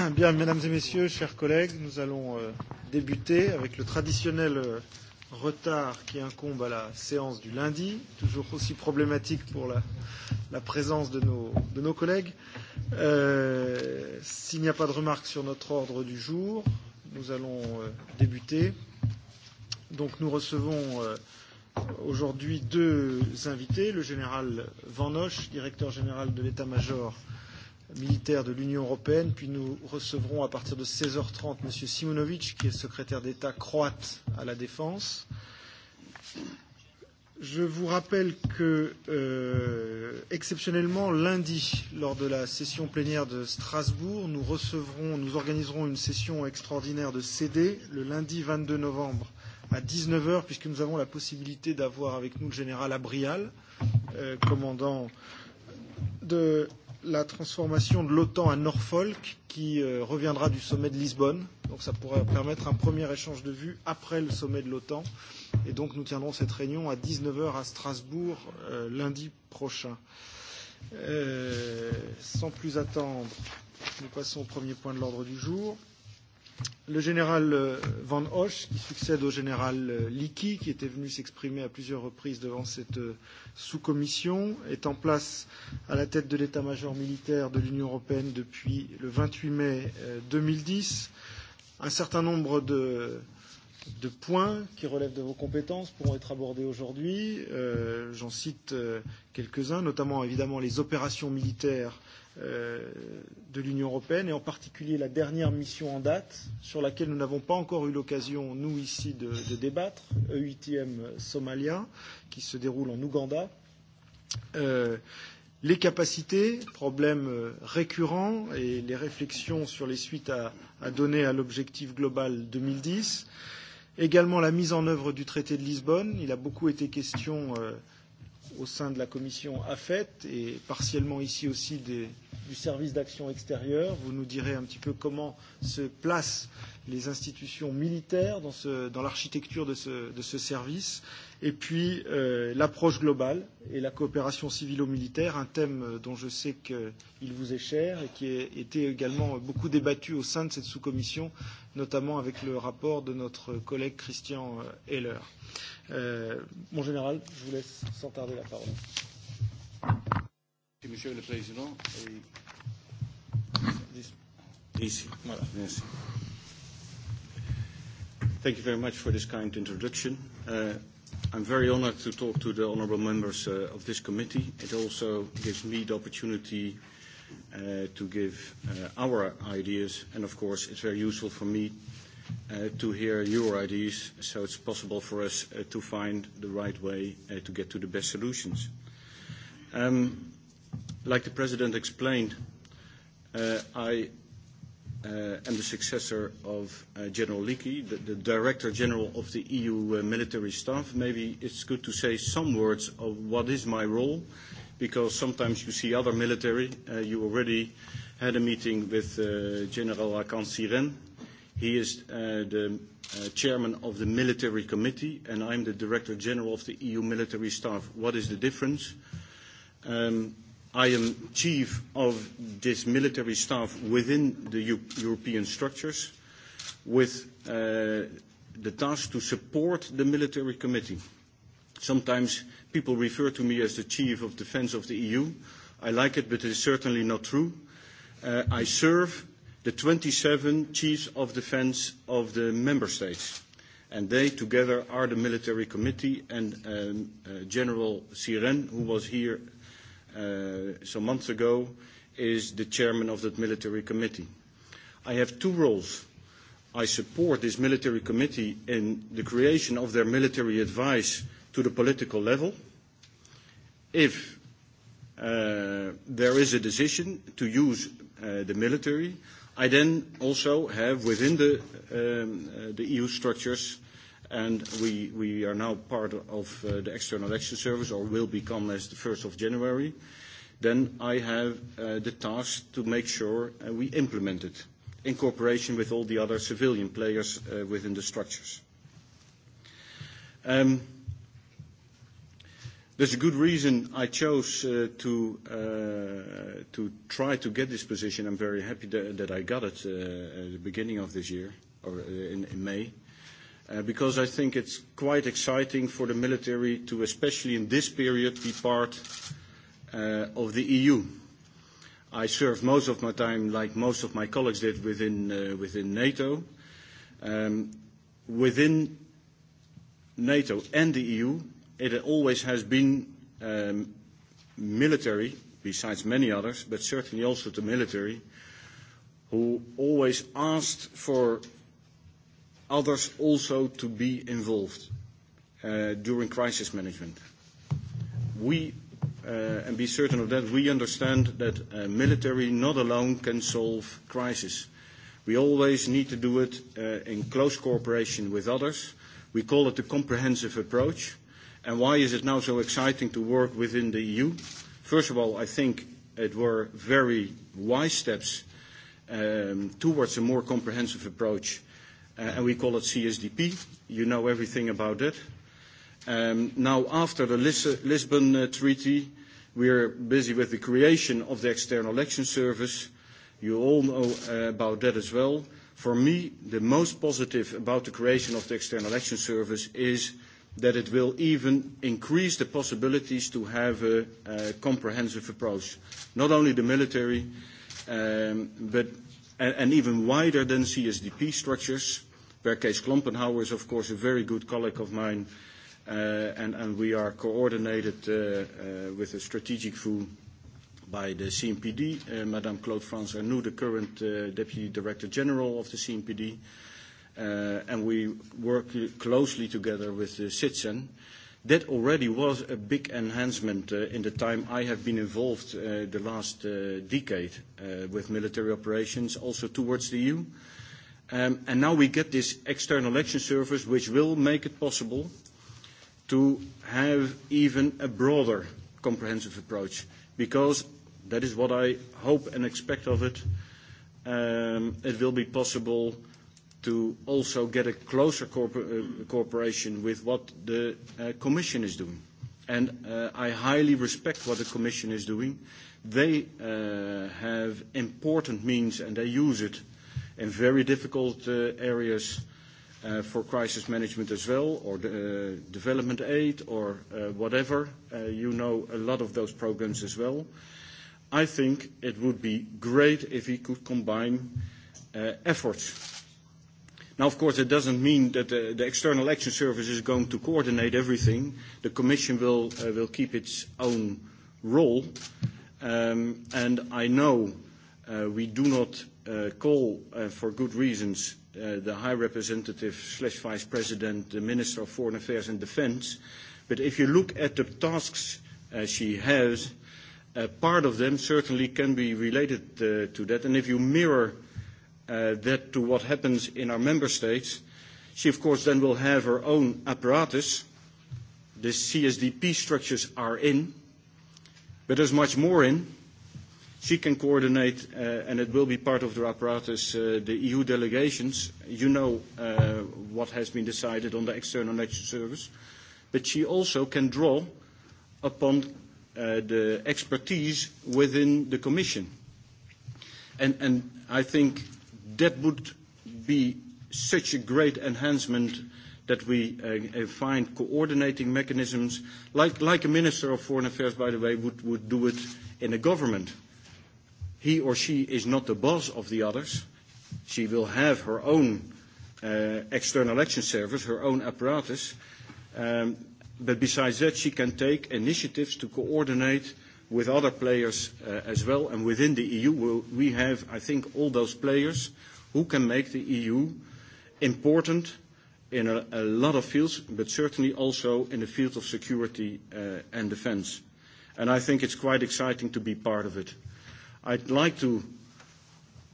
Bien, mesdames et messieurs, chers collègues, nous allons euh, débuter avec le traditionnel euh, retard qui incombe à la séance du lundi, toujours aussi problématique pour la, la présence de nos, de nos collègues. Euh, S'il n'y a pas de remarques sur notre ordre du jour, nous allons euh, débuter. Donc nous recevons euh, aujourd'hui deux invités, le général Van Hoche, directeur général de l'état-major euh, militaire de l'Union européenne. Puis nous recevrons à partir de 16h30 M. Simonovic, qui est secrétaire d'État croate à la Défense. Je vous rappelle que, euh, exceptionnellement, lundi, lors de la session plénière de Strasbourg, nous recevrons, nous organiserons une session extraordinaire de CD le lundi 22 novembre à 19h, puisque nous avons la possibilité d'avoir avec nous le général Abrial, euh, commandant de la transformation de l'OTAN à Norfolk qui euh, reviendra du sommet de Lisbonne. Donc ça pourrait permettre un premier échange de vues après le sommet de l'OTAN. Et donc nous tiendrons cette réunion à 19h à Strasbourg euh, lundi prochain. Euh, sans plus attendre, nous passons au premier point de l'ordre du jour. Euh, le général euh, Van Hoche, qui succède au général euh, Licky, qui était venu s'exprimer à plusieurs reprises devant cette euh, sous-commission, est en place à la tête de l'état-major militaire de l'Union européenne depuis le 28 mai 2010. Un certain nombre de, de points qui relèvent de vos compétences pourront être abordés aujourd'hui. Euh, J'en cite quelques-uns, notamment évidemment les opérations militaires Euh, de l'Union européenne et en particulier la dernière mission en date sur laquelle nous n'avons pas encore eu l'occasion, nous ici, de, de débattre, EITM somalien, qui se déroule en Ouganda. Euh, les capacités, problème euh, récurrent et les réflexions sur les suites à, à donner à l'objectif global 2010. Également la mise en œuvre du traité de Lisbonne. Il a beaucoup été question euh, au sein de la commission AFET et partiellement ici aussi des, du service d'action extérieure. Vous nous direz un petit peu comment se placent les institutions militaires dans, ce, dans l'architecture de ce, de ce service et puis euh, l'approche globale et la coopération civilo-militaire, un thème euh, dont je sais qu'il vous est cher et qui a été également beaucoup débattu au sein de cette sous-commission, notamment avec le rapport de notre collègue Christian euh, Heller. Euh, mon général, je vous laisse sans tarder la parole. Merci, Monsieur le Président. Et... Ici, voilà. Merci. Thank you very much for this kind introduction. Uh, I'm very honored to talk to the honorable members uh, of this committee. It also gives me the opportunity uh, to give uh, our ideas, and of course, it's very useful for me uh, to hear your ideas, so it's possible for us uh, to find the right way uh, to get to the best solutions. Um, like the President explained, uh, I uh, and the successor of uh, General Leakey, the, the Director General of the EU uh, Military Staff. Maybe it's good to say some words of what is my role, because sometimes you see other military. Uh, you already had a meeting with uh, General Akan Siren. He is uh, the uh, chairman of the military committee, and I'm the Director General of the EU Military Staff. What is the difference? Um, I am chief of this military staff within the U- European structures with uh, the task to support the military committee. Sometimes people refer to me as the chief of defense of the EU. I like it, but it is certainly not true. Uh, I serve the 27 chiefs of defense of the member states, and they together are the military committee and um, uh, General Siren, who was here uh, some months ago, is the chairman of that military committee. I have two roles. I support this military committee in the creation of their military advice to the political level. If uh, there is a decision to use uh, the military, I then also have within the, um, uh, the EU structures and we, we are now part of uh, the External Action Service, or will become as the 1st of January, then I have uh, the task to make sure uh, we implement it in cooperation with all the other civilian players uh, within the structures. Um, There's a good reason I chose uh, to uh, to try to get this position. I'm very happy that, that I got it uh, at the beginning of this year, or uh, in, in May uh, because I think it's quite exciting for the military to, especially in this period, be part uh, of the EU. I served most of my time, like most of my colleagues did, within, uh, within NATO. Um, within NATO and the EU, it always has been um, military, besides many others, but certainly also the military, who always asked for others also to be involved uh, during crisis management. We, uh, and be certain of that, we understand that uh, military not alone can solve crisis. We always need to do it uh, in close cooperation with others. We call it a comprehensive approach. And why is it now so exciting to work within the EU? First of all, I think it were very wise steps um, towards a more comprehensive approach Uh, and we call it CSDP. You know everything about that. Um, now, after the Lis- Lisbon uh, Treaty, we are busy with the creation of the External Action Service. You all know uh, about that as well. For me, the most positive about the creation of the External Action Service is that it will even increase the possibilities to have a, a comprehensive approach, not only the military, um, but and, and even wider than CSDP structures. Berkees Klompenhauer is, of course, a very good colleague of mine, uh, and, and we are coordinated uh, uh, with a strategic view by the CMPD. Uh, Madame Claude France Arnoux, the current uh, Deputy Director General of the CMPD, uh, and we work closely together with the CITSEN. That already was a big enhancement uh, in the time I have been involved uh, the last uh, decade uh, with military operations, also towards the EU. Uh, Um, and now we get this external election service, which will make it possible to have even a broader comprehensive approach, because that is what I hope and expect of it. Um, it will be possible to also get a closer corpor uh, cooperation with what the uh, Commission is doing. And uh, I highly respect what the Commission is doing. They uh, have important means, and they use it in very difficult uh, areas uh, for crisis management as well, or the, uh, development aid or whatever. You know a lot of those programs as well. I think it would be great if we could combine efforts Now, of course, it doesn't mean that the, the External Action Service is going to coordinate everything. The Commission will, uh, will keep its own role. Um, and I know uh, we do not uh, call uh, for good reasons uh, the High Representative slash Vice President, the Minister of Foreign Affairs and Defense. But if you look at the tasks uh, she has, uh, part of them certainly can be related uh, to that. And if you mirror uh, that to what happens in our member states, she of course then will have her own apparatus. The CSDP structures are in, but there's much more in She can coordinate, uh, and it will be part of the apparatus, uh, the EU delegations. You know uh, what has been decided on the External Action Service. But she also can draw upon uh, the expertise within the Commission. And, and I think that would be such a great enhancement that we uh, uh find coordinating mechanisms, like, like a Minister of Foreign Affairs, by the way, would, would do it in a government. Uh, he or she is not the boss of the others. She will have her own uh, external action service, her own apparatus. Um, but besides that, she can take initiatives to coordinate with other players uh, as well. And within the EU, we'll, we have, I think, all those players who can make the EU important in a, a lot of fields, but certainly also in the field of security uh, and defense. And I think it's quite exciting to be part of it. I'd like to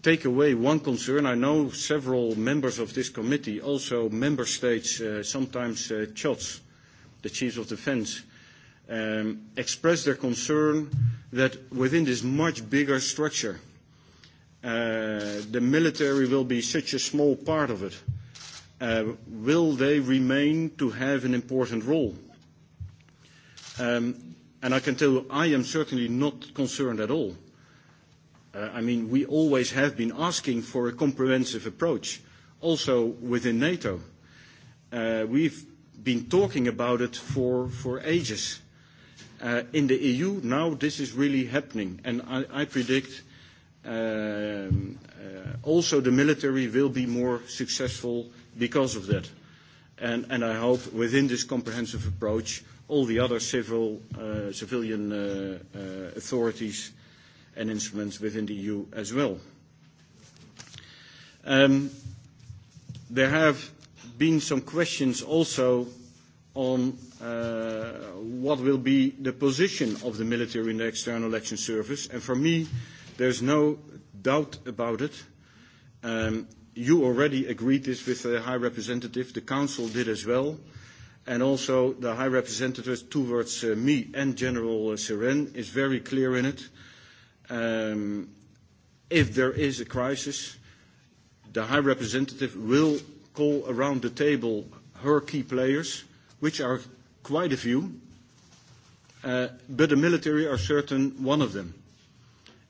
take away one concern. I know several members of this committee, also member states, uh, sometimes uh, CHOTS, the Chiefs of Defense, um, express their concern that within this much bigger structure, uh, the military will be such a small part of it. Uh, will they remain to have an important role? Um, and I can tell you, I am certainly not concerned at all Uh, I mean, we always have been asking for a comprehensive approach, also within NATO. Uh, we've been talking about it for, for ages. Uh, in the EU, now this is really happening, and I, I predict um, uh, also the military will be more successful because of that. And, and I hope within this comprehensive approach, all the other civil, uh, civilian uh, authorities and instruments within the EU as well. Um, there have been some questions also on uh, what will be the position of the military in the External Action Service. And for me, there's no doubt about it. Um, you already agreed this with the High Representative. The Council did as well. And also the High Representative towards uh, me and General uh, Seren is very clear in it. Uh, um, if there is a crisis, the High Representative will call around the table her key players, which are quite a few, uh, but the military are certain one of them.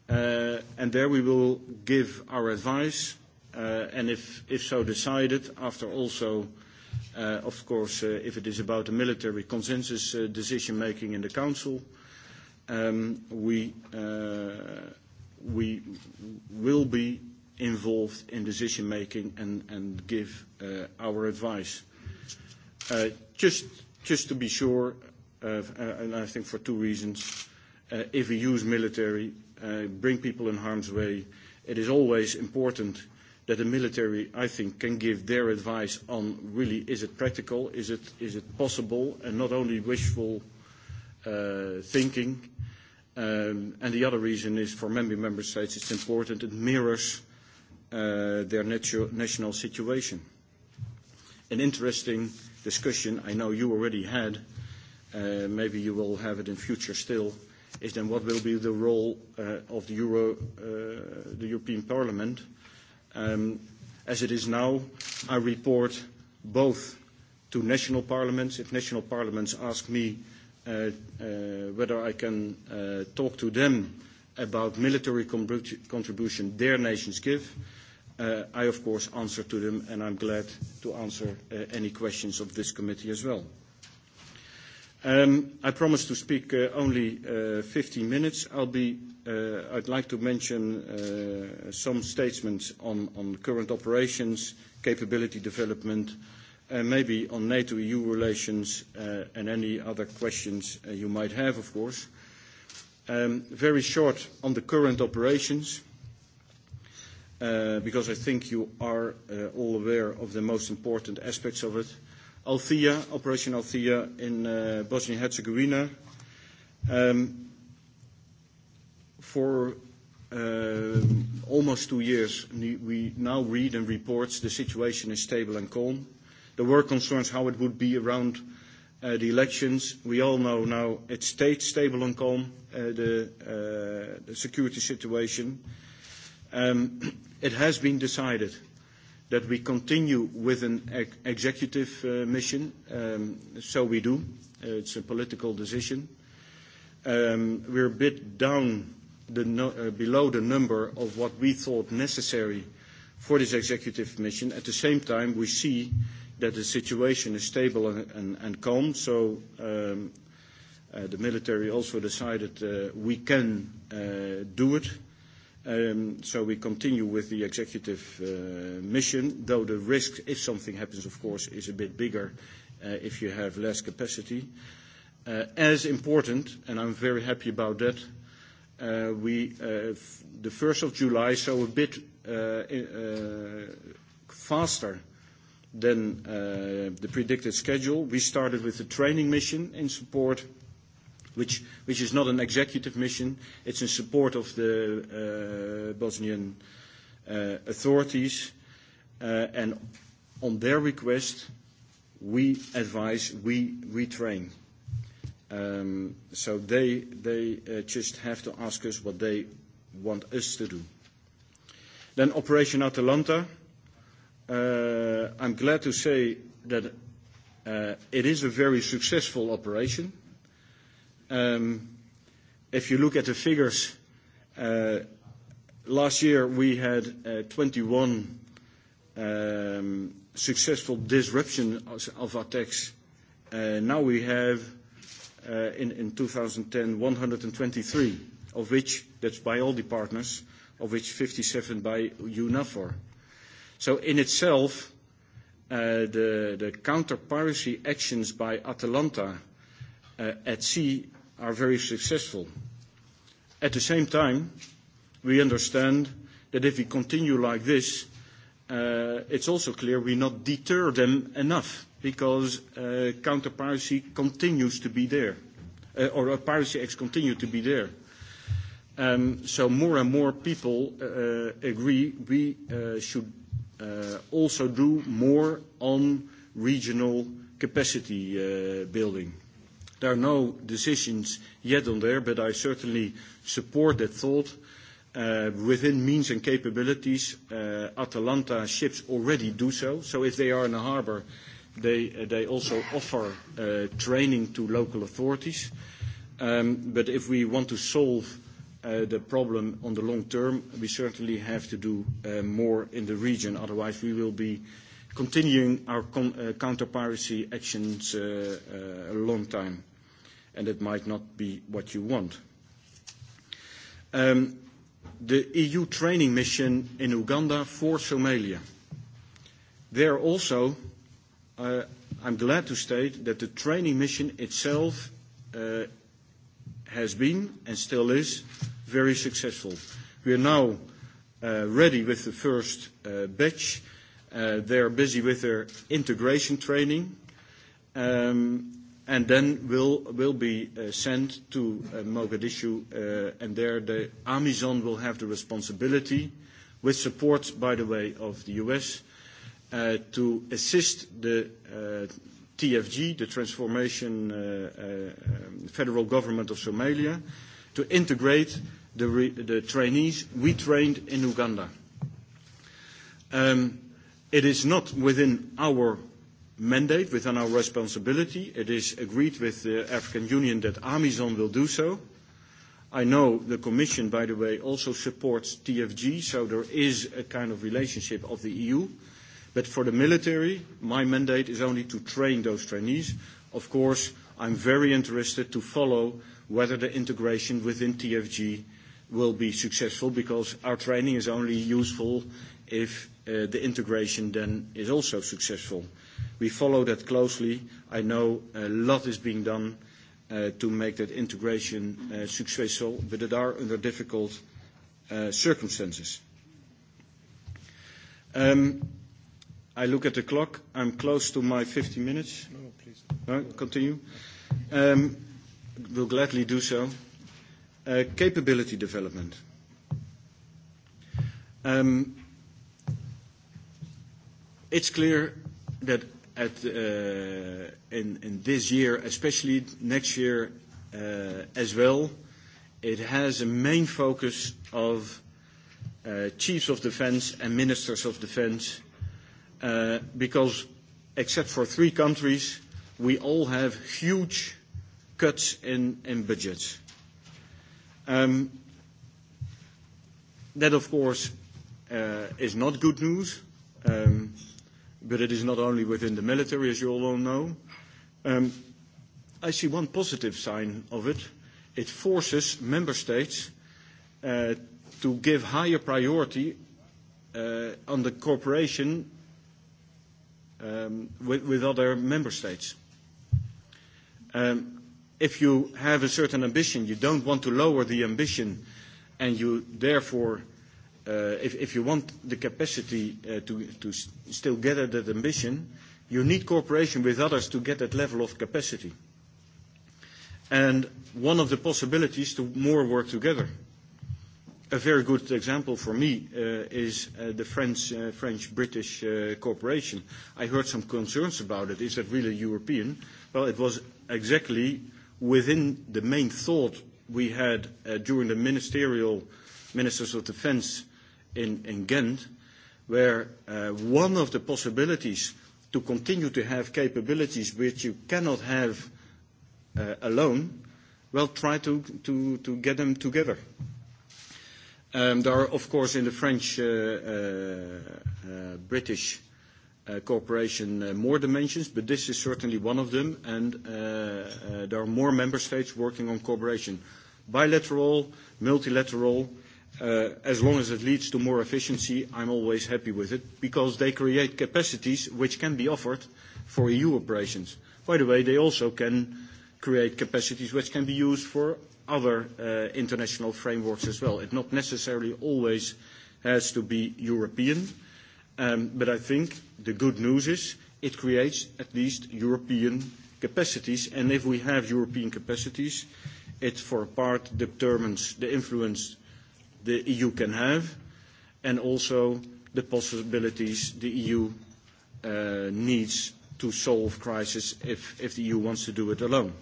Uh, and there we will give our advice, uh, and if, if so decided, after also, uh, of course, uh, if it is about the military consensus uh, decision making in the Council, uh, um, we, uh, we will be involved in decision making and, and give uh, our advice. Uh, just, just to be sure, uh, and I think for two reasons, uh, if we use military, uh, bring people in harm's way, it is always important that the military, I think, can give their advice on really is it practical, is it, is it possible, and not only wishful uh, uh, thinking. Um, and the other reason is for many member states it's important it mirrors uh, their natu- national situation. An interesting discussion I know you already had, uh, maybe you will have it in future still, is then what will be the role uh, of the, Euro, uh, the European Parliament. Um, as it is now, I report both to national parliaments. If national parliaments ask me uh, uh, uh, whether I can uh, talk to them about military contrib contribution their nations give. Uh, I, of course, answer to them, and I'm glad to answer uh, any questions of this committee as well. Um, I promise to speak uh, only uh, 15 minutes. I'll be, uh, I'd like to mention uh, some statements on, on current operations, capability development, uh, Uh, maybe on NATO-EU relations uh, and any other questions uh, you might have, of course. Um, very short on the current operations, because I think you are all aware of the most important aspects of it. Althea, Operation Althea in uh, Bosnia and Herzegovina. Um, for uh, almost two years, we now read in reports the situation is stable and calm. There were concerns how it would be around uh, the elections. We all know now it stayed stable and calm, uh, the, uh, the security situation. Um, it has been decided that we continue with an ex executive uh, mission. Um, so we do. Uh, it's a political decision. Um, we're a bit down the no, uh, below the number of what we thought necessary for this executive mission. At the same time, we see that the situation is stable and, and, and calm. So um, uh, the military also decided uh, we can uh, do it. Um, so we continue with the executive uh, mission, though the risk, if something happens, of course, is a bit bigger uh, if you have less capacity. Uh, as important, and I'm very happy about that, uh, we, uh, the 1st of July, so a bit uh, uh, faster uh, then uh, the predicted schedule. We started with a training mission in support, which, which is not an executive mission. It's in support of the uh, Bosnian uh, authorities. Uh, and on their request, we advise, we, we train. Um, so they, they uh, just have to ask us what they want us to do. Then Operation Atalanta, Uh, I'm glad to say that uh, it is a very successful operation. Um, if you look at the figures, uh, last year we had 21 uh, um, successful disruption of attacks. Uh, now we have, uh, in, in 2010, 123, of which, that's by all the partners, of which 57 by EUNAVFOR. So in itself, uh, the, the counter-piracy actions by Atalanta uh, at sea are very successful. At the same time, we understand that if we continue like this, uh, it's also clear we not deter them enough because uh, counter-piracy continues to be there, uh, or uh, piracy acts continue to be there. Um, so more and more people uh, uh, agree we should uh, also do more on regional capacity uh, building. There are no decisions yet on there, but I certainly support that thought. Uh, within means and capabilities, uh, Atalanta ships already do so. So if they are in a harbor, they, uh, they also offer uh, training to local authorities. Um, but if we want to solve Uh, the problem on the long term, we certainly have to do uh, more in the region. Otherwise, we will be continuing our uh, counter-piracy actions a long time, and it might not be what you want. Um, the EU training mission in Uganda for Somalia. There also, uh, I'm glad to state that the training mission itself uh, has been, and still is, very successful. We are now uh, ready with the first uh, batch. Uh, they are busy with their integration training, um, and then will, will be uh, sent to uh, Mogadishu, uh, and there the Amazon will have the responsibility, with support, by the way, of the US, uh, to assist the uh, TFG, the Transformation uh, uh, um, Federal Government of Somalia, uh, to integrate the, re, the trainees we trained in Uganda. Um, it is not within our mandate, within our responsibility. It is agreed with the African Union that Amazon will do so. I know the Commission, by the way, also supports TFG, so there is a kind of relationship of the EU. But for the military, my mandate is only to train those trainees. Of course, I'm very interested to follow whether the integration within TFG will be successful, because our training is only useful if uh, the integration then is also successful. We follow that closely. I know a lot is being done uh, to make that integration uh, successful, but it are under difficult uh, circumstances. Um, I look at the clock. I'm close to my 50 minutes. No, please. No, continue. Um, will gladly do so. Uh, capability development. Um, it's clear that at, uh, in, in this year, especially next year uh, as well, it has a main focus of uh, chiefs of defense and ministers of defense uh, because except for three countries, we all have huge cuts in, in budgets. Um, that, of course, uh, is not good news, um, but it is not only within the military, as you all well know. Um, I see one positive sign of it. It forces member states uh, to give higher priority uh, on the cooperation um, with, with other member states. Um, if you have a certain ambition, you don't want to lower the ambition, and you therefore, uh, if, if you want the capacity uh, to, to still gather that ambition, you need cooperation with others to get that level of capacity. And one of the possibilities to more work together. A very good example for me uh, is uh, the French, uh, French-British uh, corporation. I heard some concerns about it. Is that really European? Well, it was exactly within the main thought we had uh, during the ministerial ministers of defense in, in Ghent, where uh, one of the possibilities to continue to have capabilities which you cannot have uh, alone, well, try to, to, to get them together. Mm-hmm Um, there are, of course, in the French uh, uh, uh, British cooperation, more dimensions, but this is certainly one of them, and there are more member states working on cooperation, bilateral, multilateral, Uh, as long as it leads to more efficiency, I'm always happy with it because they create capacities which can be offered for EU operations. By the way, they also can create capacities which can be used for other uh, international frameworks as well. It not necessarily always has to be European, um, but I think the good news is it creates at least European capacities, and if we have European capacities, it for a part determines the influence the EU can have and also the possibilities the EU uh, needs to solve crisis if, if the EU wants to do it alone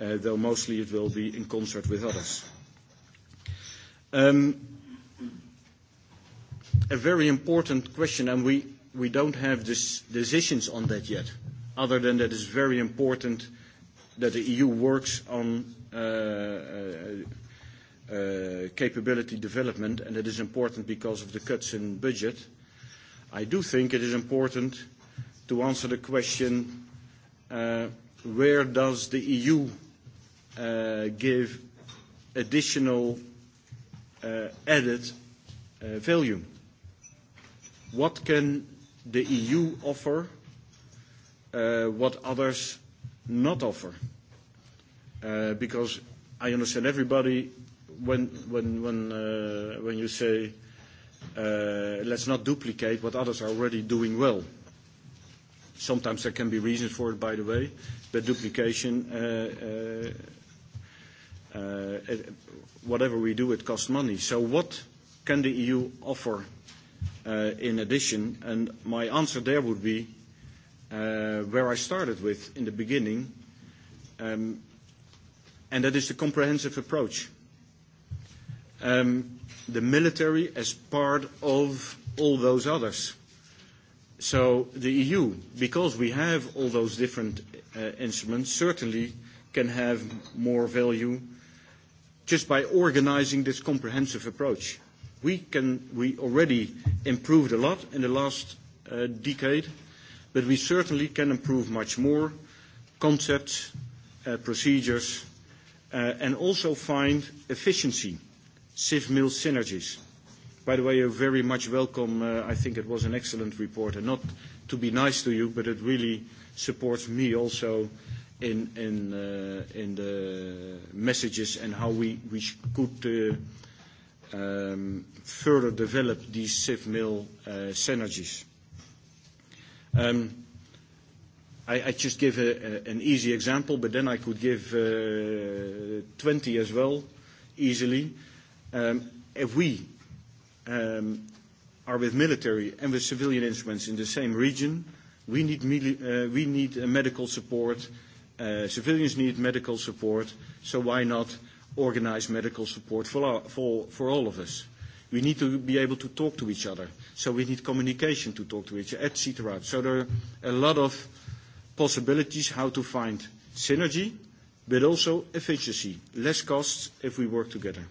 uh, though mostly it will be in concert with others. Um, a very important question, and we, we don't have this decisions on that yet, other than that it's very important that the EU works on uh, uh, uh, capability development, and it is important because of the cuts in budget. I do think it is important to answer the question, uh, where does the EU uh, give additional uh, added uh, value? What can the EU offer, uh, what others not offer? Uh, because I understand everybody when, when, when, uh, when you say, uh, let's not duplicate what others are already doing well. Sometimes there can be reasons for it, by the way, but duplication uh, uh, uh, it, whatever we do, it costs money. So what can the EU offer uh, in addition? And my answer there would be uh, where I started with in the beginning, um, and that is the comprehensive approach. Um, the military as part of all those others. So the EU, because we have all those different uh, instruments, certainly can have more value uh, just by organizing this comprehensive approach. We, can, we already improved a lot in the last uh, decade, but we certainly can improve much more concepts, uh, procedures, uh, and also find efficiency, CIV-MIL synergies. By the way, you're very much welcome. Uh, I think it was an excellent report, and not to be nice to you, but it really supports me also in, in, uh, in the messages and how we, we could uh, um, further develop these CIV-MIL uh, synergies. Um, I, I just give a, a, an easy example, but then I could give uh, 20 as well, easily. Um, if we um, are with military and with civilian instruments in the same region, we need, uh, we need uh, medical support, uh, Uh, civilians need medical support, so why not organize medical support for, our, for, for all of us? We need to be able to talk to each other, so we need communication to talk to each other, etc. So there are a lot of possibilities how to find synergy, but also efficiency, less costs if we work together.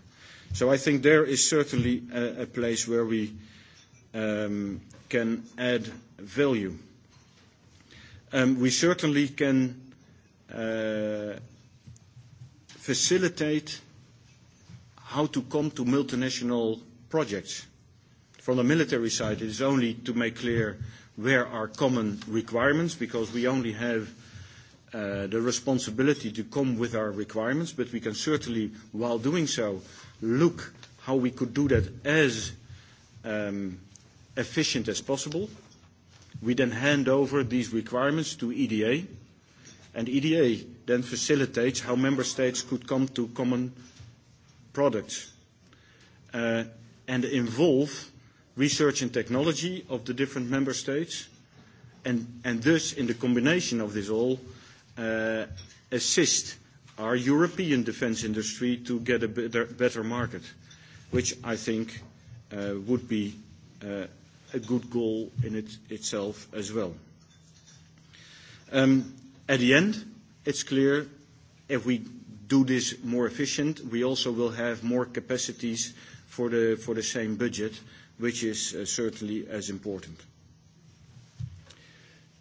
So I think there is certainly a, a place where we um, can add value. Um, we certainly can uh, facilitate how to come to multinational projects. From the military side, it is only to make clear where are common requirements, because we only have uh, the responsibility to come with our requirements, but we can certainly, while doing so, look how we could do that as um, efficient as possible. We then hand over these requirements to EDA, And EDA then facilitates how member states could come to common products uh, and involve research and technology of the different member states and, and thus in the combination of this all uh, assist our European defense industry to get a better, better market, which I think uh, would be uh, a good goal in it itself as well. Um, At the end, it's clear if we do this more efficient, we also will have more capacities for the, for the same budget, which is uh, certainly as important.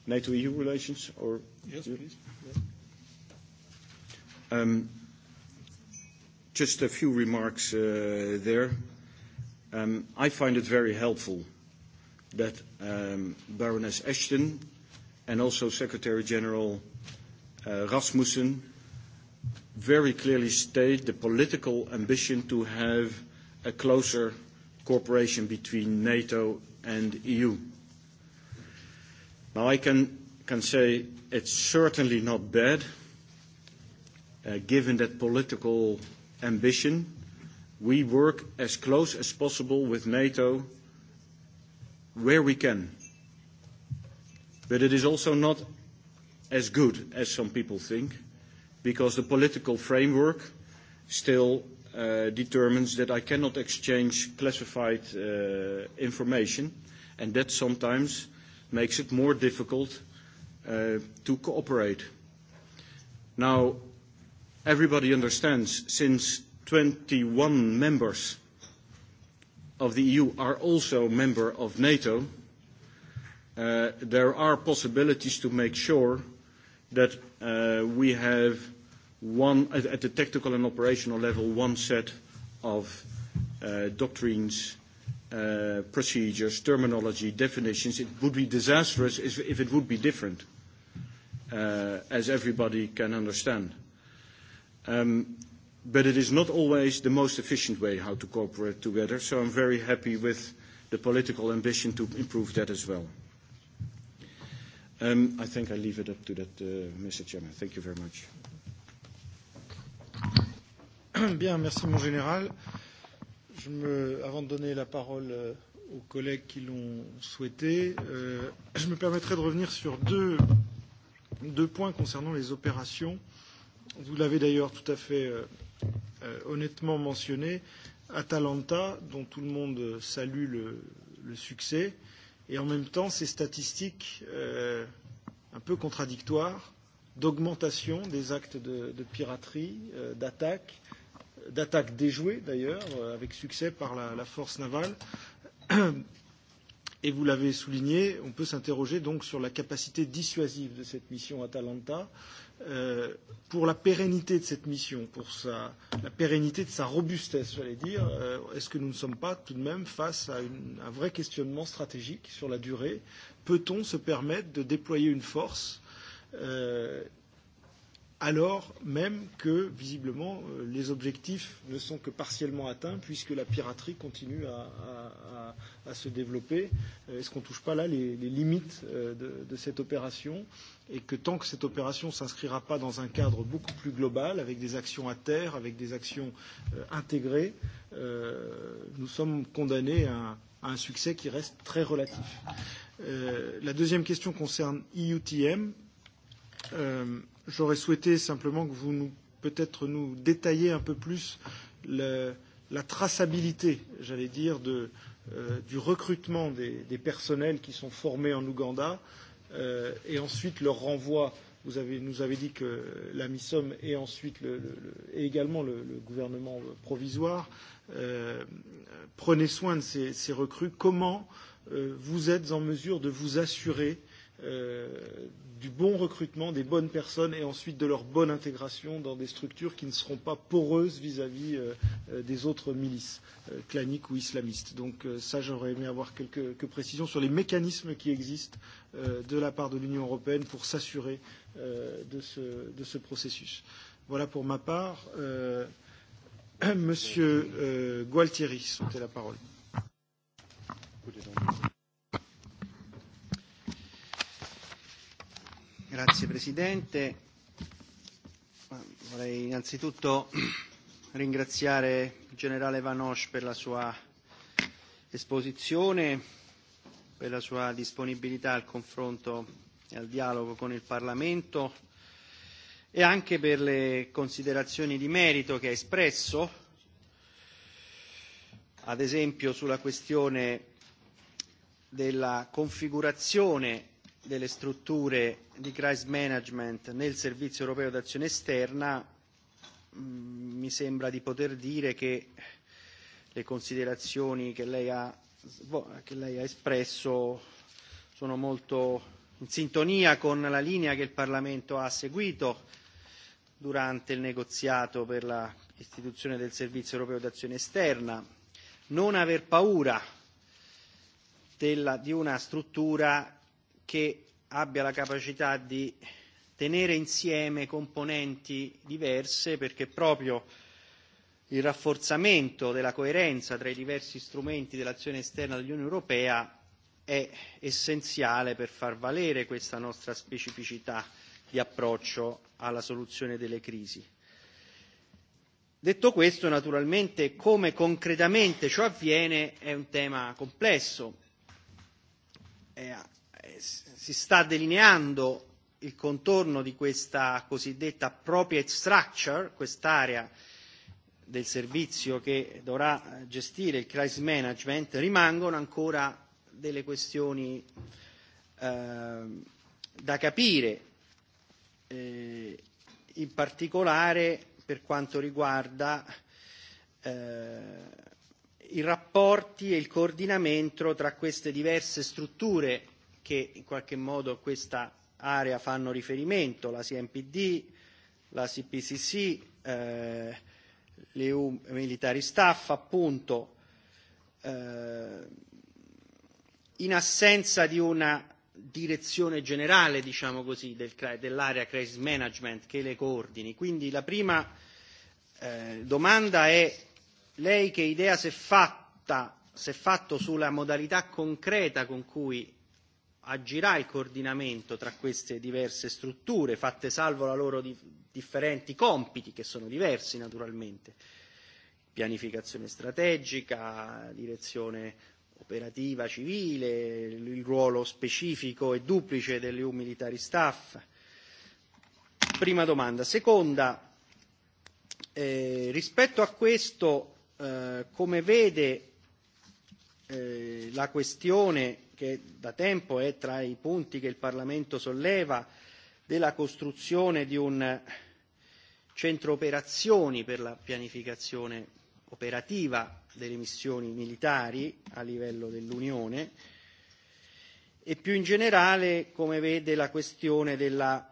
NATO-EU relations or? Yes, please. Um, just a few remarks uh, there. Um, I find it very helpful that um, Baroness Ashton and also Secretary General uh, Rasmussen very clearly state the political ambition to have a closer cooperation between NATO and EU. Now, I can, can say it's certainly not bad, uh, given that political ambition. We work as close as possible with NATO where we can. But it is also not as good as some people think, because the political framework still uh, determines that I cannot exchange classified uh, information, and that sometimes makes it more difficult uh, to cooperate. Now, everybody understands since 21 members of the EU are also member of NATO, uh, there are possibilities to make sure that uh, we have one, at, at the tactical and operational level, one set of uh, doctrines, uh, procedures, terminology, definitions. It would be disastrous if, if it would be different, uh, as everybody can understand. Um, but it is not always the most efficient way how to cooperate together, so I'm very happy with the political ambition to improve that as well. Um, I think I leave it up to that, uh, Mr. Chairman. Thank you very much. Bien, merci mon général. Je me, avant de donner la parole euh, aux collègues qui l'ont souhaité, euh, je me permettrai de revenir sur deux, deux points concernant les opérations. Vous l'avez d'ailleurs tout à fait euh, euh, honnêtement mentionné. Atalanta, dont tout le monde salue le, le succès, euh, et en même temps ces statistiques euh, un peu contradictoires d'augmentation des actes de, de piraterie, euh, d'attaque, d'attaque déjouée d'ailleurs, euh, avec succès par la, la force navale. Et vous l'avez souligné, on peut s'interroger donc sur la capacité dissuasive de cette mission Atalanta euh, pour la pérennité de cette mission, pour sa, la pérennité de sa robustesse, j'allais dire, euh, est-ce que nous ne sommes pas tout de même face à une, un vrai questionnement stratégique sur la durée Peut-on se permettre de déployer une force euh, alors même que, visiblement, euh, les objectifs ne sont que partiellement atteints, puisque la piraterie continue à, à, à, à se développer. Euh, est-ce qu'on ne touche pas là les, les limites euh, de, de cette opération et que tant que cette opération ne s'inscrira pas dans un cadre beaucoup plus global, avec des actions à terre, avec des actions euh, intégrées, euh, nous sommes condamnés à, à un succès qui reste très relatif. Euh, la deuxième question concerne EUTM Euh, J'aurais souhaité simplement que vous nous peut-être nous détailler un peu plus le, la traçabilité, j'allais dire, de, euh, du recrutement des, des personnels qui sont formés en Ouganda euh, et ensuite leur renvoi. Vous avez, nous avez dit que la MISOM et ensuite le, le, le, et également le, le gouvernement provisoire euh, prenez soin de ces, ces recrues. Comment euh, vous êtes en mesure de vous assurer euh, du bon recrutement des bonnes personnes et ensuite de leur bonne intégration dans des structures qui ne seront pas poreuses vis-à-vis -vis, euh, euh, des autres milices euh, claniques ou islamistes. Donc euh, ça, j'aurais aimé avoir quelques, quelques précisions sur les mécanismes qui existent euh, de la part de l'Union européenne pour s'assurer euh, de, ce, de ce processus. Voilà pour ma part. Euh, Monsieur euh, Gualtieri souhaitait la parole. Grazie Presidente. Vorrei innanzitutto ringraziare il generale Vanoche per la sua esposizione, per la sua disponibilità al confronto e al dialogo con il Parlamento e anche per le considerazioni di merito che ha espresso, ad esempio sulla questione della configurazione delle strutture di crisis management nel Servizio europeo d'azione esterna, mh, mm, mi sembra di poter dire che le considerazioni che lei ha, che lei ha espresso sono molto in sintonia con la linea che il Parlamento ha seguito durante il negoziato per l'istituzione del Servizio europeo d'azione esterna. Non aver paura della, di una struttura che abbia la capacità di tenere insieme componenti diverse perché proprio il rafforzamento della coerenza tra i diversi strumenti dell'azione esterna dell'Unione Europea è essenziale per far valere questa nostra specificità di approccio alla soluzione delle crisi. Detto questo, naturalmente come concretamente ciò avviene è un tema complesso. È Eh, si sta delineando il contorno di questa cosiddetta appropriate structure, quest'area del servizio che dovrà eh, gestire il crisis management, rimangono ancora delle questioni eh, da capire, eh, in particolare per quanto riguarda eh, i rapporti e il coordinamento tra queste diverse strutture che in qualche modo a questa area fanno riferimento, la CMPD, la CPCC, eh, l'EU Military Staff, appunto, eh, in assenza di una direzione generale, diciamo così, del, dell'area crisis management che le coordini. Quindi la prima eh, domanda è lei che idea si è fatta, si è fatto sulla modalità concreta con cui agirà il coordinamento tra queste diverse strutture, fatte salvo la loro di- differenti compiti, che sono diversi naturalmente, pianificazione strategica, direzione operativa civile, il ruolo specifico e duplice dell'EU Military Staff. Prima domanda. Seconda, eh, rispetto a questo, eh, come vede eh, la questione che da tempo è tra i punti che il Parlamento solleva, della costruzione di un centro operazioni per la pianificazione operativa delle missioni militari a livello dell'Unione e più in generale, come vede, la questione del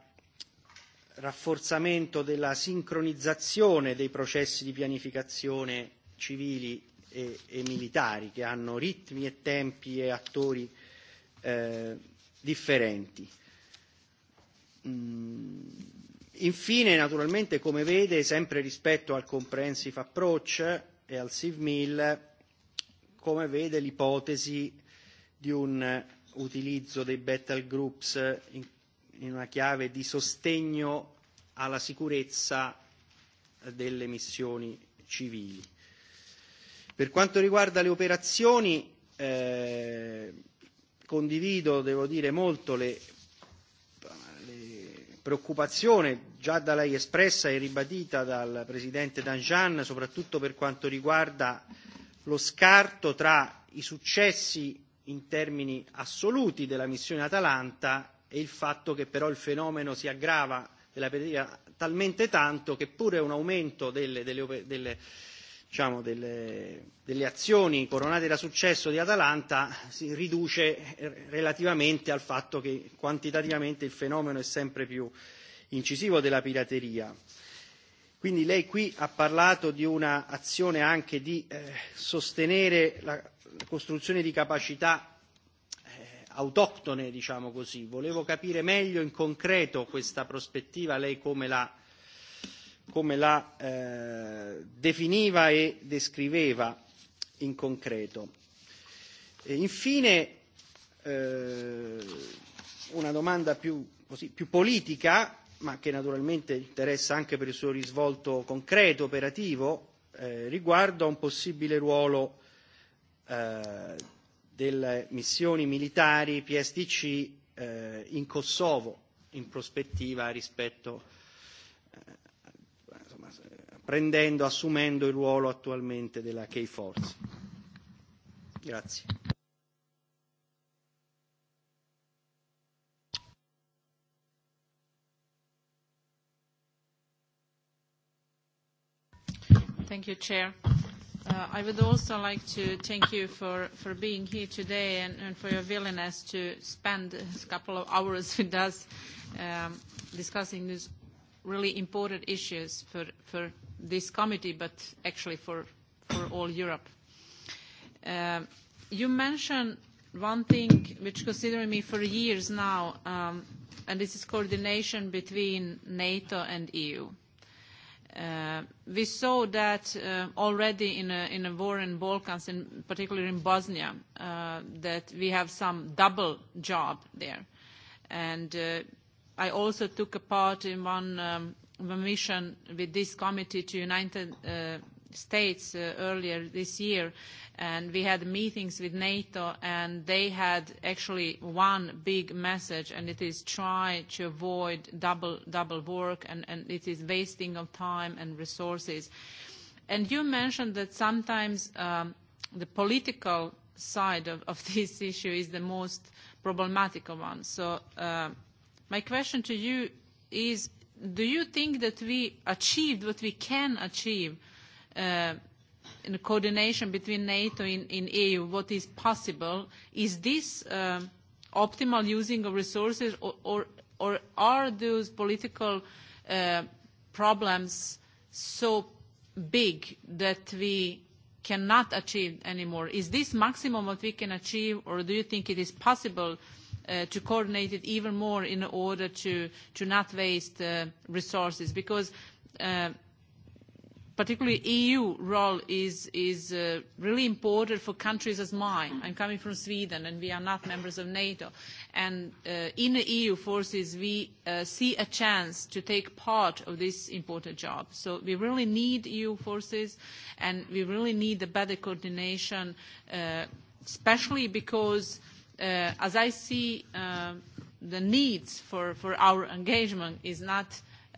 rafforzamento della sincronizzazione dei processi di pianificazione civili e, e militari, che hanno ritmi e tempi e attori eh, differenti. Mm. Infine, naturalmente, come vede, sempre rispetto al comprehensive approach e al SIVMIL, come vede l'ipotesi di un utilizzo dei battlegroups in, in una chiave di sostegno alla sicurezza delle missioni civili. Per quanto riguarda le operazioni, eh, condivido, devo dire, molto le, le preoccupazioni già da lei espressa e ribadita dal Presidente Danjan, soprattutto per quanto riguarda lo scarto tra i successi in termini assoluti della missione Atalanta e il fatto che però il fenomeno si aggrava della pirateria talmente tanto che pure un aumento delle, delle, delle diciamo, delle, delle azioni coronate da successo di Atalanta si riduce eh, relativamente al fatto che quantitativamente il fenomeno è sempre più incisivo della pirateria. Quindi lei qui ha parlato di un'azione anche di eh, sostenere la costruzione di capacità eh, autoctone, diciamo così. Volevo capire meglio in concreto questa prospettiva, lei come la come la eh, definiva e descriveva in concreto. E infine, eh, una domanda più, così, più politica, ma che naturalmente interessa anche per il suo risvolto concreto, operativo, eh, riguarda un possibile ruolo eh, delle missioni militari PSTC eh, in Kosovo in prospettiva rispetto eh, prendendo, assumendo il ruolo attualmente della K-Force. Grazie. Thank you, Chair. Uh, I would also like to thank you for, for being here today and, and for your willingness to spend a couple of hours with us um, discussing these really important issues for, for this committee, but actually for, for all Europe. Uh, you mentioned one thing which considering me for years now, um, and this is coordination between NATO and EU. Uh, we saw that uh, already in a, in a war in Balkans, and particularly in Bosnia, uh, that we have some double job there. And uh, I also took a part in one um, the mission with this committee to United uh, States uh, earlier this year, and we had meetings with NATO, and they had actually one big message, and it is try to avoid double, double work, and, and it is wasting of time and resources. And you mentioned that sometimes um, the political side of, of this issue is the most problematical one. So uh, my question to you is do you think that we achieved what we can achieve uh, in coordination between NATO and in, in EU, what is possible? Is this um, optimal using of resources or, or, or are those political uh, problems so big that we cannot achieve anymore? Is this maximum what we can achieve or do you think it is possible uh, uh, to coordinate it even more in order to, to not waste uh, resources because uh, particularly EU role is, is uh, really important for countries as mine. I'm coming from Sweden and we are not members of NATO. And uh, in the EU forces, we uh, see a chance to take part of this important job. So we really need EU forces and we really need a better coordination, uh, especially because uh, uh, as I see uh, the needs for, for our engagement is not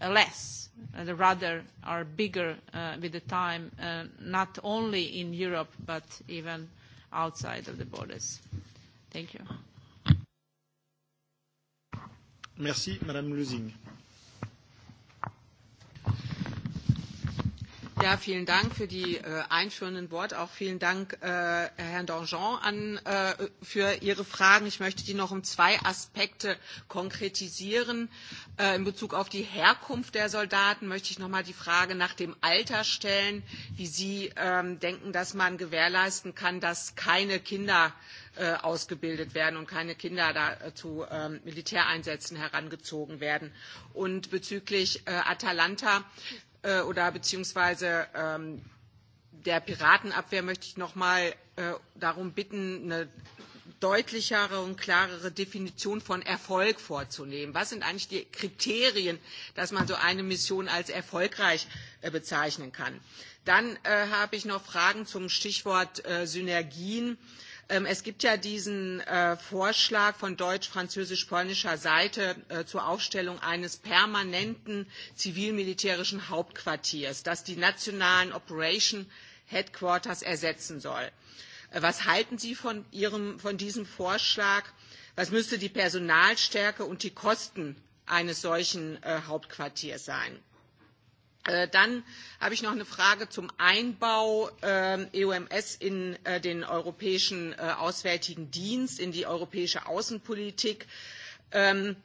uh, less, and rather are bigger uh, with the time, uh, not only in Europe, but even outside of the borders. Thank you. Merci, Madame Lusing. Ja, vielen Dank für die äh, einführenden Worte. Auch vielen Dank, äh, Herrn Dangean, an, äh, für Ihre Fragen. Ich möchte die noch um zwei Aspekte konkretisieren. Äh, in Bezug auf die Herkunft der Soldaten möchte ich noch mal die Frage nach dem Alter stellen, wie Sie ähm, denken, dass man gewährleisten kann, dass keine Kinder äh, ausgebildet werden und keine Kinder da äh, zu ähm, Militäreinsätzen herangezogen werden. Und bezüglich äh, Atalanta äh, oder beziehungsweise ähm, der Piratenabwehr möchte ich nochmal äh, darum bitten, eine deutlichere und klarere Definition von Erfolg vorzunehmen. Was sind eigentlich die Kriterien, dass man so eine Mission als erfolgreich äh, bezeichnen kann? Dann äh, habe ich noch Fragen zum Stichwort äh, Synergien. Äh, Ähm, es gibt ja diesen äh, Vorschlag von deutsch-französisch-polnischer Seite äh, zur Aufstellung eines permanenten zivil-militärischen Hauptquartiers, das die nationalen Operation Headquarters ersetzen soll. Äh, was halten Sie von, Ihrem, von diesem Vorschlag? Was müsste die Personalstärke und die Kosten eines solchen äh, Hauptquartiers sein? Äh, dann habe ich noch eine Frage zum Einbau äh, EUMS in äh, den Europäischen äh, Auswärtigen Dienst, in die europäische Außenpolitik. Ähm,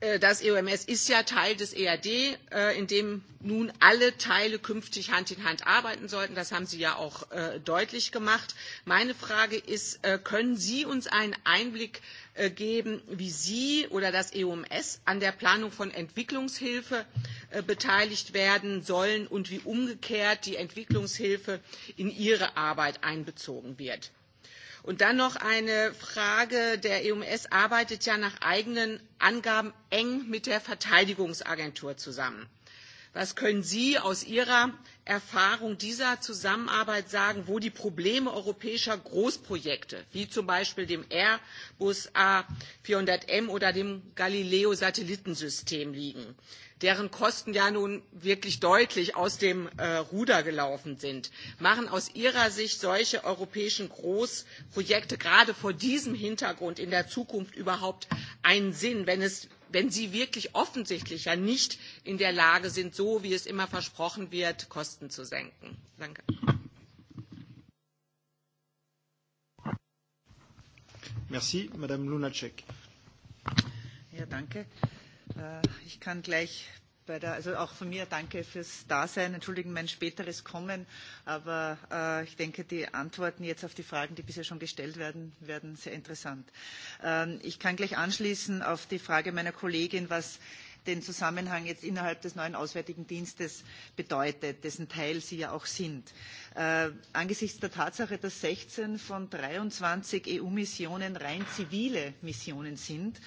äh, das EUMS ist ja Teil des EAD, äh, in dem nun alle Teile künftig Hand in Hand arbeiten sollten. Das haben Sie ja auch deutlich gemacht. Meine Frage ist, können Sie uns einen Einblick Äh, geben, wie Sie oder das EUMS an der Planung von Entwicklungshilfe äh, beteiligt werden sollen und wie umgekehrt die Entwicklungshilfe in Ihre Arbeit einbezogen wird. Und dann noch eine Frage. Der EUMS arbeitet ja nach eigenen Angaben eng mit der Verteidigungsagentur zusammen. Was können Sie aus Ihrer Erfahrung dieser Zusammenarbeit sagen, wo die Probleme europäischer Großprojekte, wie zum Beispiel dem Airbus A400M oder dem Galileo-Satellitensystem liegen? deren Kosten ja nun wirklich deutlich aus dem äh, Ruder gelaufen sind. Machen aus Ihrer Sicht solche europäischen Großprojekte gerade vor diesem Hintergrund in der Zukunft überhaupt einen Sinn, wenn es wenn sie wirklich offensichtlich ja nicht in der Lage sind, so wie es immer versprochen wird, Kosten zu senken. Danke. Merci, Madame Lunacek. Ja, danke. Ich kann gleich bei der, also auch von mir danke fürs Dasein. Entschuldigen mein späteres Kommen, aber äh, ich denke, die Antworten jetzt auf die Fragen, die bisher schon gestellt werden, werden sehr interessant. Ähm, ich kann gleich anschließen auf die Frage meiner Kollegin, was den Zusammenhang jetzt innerhalb des neuen Auswärtigen Dienstes bedeutet, dessen Teil Sie ja auch sind. Äh, angesichts der Tatsache, dass 16 von 23 EU-Missionen rein zivile Missionen sind,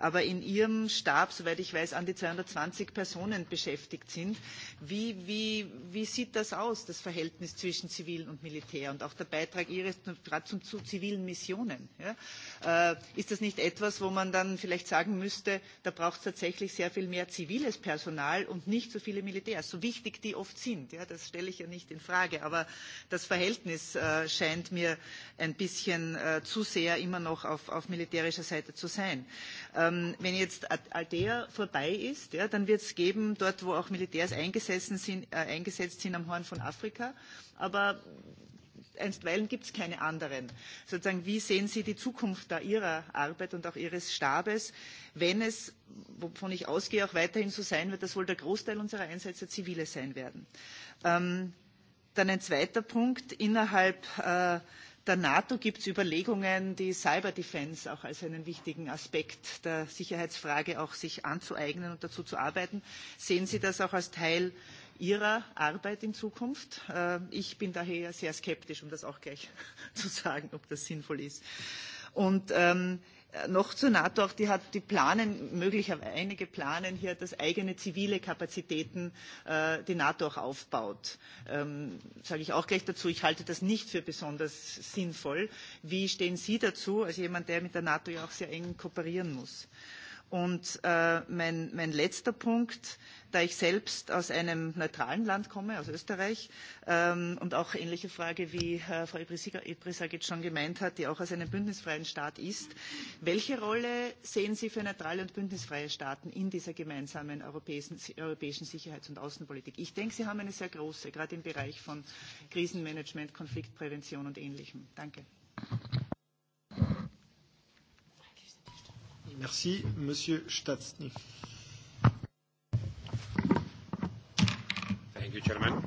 aber in Ihrem Stab, soweit ich weiß, an die 220 Personen beschäftigt sind. Wie, wie, wie sieht das aus, das Verhältnis zwischen Zivil und Militär und auch der Beitrag Ihres gerade zum, zu zivilen Missionen? Ja? Äh, ist das nicht etwas, wo man dann vielleicht sagen müsste, da braucht es tatsächlich sehr viel mehr ziviles Personal und nicht so viele Militärs, so wichtig die oft sind. Ja? Das stelle ich ja nicht in Frage, aber das Verhältnis äh, scheint mir ein bisschen äh, zu sehr immer noch auf, auf militärischer Seite zu sein. Äh, ähm, wenn jetzt Aldea vorbei ist, ja, dann wird es geben, dort wo auch Militärs eingesessen sind, äh, eingesetzt sind am Horn von Afrika. Aber einstweilen gibt es keine anderen. Sozusagen, wie sehen Sie die Zukunft da Ihrer Arbeit und auch Ihres Stabes, wenn es, wovon ich ausgehe, auch weiterhin so sein wird, dass wohl der Großteil unserer Einsätze zivile sein werden? Ähm, dann ein zweiter Punkt innerhalb äh, der NATO gibt es Überlegungen, die Cyber Defense auch als einen wichtigen Aspekt der Sicherheitsfrage auch sich anzueignen und dazu zu arbeiten. Sehen Sie das auch als Teil Ihrer Arbeit in Zukunft? Äh, ich bin daher sehr skeptisch, um das auch gleich zu sagen, ob das sinnvoll ist. Und ähm, noch zur NATO, auch die hat, die planen, möglicherweise einige planen hier, dass eigene zivile Kapazitäten äh, die NATO auch aufbaut. Ähm, Sage ich auch gleich dazu, ich halte das nicht für besonders sinnvoll. Wie stehen Sie dazu, als jemand, der mit der NATO ja auch sehr eng kooperieren muss? Äh, Und äh, mein, mein letzter Punkt, da ich selbst aus einem neutralen Land komme, aus Österreich, ähm, und auch ähnliche Frage, wie äh, Frau Ibrisagic schon gemeint hat, die auch aus einem bündnisfreien Staat ist. Welche Rolle sehen Sie für neutrale und bündnisfreie Staaten in dieser gemeinsamen europäischen, europäischen Sicherheits- und Außenpolitik? Ich denke, Sie haben eine sehr große, gerade im Bereich von Krisenmanagement, Konfliktprävention und Ähnlichem. Danke. Merci. Monsieur Statsny. Thank you, Chairman.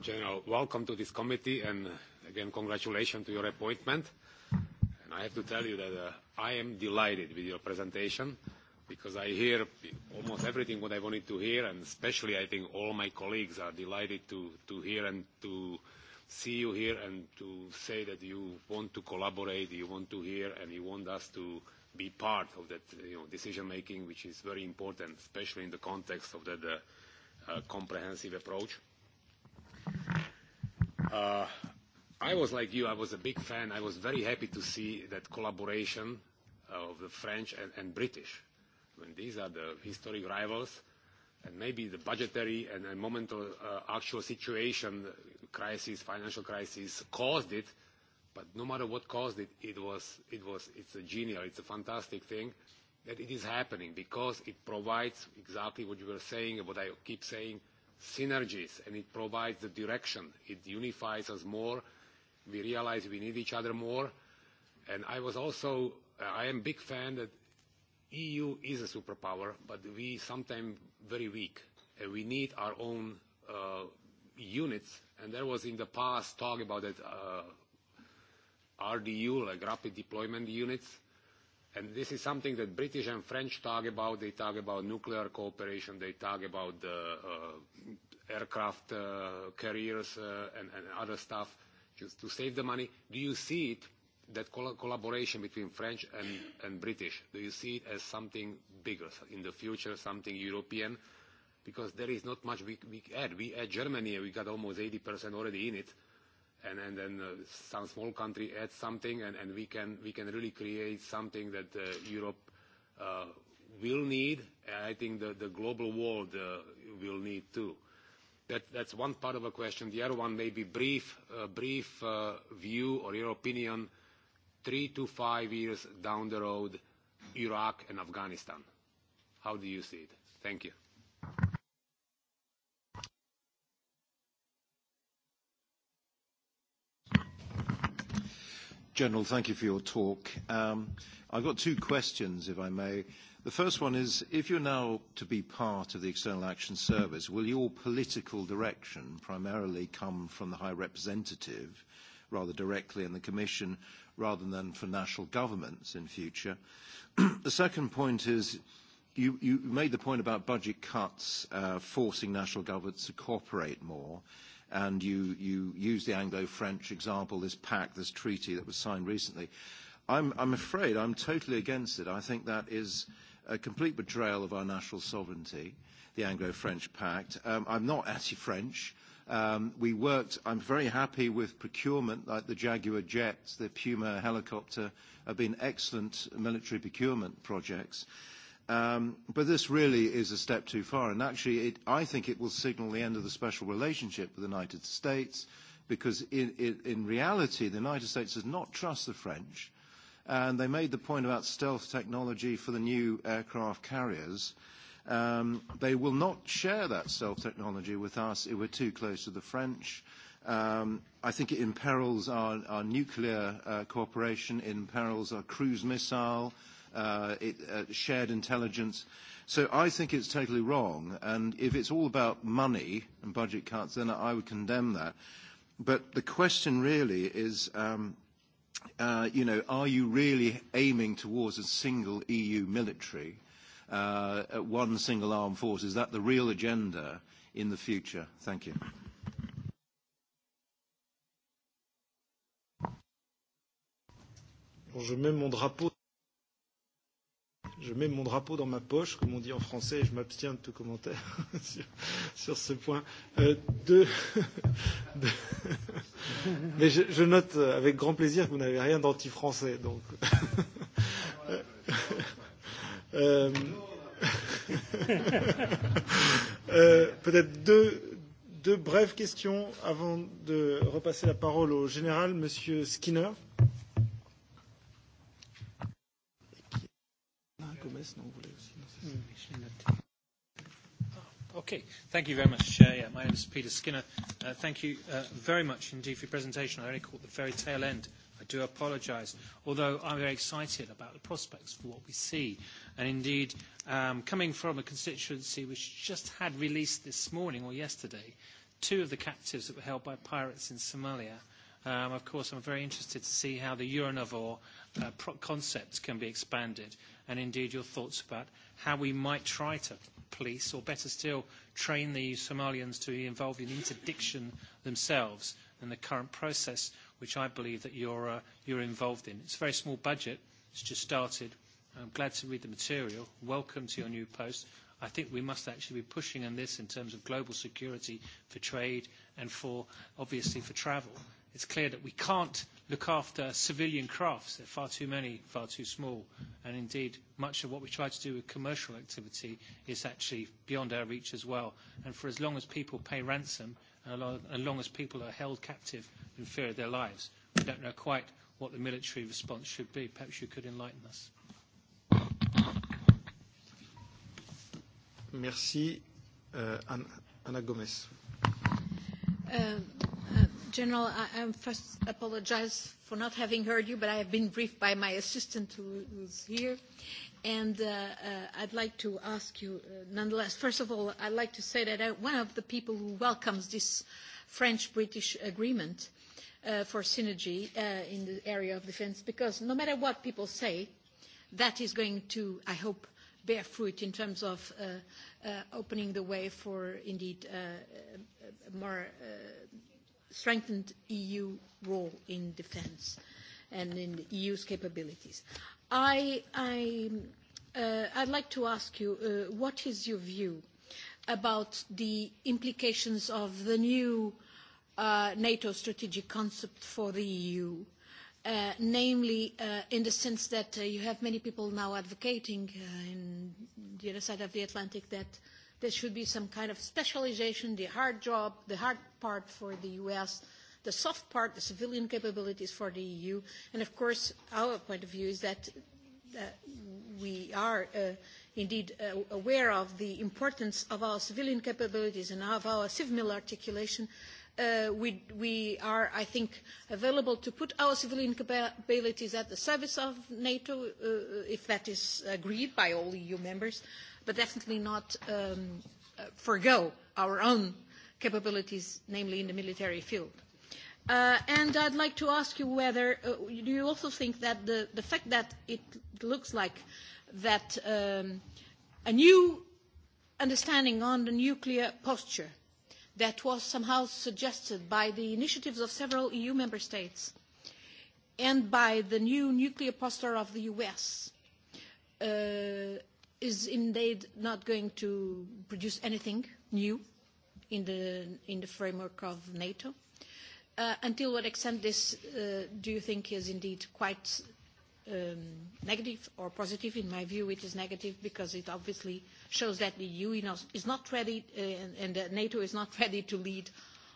General, welcome to this committee, and again, congratulations to your appointment. And I have to tell you that uh, I am delighted with your presentation because I hear almost everything what I wanted to hear, and especially I think all my colleagues are delighted to, to hear and to uh, see you here and to say that you want to collaborate, you want to hear, and you want us to be part of that you know, decision making, which is very important, especially in the context of that uh, uh, comprehensive approach. Uh, I was like you, I was a big fan. I was very happy to see that collaboration of the French and, and British. I mean, these are the historic rivals. Uh, and maybe the budgetary and, and momental uh, actual situation, crisis, financial crisis caused it, but no matter what caused it, it was, it was, it's a genial, it's a fantastic thing that it is happening because it provides exactly what you were saying and what I keep saying, synergies, and it provides the direction. It unifies us more. We realize we need each other more. And I was also, uh, I am big fan that EU is a superpower, but we sometimes very weak, and we need our own uh, units. And there was in the past talk about that uh, RDU, like rapid deployment units. And this is something that British and French talk about. They talk about nuclear cooperation. They talk about the uh, aircraft uh, carriers uh, and, and other stuff just to save the money. Do you see it that col- collaboration between French and, and British, do you see it as something bigger in the future, something European? Because there is not much we, we add. We add Germany, and we got almost 80% already in it. And, and then uh, some small country adds something, and, and we, can, we can really create something that uh, Europe uh, will need, and I think the, the global world uh, will need too. That, that's one part of the question. The other one may be brief, uh, brief uh, view or your opinion uh, three to five years down the road, Iraq and Afghanistan? How do you see it? Thank you. General, thank you for your talk. Um, I've got two questions, if I may. The first one is, if you're now to be part of the External Action Service, will your political direction primarily come from the High Representative rather directly in the Commission, rather than for national governments in future. the second point is you, you made the point about budget cuts uh, forcing national governments to cooperate more, and you, you used the Anglo-French example, this pact, this treaty that was signed recently. I'm, I'm afraid I'm totally against it. I think that is a complete betrayal of our national sovereignty, the Anglo-French pact. Um, I'm not anti-French. Um, we worked, I'm very happy with procurement, like the Jaguar jets, the Puma helicopter, have been excellent military procurement projects. Um, but this really is a step too far, and actually, it, I think it will signal the end of the special relationship with the United States, because in, in, in reality, the United States does not trust the French, and they made the point about stealth technology for the new aircraft carriers. Uh, Um, they will not share that stealth technology with us if we're too close to the French. Um, I think it imperils our, our nuclear uh, cooperation, it imperils our cruise missile, uh, it, uh, shared intelligence. So I think it's totally wrong. And if it's all about money and budget cuts, then I would condemn that. But the question really is, um, uh, you know, are you really aiming towards a single EU military? uh, at one single armed force? Is that the real agenda in the future? Thank you. Bon, je mets mon drapeau. Je mets mon drapeau dans ma poche, comme on dit en français, et je m'abstiens de tout commentaire sur, sur ce point. Euh, de, de, mais je, je note avec grand plaisir que vous n'avez rien d'anti-français. Donc. Euh, Euh, euh, Peut-être deux, deux brèves questions avant de repasser la parole au général, Monsieur Skinner. Okay, thank you very much, Chair. Yeah, my name is Peter Skinner. Uh, thank you uh, very much indeed for your presentation. I only caught the very tail end uh, I do apologise, although I'm very excited about the prospects for what we see. And indeed, um, coming from a constituency which just had released this morning or yesterday two of the captives that were held by pirates in Somalia, um, of course, I'm very interested to see how the Euronavor uh, pro- concept can be expanded, and indeed your thoughts about how we might try to police, or better still, train the Somalians to be involved in interdiction themselves and the current process which I believe that you're, uh, you're involved in. It's a very small budget. It's just started. I'm glad to read the material. Welcome to your new post. I think we must actually be pushing on this in terms of global security for trade and for, obviously, for travel. It's clear that we can't look after civilian crafts. There are far too many, far too small. And indeed, much of what we try to do with commercial activity is actually beyond our reach as well. And for as long as people pay ransom, and as long as people are held captive and fear of their lives. We don't know quite what the military response should be. Perhaps you could enlighten us. Merci. Uh, Ana Gomes. Uh, uh, General, I, I first apologize for not having heard you, but I have been briefed by my assistant who is here. And uh, uh, I'd like to ask you, uh, nonetheless, first of all, I'd like to say that I, one of the people who welcomes this French-British agreement uh, for synergy uh, in the area of defense, because no matter what people say, that is going to, I hope, bear fruit in terms of uh, uh, opening the way for indeed uh, a uh, more uh, strengthened EU role in defense and in the EU's capabilities. I, I, uh, I'd like to ask you, uh, what is your view about the implications of the new uh, NATO strategic concept for the EU. Uh, namely, uh, in the sense that uh, you have many people now advocating uh, in the other side of the Atlantic that there should be some kind of specialization, the hard job, the hard part for the U.S., the soft part, the civilian capabilities for the EU. And of course, our point of view is that uh, we are uh, indeed uh, aware of the importance of our civilian capabilities and of our civil articulation uh, uh, we, we are, I think, available to put our civilian capabilities at the service of NATO, uh, if that is agreed by all EU members, but definitely not um, uh, forego our own capabilities, namely in the military field. Uh, and I'd like to ask you whether uh, do you also think that the, the fact that it looks like that um, a new understanding on the nuclear posture uh, that was somehow suggested by the initiatives of several EU member states and by the new nuclear posture of the US uh, is indeed not going to produce anything new in the, in the framework of NATO. Uh, until what extent this uh, do you think is indeed quite um, negative or positive. In my view, it is negative because it obviously shows that the EU is not ready uh, and, and that NATO is not ready to lead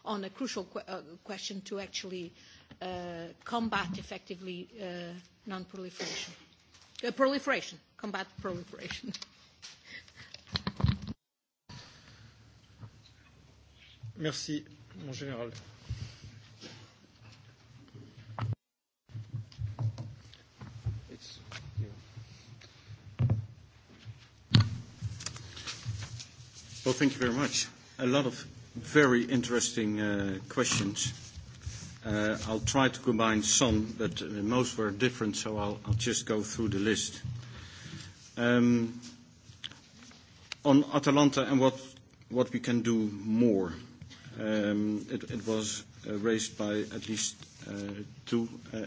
on a crucial qu uh, question to actually uh, combat effectively uh, non-proliferation. Uh, proliferation, combat proliferation. Merci, mon général. Well, thank you very much. A lot of very interesting uh, questions. Uh, I'll try to combine some, but uh, most were different, so I'll, I'll just go through the list. Um, on Atalanta and what, what we can do more, um, it, it was uh, raised by at least uh, two, uh,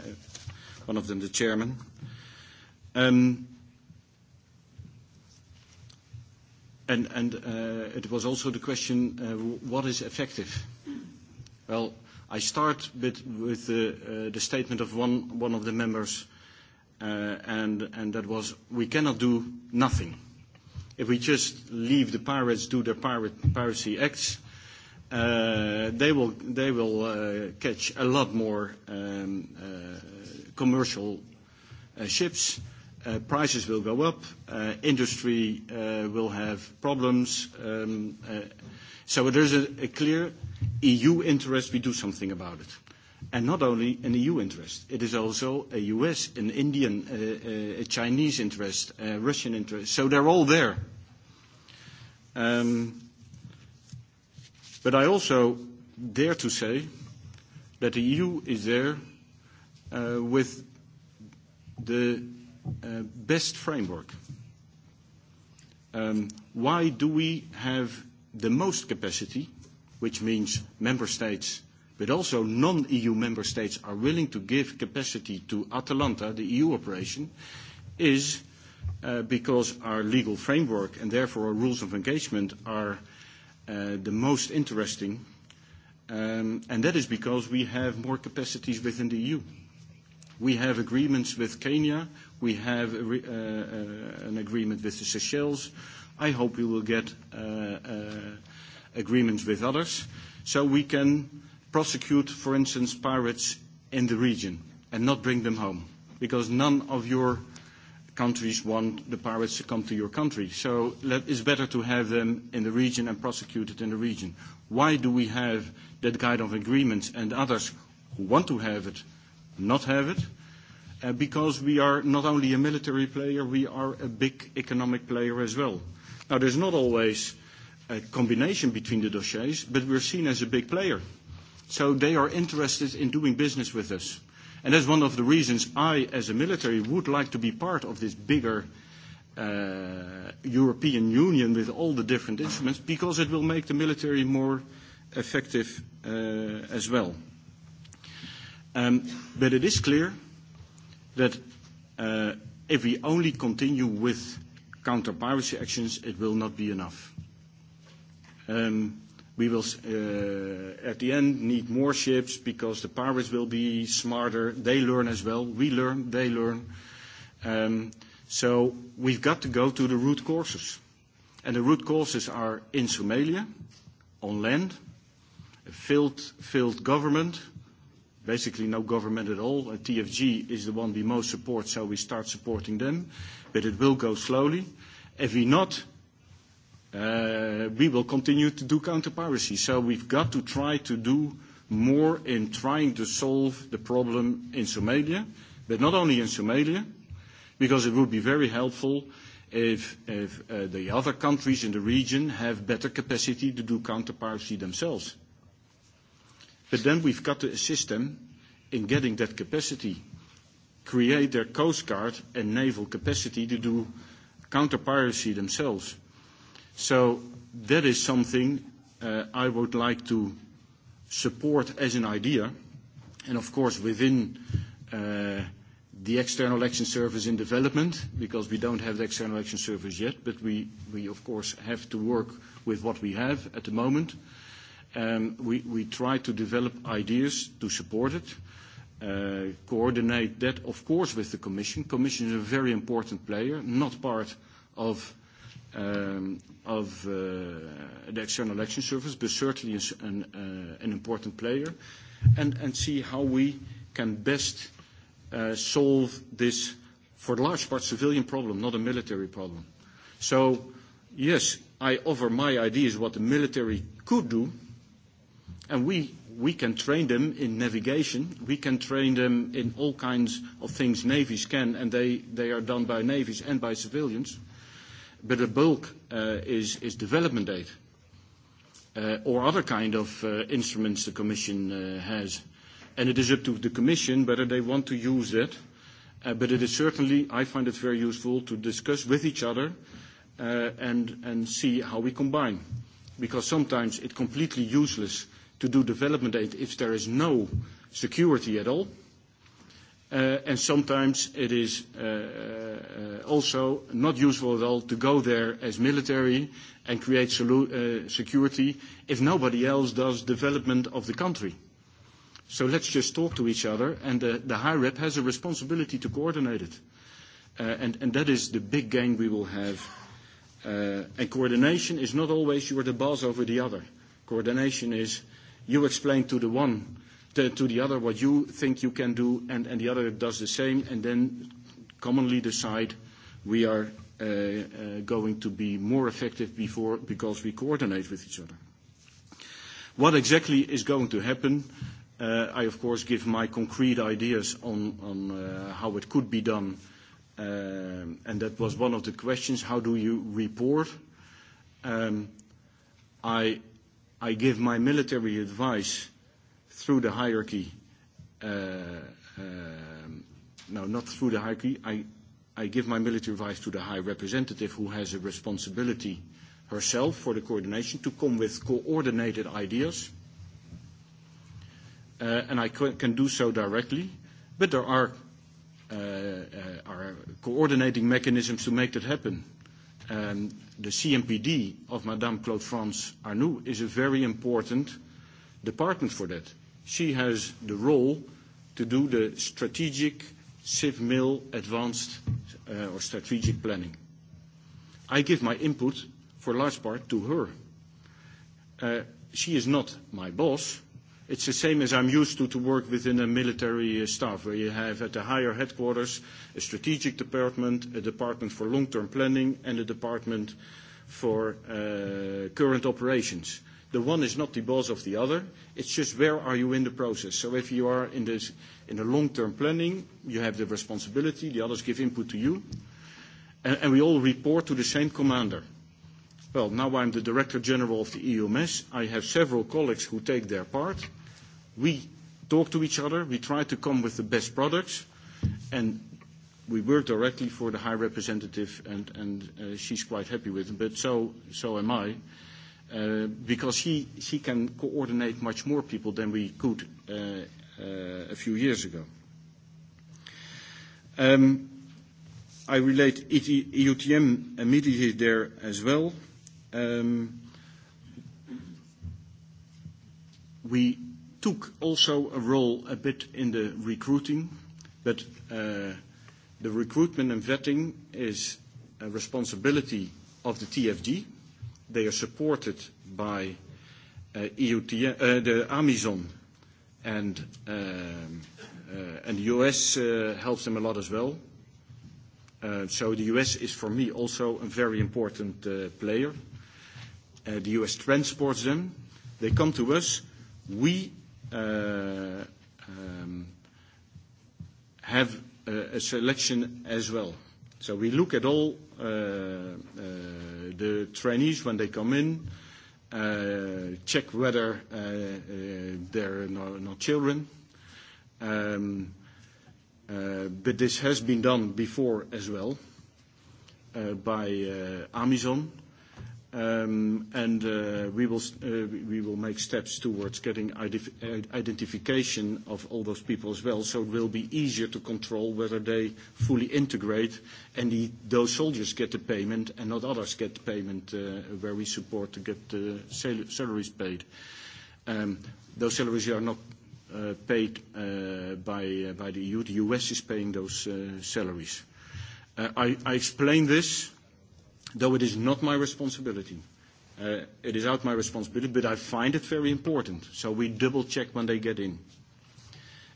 one of them the chairman. Um, And, and uh, it was also the question, uh, what is effective? Well, I start with, with the, uh, the statement of one, one of the members, uh, and, and that was, we cannot do nothing. If we just leave the pirates do their pirate, piracy acts, uh, they will, they will uh, catch a lot more um, uh, commercial uh, ships, uh, Uh, prices will go up, uh, industry uh, will have problems. Um, uh, so there's a, a clear EU interest we do something about it. And not only an EU interest, it is also a U.S., an Indian, uh, uh, a Chinese interest, a Russian interest. So they're all there. Um, but I also dare to say that the EU is there with the uh, best framework. Um, why do we have the most capacity, which means member states, but also non-EU member states are willing to give capacity to Atalanta, the EU operation, is uh, because our legal framework and therefore our rules of engagement are uh, the most interesting. Um, and that is because we have more capacities within the EU. We have agreements with Kenya, We have a re, uh, uh, an agreement with the Seychelles. I hope we will get uh, uh, agreements with others, so we can prosecute, for instance, pirates in the region and not bring them home, because none of your countries want the pirates to come to your country. So let, it's better to have them in the region and prosecuted in the region. Why do we have that kind of agreement and others who want to have it not have it? uh, because we are not only a military player, we are a big economic player as well. Now, there's not always a combination between the dossiers, but we're seen as a big player. So they are interested in doing business with us. And that's one of the reasons I, as a military, would like to be part of this bigger uh, European Union with all the different instruments, because it will make the military more effective uh, as well. Um, but it is clear that uh, if we only continue with counter-piracy actions, it will not be enough. Um, we will, uh, at the end, need more ships because the pirates will be smarter. They learn as well. We learn, they learn. Um, so we've got to go to the root causes. And the root causes are in Somalia, on land, a failed, failed government, basically no government at all. And TFG is the one we most support, so we start supporting them, but it will go slowly. If we not, uh, we will continue to do counter-piracy. So we've got to try to do more in trying to solve the problem in Somalia, but not only in Somalia, because it would be very helpful if, if uh, the other countries in the region have better capacity to do counter-piracy themselves. But then we've got to assist them in getting that capacity, create their coast guard and naval capacity to do counter-piracy themselves. So that is something uh, I would like to support as an idea, and of course, within uh, the External Action Service in development, because we don't have the External Action Service yet, but we, we of course have to work with what we have at the moment. Uh, and um, we, we try to develop ideas to support it, uh, coordinate that, of course, with the Commission. Commission is a very important player, not part of, um, of uh, the External Action Service, but certainly is an, uh, an important player, and, and see how we can best uh, solve this, for the large part, civilian problem, not a military problem. So, yes, I offer my ideas what the military could do, uh, And we, we can train them in navigation. We can train them in all kinds of things navies can, and they, they are done by navies and by civilians. But the bulk uh, is, is development aid uh, or other kind of uh, instruments the Commission uh, has. And it is up to the Commission whether they want to use that. Uh, but it is certainly, I find it very useful to discuss with each other uh, and, and see how we combine. Because sometimes it's completely useless to do development aid if there is no security at all. Uh, and sometimes it is uh, uh, also not useful at all to go there as military and create solu- uh, security if nobody else does development of the country. So let's just talk to each other, and the, the high rep has a responsibility to coordinate it. Uh, and, and that is the big gain we will have. Uh, and coordination is not always you are the boss over the other. Coordination is uh, You explain to the one, to, to the other what you think you can do, and, and the other does the same, and then commonly decide we are uh, uh, going to be more effective before, because we coordinate with each other. What exactly is going to happen? Uh, I, of course, give my concrete ideas on, on uh, how it could be done, um, and that was one of the questions: How do you report? Um, I I give my military advice through the hierarchy. Uh, um, no, not through the hierarchy. I, I give my military advice to the High Representative, who has a responsibility herself for the coordination to come with coordinated ideas. Uh, and I can do so directly, but there are, uh, uh, are coordinating mechanisms to make that happen. Uh, Um, the CMPD of Madame Claude-France Arnoux is a very important department for that. She has the role to do the strategic civil advanced uh, or strategic planning. I give my input for a large part to her. Uh, she is not my boss, It's the same as I'm used to to work within a military uh, staff, where you have at the higher headquarters a strategic department, a department for long-term planning, and a department for uh, current operations. The one is not the boss of the other. It's just where are you in the process. So if you are in this in the long-term planning, you have the responsibility. The others give input to you, and, and we all report to the same commander. Well, now I'm the Director General of the EUMS. I have several colleagues who take their part, We talk to each other, we try to come with the best products, and we work directly for the High Representative, and, and uh, she's quite happy with it, but so, so am I. Uh, because she, she can coordinate much more people than we could uh, uh, a few years ago. Um, I relate EUTM e immediately there as well. Um, we took also a role a bit in the recruiting, but uh, the recruitment and vetting is a responsibility of the TFG. They are supported by uh, EUTM, uh, the Amazon and, um, uh, and the U.S. Uh, helps them a lot as well. Uh, so the U.S. is, for me, also a very important player. The U.S. transports them. They come to us. We uh, um, have a, a selection as well. So we look at all uh, uh, the trainees when they come in, uh, check whether uh, uh, there are no, no children. Um, uh, but this has been done before as well uh, by uh, Amazon Um, and uh, we, will, uh, we will make steps towards getting uh, identification of all those people as well, so it will be easier to control whether they fully integrate and the, those soldiers get the payment and not others get the payment uh, where we support to get the sal salaries paid. Um, those salaries are not uh, paid uh, by, by the EU. The U.S. is paying those salaries. I, I explain this though it is not my responsibility. Uh, it is out my responsibility, but I find it very important. So we double check when they get in.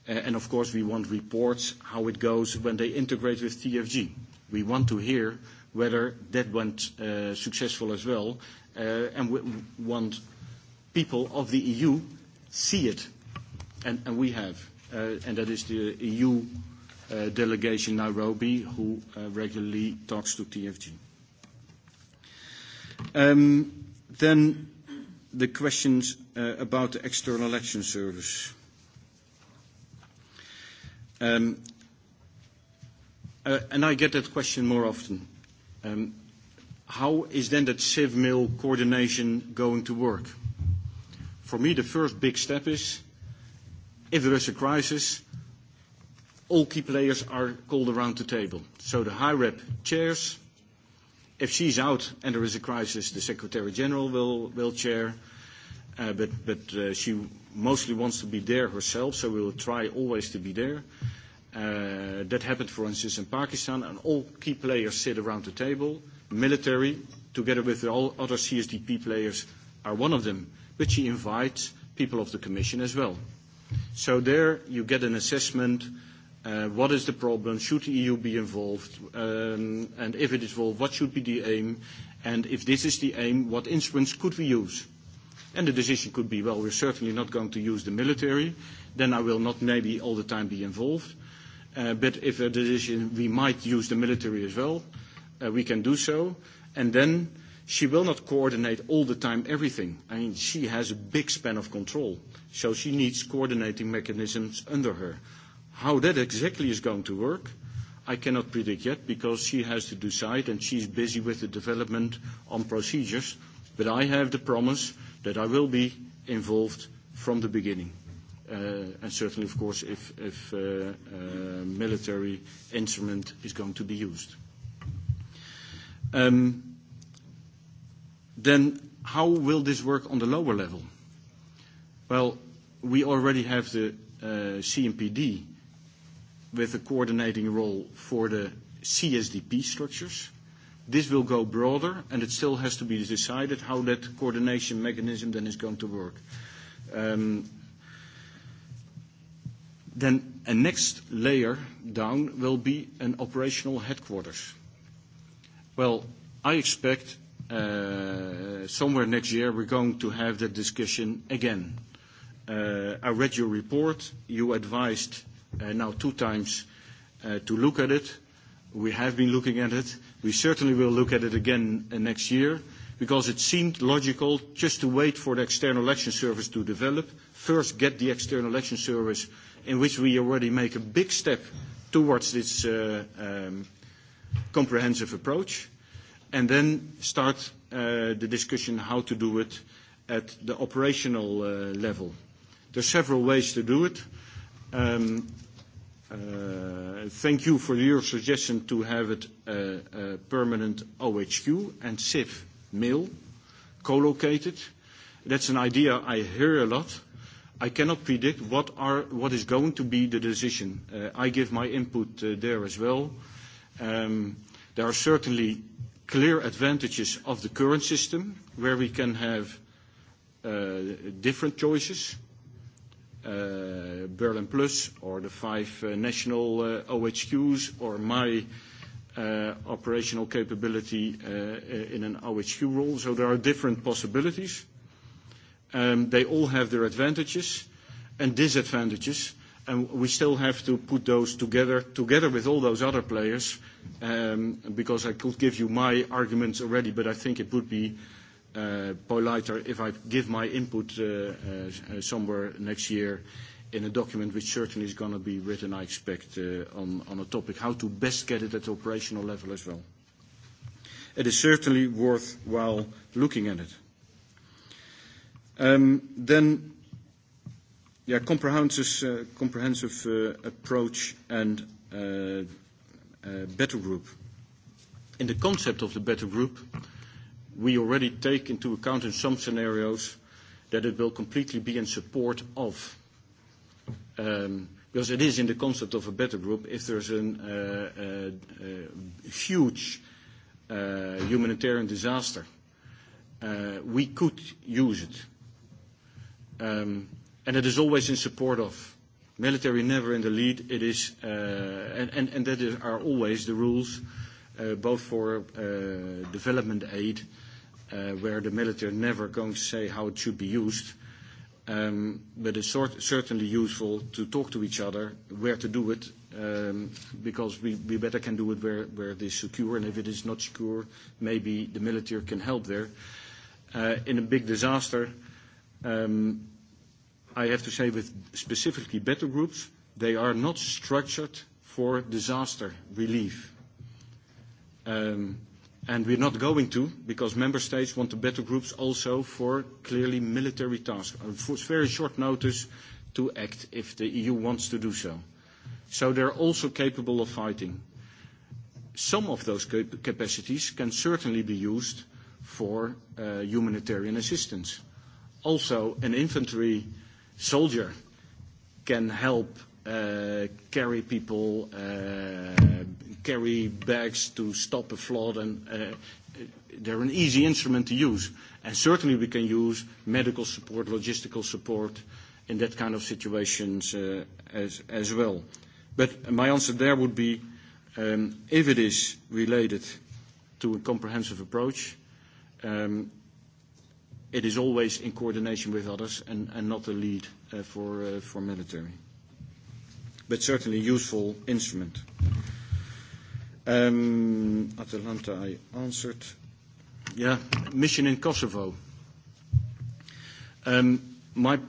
Uh, and of course, we want reports how it goes when they integrate with TFG. We want to hear whether that went uh, successful as well, uh, and we want people of the EU see it, and, and we have. Uh, and that is the EU uh, delegation Nairobi who uh, regularly talks to TFG. Um, then the questions uh, about the external election service. Um, uh, and I get that question more often. Um, how is then that CivMil coordination going to work? For me, the first big step is if there is a crisis, all key players are called around the table. So the high rep chairs, if she's out and there is a crisis, the Secretary General will, will chair. Uh, but but uh, she mostly wants to be there herself, so we will try always to be there. Uh, that happened, for instance, in Pakistan, and all key players sit around the table. Military, together with the all other CSDP players, are one of them. But she invites people of the Commission as well. So there you get an assessment uh, Uh, what is the problem? Should the EU be involved? Um, and if it is involved, what should be the aim? And if this is the aim, what instruments could we use? And the decision could be, well, we're certainly not going to use the military. Then I will not maybe all the time be involved. Uh, but if a decision, we might use the military as well, uh, we can do so. And then she will not coordinate all the time everything. I mean, she has a big span of control. So she needs coordinating mechanisms under her. How that exactly is going to work, I cannot predict yet because she has to decide, and she's busy with the development on procedures. But I have the promise that I will be involved from the beginning. Uh, and certainly, of course, if, if uh, uh, military instrument is going to be used. Um, then how will this work on the lower level? Well, we already have the uh, CMPD with a coordinating role for the CSDP structures. This will go broader, and it still has to be decided how that coordination mechanism then is going to work. Um, then a next layer down will be an operational headquarters. Well, I expect uh, somewhere next year we're going to have that discussion again. Uh, I read your report. You advised uh, now two times uh, to look at it. We have been looking at it. We certainly will look at it again uh, next year because it seemed logical just to wait for the external election service to develop. First, get the external election service, in which we already make a big step towards this uh, um, comprehensive approach, and then start uh, the discussion how to do it at the operational uh, level. There are several ways to do it. Um, Uh, thank you for your suggestion to have it uh, uh, permanent OHQ and SIF mail co-located. That's an idea I hear a lot. I cannot predict what, are, what is going to be the decision. Uh, I give my input uh, there as well. Um, there are certainly clear advantages of the current system, where we can have uh, different choices. Uh, uh, Berlin Plus or the five uh, national uh, OHQs or my uh, operational capability uh, in an OHQ role. So there are different possibilities. Um, they all have their advantages and disadvantages, and we still have to put those together, together with all those other players, um, because I could give you my arguments already, but I think it would be uh, uh, politer if I give my input uh, uh, somewhere next year in a document which certainly is going to be written, I expect, uh, on, on a topic, how to best get it at the operational level as well. It is certainly worthwhile looking at it. Um, then, yeah, comprehensive, uh, comprehensive uh, approach and uh, uh, battle group. In the concept of the battle group, uh, we already take into account in some scenarios that it will completely be in support of. Um, because it is in the concept of a better group, if there's a uh, uh, huge uh, humanitarian disaster, uh, we could use it. Um, and it is always in support of. Military never in the lead. It is, uh, and, and, and that is, are always the rules, uh, both for development aid uh, where the military never going to say how it should be used. Um, but it's sort, certainly useful to talk to each other where to do it, um, because we, we better can do it where, where it is secure, and if it is not secure, maybe the military can help there. Uh, in a big disaster, um, I have to say with specifically battle groups, they are not structured for disaster relief. Um, and we're not going to because member states want the battle groups also for clearly military tasks. It's very short notice to act if the EU wants to do so. So they're also capable of fighting. Some of those cap capacities can certainly be used for uh, humanitarian assistance. Also, an infantry soldier can help uh, carry people, uh, carry bags to stop a flood, and uh, they're an easy instrument to use. And certainly we can use medical support, logistical support in that kind of situations uh, as, as well. But my answer there would be, um, if it is related to a comprehensive approach, um, it is always in coordination with others and, and not a lead uh, for, uh, for military. But certainly useful instrument. Um, Atalanta, I answered. Yeah, mission in Kosovo. Um, my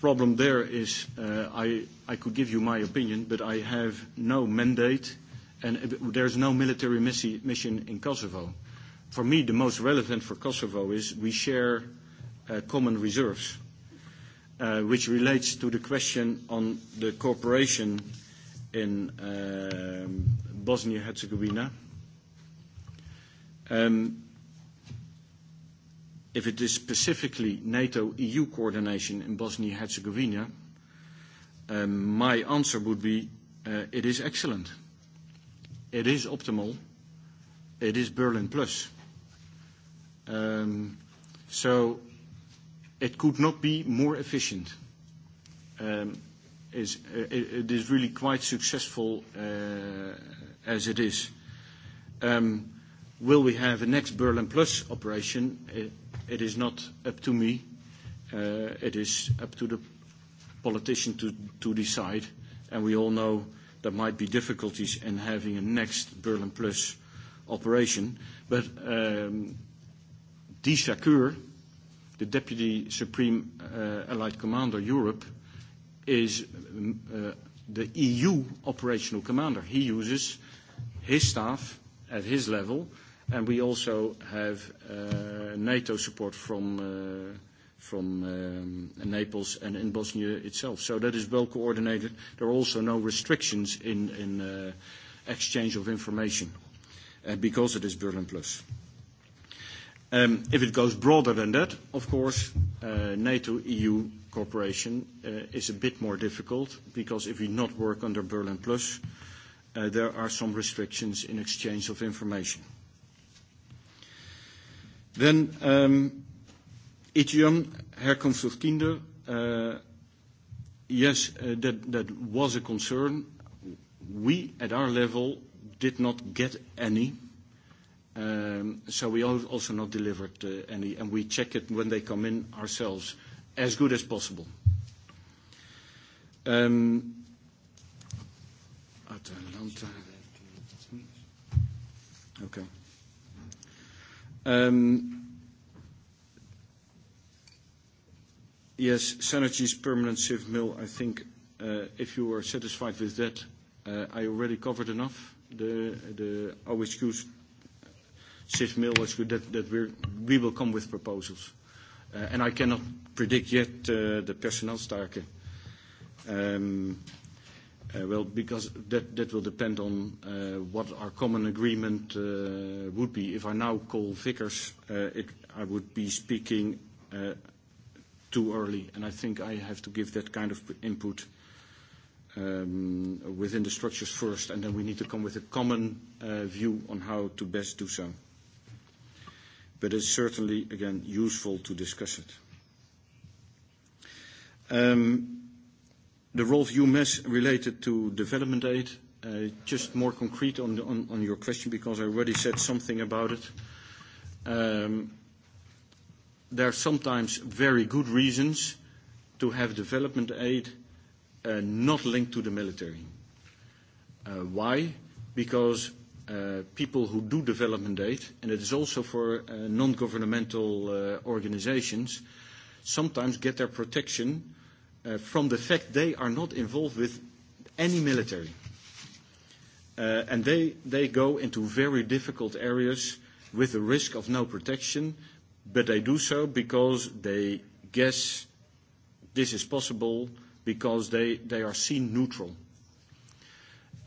problem there is uh, I, I could give you my opinion, but I have no mandate, and there's no military missi- mission in Kosovo. For me, the most relevant for Kosovo is we share uh, common reserves, uh, which relates to the question on the cooperation in um, Bosnia-Herzegovina. Um, ehm, if it is specifically NATO-EU coordination in Bosnia-Herzegovina, um, ehm, my answer would be, uh, it is excellent. It is optimal. It is Berlin plus. Um, so it could not be more efficient. Um, is, uh, it is really quite successful uh, as it is. Um, will we have a next Berlin Plus operation? It, it is not up to me. Uh, it is up to the politician to, to decide, and we all know there might be difficulties in having a next Berlin Plus operation. But um, Disa Keur, the Deputy Supreme uh, Allied Commander Europe, is mm, uh, the EU operational commander. He uses his staff at his level, and we also have uh, NATO support from, uh, from um, Naples and in Bosnia itself. So that is well coordinated. There are also no restrictions in, in uh, exchange of information uh, because it is Berlin Plus. Uh, Um, if it goes broader than that, of course, uh, NATO-EU cooperation uh, is a bit more difficult because if we not work under Berlin Plus, uh, there are some restrictions in exchange of information. Then, um, Etienne, herkomst of kinder. Uh, yes, uh, that, that was a concern. We, at our level, did not get any Um, so we also not delivered uh, any, and we check it when they come in ourselves as good as possible. Um, Atalanta. Okay. Um, yes, Synergy's permanent sieve mill, I think, uh, if you are satisfied with that, uh, I already covered enough. The, the OHQ's Sis Mill is good that, that we're, we will come with proposals. Uh, and I cannot predict yet uh, the personeelstaken. Um, uh, well, because that, that will depend on uh, what our common agreement uh, would be. If I now call Vickers, uh, it, I would be speaking uh, too early, and I think I have to give that kind of input um, within the structures first, and then we need to come with a common uh, view on how to best do so but it's certainly, again, useful to discuss it. Um, the Rolf Hummes related to development aid, uh, just more concrete on, the, on, on your question because I already said something about it. Um, there are sometimes very good reasons to have development aid uh, not linked to the military. Uh, why? Because uh, people who do development aid, and it is also for uh, non-governmental uh, organizations, sometimes get their protection uh, from the fact they are not involved with any military. Uh, and they, they go into very difficult areas with the risk of no protection, but they do so because they guess this is possible because they, they are seen neutral.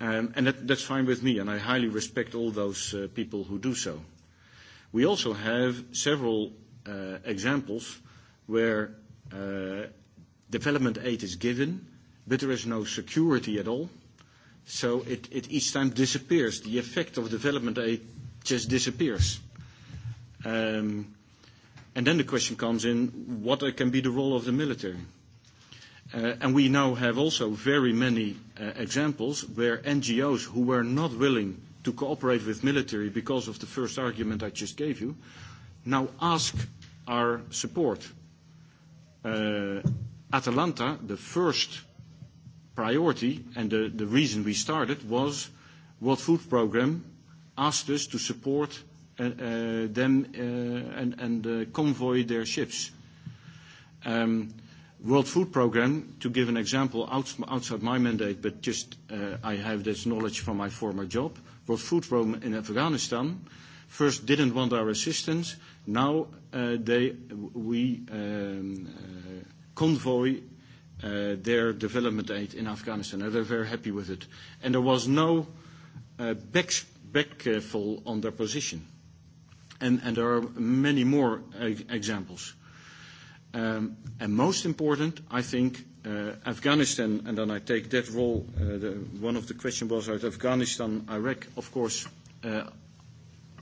Um, and that, that's fine with me, and I highly respect all those uh, people who do so. We also have several uh, examples where uh, development aid is given, but there is no security at all. So it, it each time disappears. The effect of development aid just disappears. Um, and then the question comes in, what uh, can be the role of the military? Uh, and we now have also very many uh, examples where NGOs who were not willing to cooperate with military because of the first argument I just gave you, now ask our support. Uh, Atalanta, the first priority and the, the reason we started was World Food Programme asked us to support uh, uh, them uh, and, and uh, convoy their ships. Um, World Food Programme, to give an example out, outside my mandate, but just uh, I have this knowledge from my former job. World Food Programme in Afghanistan first didn't want our assistance. Now uh, they, we um, uh, convoy uh, their development aid in Afghanistan, and they're very happy with it. And there was no uh, back, backfall uh, on their position. And, and there are many more uh, examples. Um, and most important, I think, uh, Afghanistan, and then I take that role. Uh, the, one of the questions was about Afghanistan, Iraq. Of course, uh,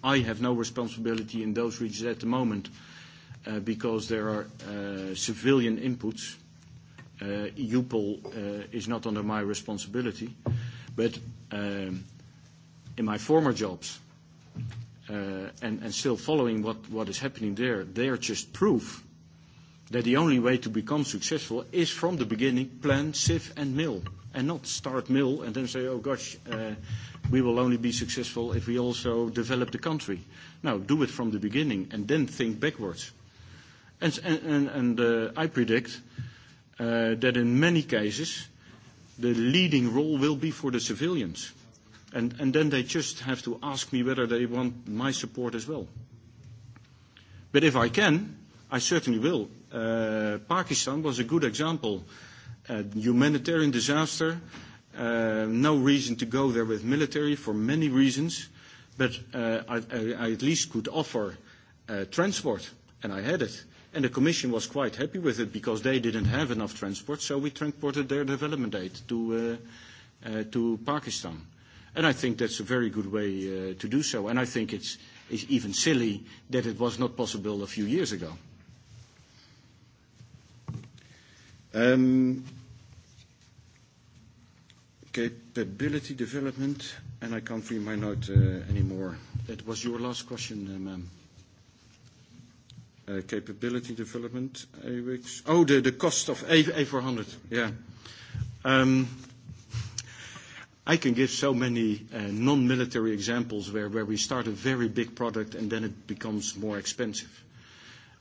I have no responsibility in those regions at the moment uh, because there are uh, civilian inputs. Uh, EUPOL uh, is not under my responsibility. But um, in my former jobs uh, and, and still following what, what is happening there, they are just proof that the only way to become successful is from the beginning plan, sieve, and mill, and not start mill and then say, oh gosh, uh, we will only be successful if we also develop the country. No, do it from the beginning and then think backwards. And, and, and uh, I predict uh, that in many cases, the leading role will be for the civilians. And, and then they just have to ask me whether they want my support as well. But if I can, I certainly will uh, Pakistan was a good example. Uh, humanitarian disaster, uh, no reason to go there with military for many reasons, but uh, I, I, I at least could offer uh, transport, and I had it. And the Commission was quite happy with it because they didn't have enough transport, so we transported their development aid to, uh, uh, to Pakistan. And I think that's a very good way uh, to do so. And I think it's, it's even silly that it was not possible a few years ago. Um, capability development, and I can't read my note uh, anymore. That was your last question, uh, ma'am. Uh, capability development, AWACS. Oh, the, the cost of A400. Yeah. Um, I can give so many uh, non-military examples where, where we start a very big product and then it becomes more expensive.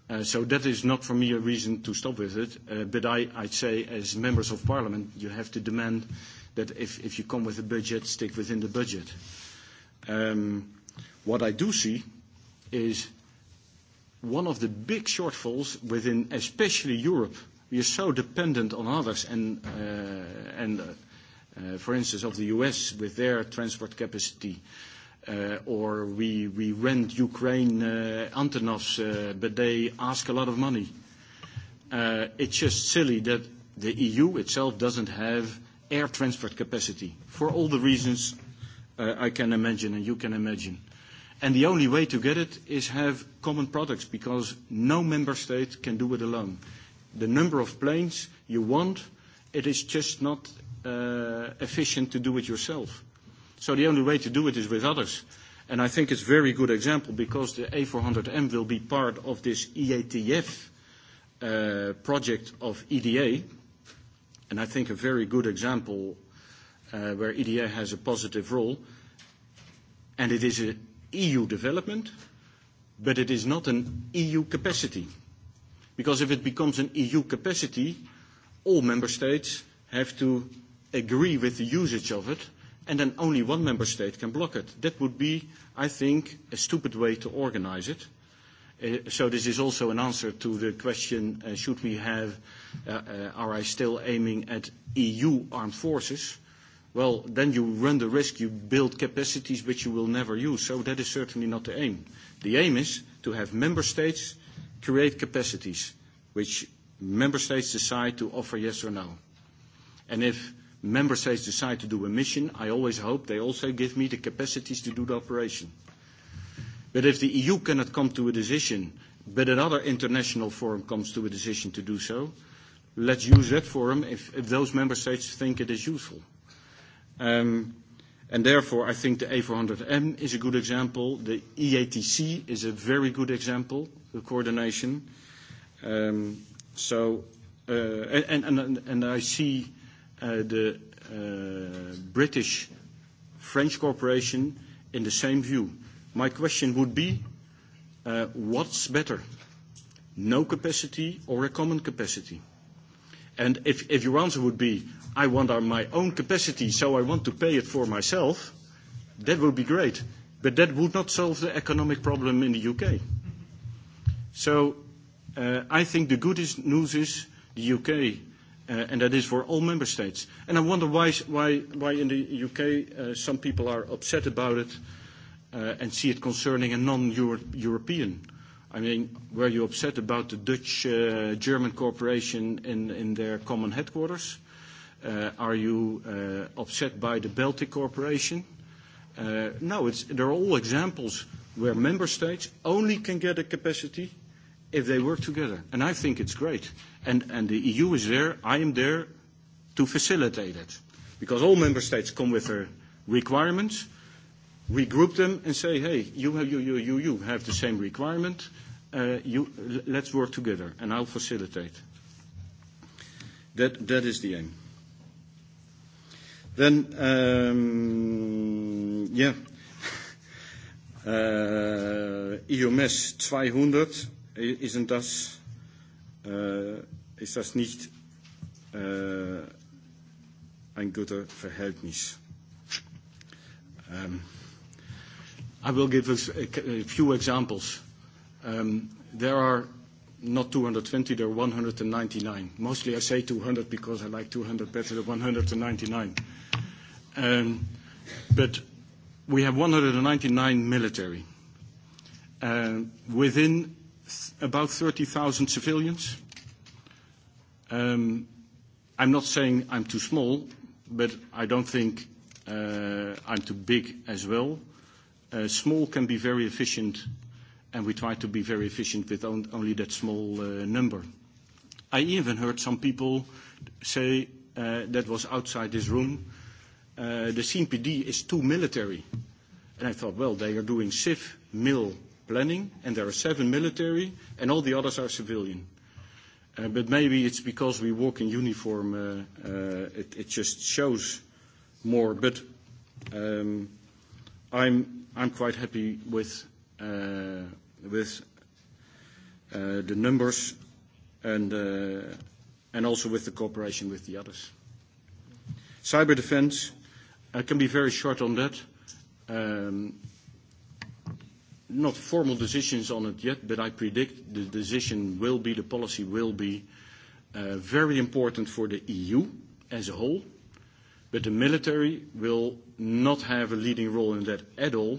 Uh, so that is not for me a reason to stop with it. Uh, but I, I'd say as members of parliament, you have to demand that if, if you come with a budget, stick within the budget. Um, what I do see is one of the big shortfalls within especially Europe. We are so dependent on others and, uh, and uh, uh, for instance, of the U.S. with their transport capacity uh, or we, we rent Ukraine uh, Antonovs, uh, but they ask a lot of money. Uh, it's just silly that the EU itself doesn't have air transport capacity for all the reasons uh, I can imagine and you can imagine. And the only way to get it is have common products because no member state can do it alone. The number of planes you want, it is just not uh, efficient to do it yourself. Uh, So the only way to do it is with others. And I think it's a very good example because the A400M will be part of this EATF uh, project of EDA. And I think a very good example uh, where EDA has a positive role. And it is an EU development, but it is not an EU capacity. Because if it becomes an EU capacity, all member states have to agree with the usage of it and then only one member state can block it. That would be, I think, a stupid way to organize it. Uh, so this is also an answer to the question, uh, should we have, uh, uh, are I still aiming at EU armed forces? Well, then you run the risk, you build capacities which you will never use. So that is certainly not the aim. The aim is to have member states create capacities, which member states decide to offer yes or no. And if member states decide to do a mission, I always hope they also give me the capacities to do the operation. But if the EU cannot come to a decision, but another international forum comes to a decision to do so, let's use that forum if, if those member states think it is useful. Um, and therefore, I think the A400M is a good example. The EATC is a very good example, the coordination. Um, so, uh, and, and, and I see uh, the uh, British French corporation in the same view. My question would be, uh, what's better, no capacity or a common capacity? And if, if your answer would be, I want our, my own capacity, so I want to pay it for myself, that would be great. But that would not solve the economic problem in the UK. So uh, I think the good is, news is the UK uh, and that is for all member states. And I wonder why, why, why in the UK uh, some people are upset about it uh, and see it concerning a non-European. -Euro I mean, were you upset about the Dutch-German uh, corporation in, in their common headquarters? Uh, are you uh, upset by the Baltic corporation? Uh, no, it's, there are all examples where member states only can get a capacity – if they work together. And I think it's great. And, and the EU is there, I am there to facilitate it. Because all member states come with their requirements. We group them and say, hey, you have, you, you, you, you have the same requirement. Uh, you, let's work together, and I'll facilitate. That, that is the aim. Then, um, yeah, uh, EUMS 200, ist, denn das, äh, ist das nicht äh, ein gutes Verhältnis. Um, I will give a, a few examples. Um, there are not 220, there are 199. Mostly I say 200 because I like 200 better than 199. Um, but we have 199 military. Um, within about 30,000 civilians. Um, I'm not saying I'm too small, but I don't think uh, I'm too big as well. Uh, small can be very efficient, and we try to be very efficient with on, only that small uh, number. I even heard some people say uh, that was outside this room, uh, the CMPD is too military. And I thought, well, they are doing civ, mil, planning, and there are seven military, and all the others are civilian. Uh, but maybe it's because we walk in uniform, uh, uh, it, it just shows more. But um, I'm, I'm quite happy with, uh, with uh, the numbers and, uh, and also with the cooperation with the others. Cyber defense, I can be very short on that. Um, not formal decisions on it yet, but I predict the decision will be, the policy will be uh, very important for the EU as a whole, but the military will not have a leading role in that at all.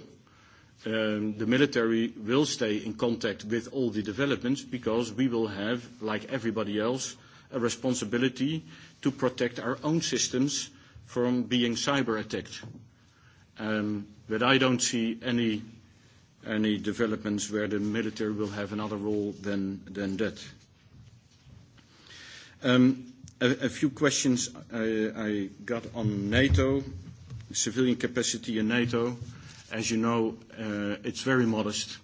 Um, the military will stay in contact with all the developments because we will have, like everybody else, a responsibility to protect our own systems from being cyber attacked. Um, but I don't see any any developments where the military will have another role than, than that. Um, a, a few questions I, I got on NATO, civilian capacity in NATO. As you know, uh, it's very modest.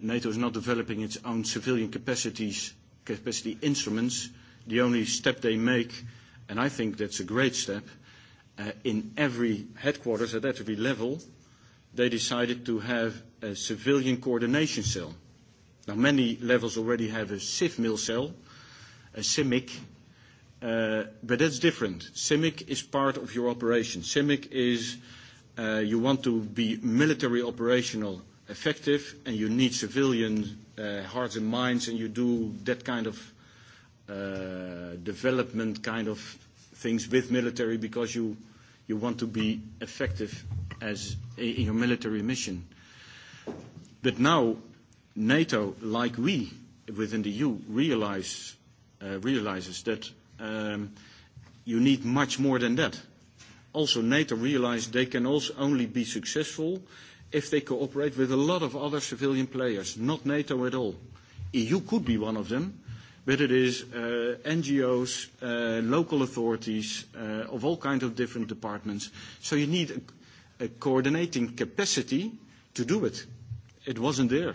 NATO is not developing its own civilian capacities, capacity instruments. The only step they make, and I think that's a great step, uh, in every headquarters at every level, uh, they decided to have a civilian coordination cell. Now, many levels already have a CivMil cell, a CIMIC, uh, but that's different. CIMIC is part of your operation. CIMIC is uh, you want to be military operational effective, and you need civilian uh, hearts and minds, and you do that kind of uh, development kind of things with military because you you want to be effective as in your military mission. But now, NATO, like we within the EU, realize, uh, realizes that um, you need much more than that. Also, NATO realized they can also only be successful if they cooperate with a lot of other civilian players, not NATO at all. EU could be one of them, but it is uh, NGOs, uh, local authorities uh, of all kinds of different departments. So you need a coordinating capacity to do it. It wasn't there.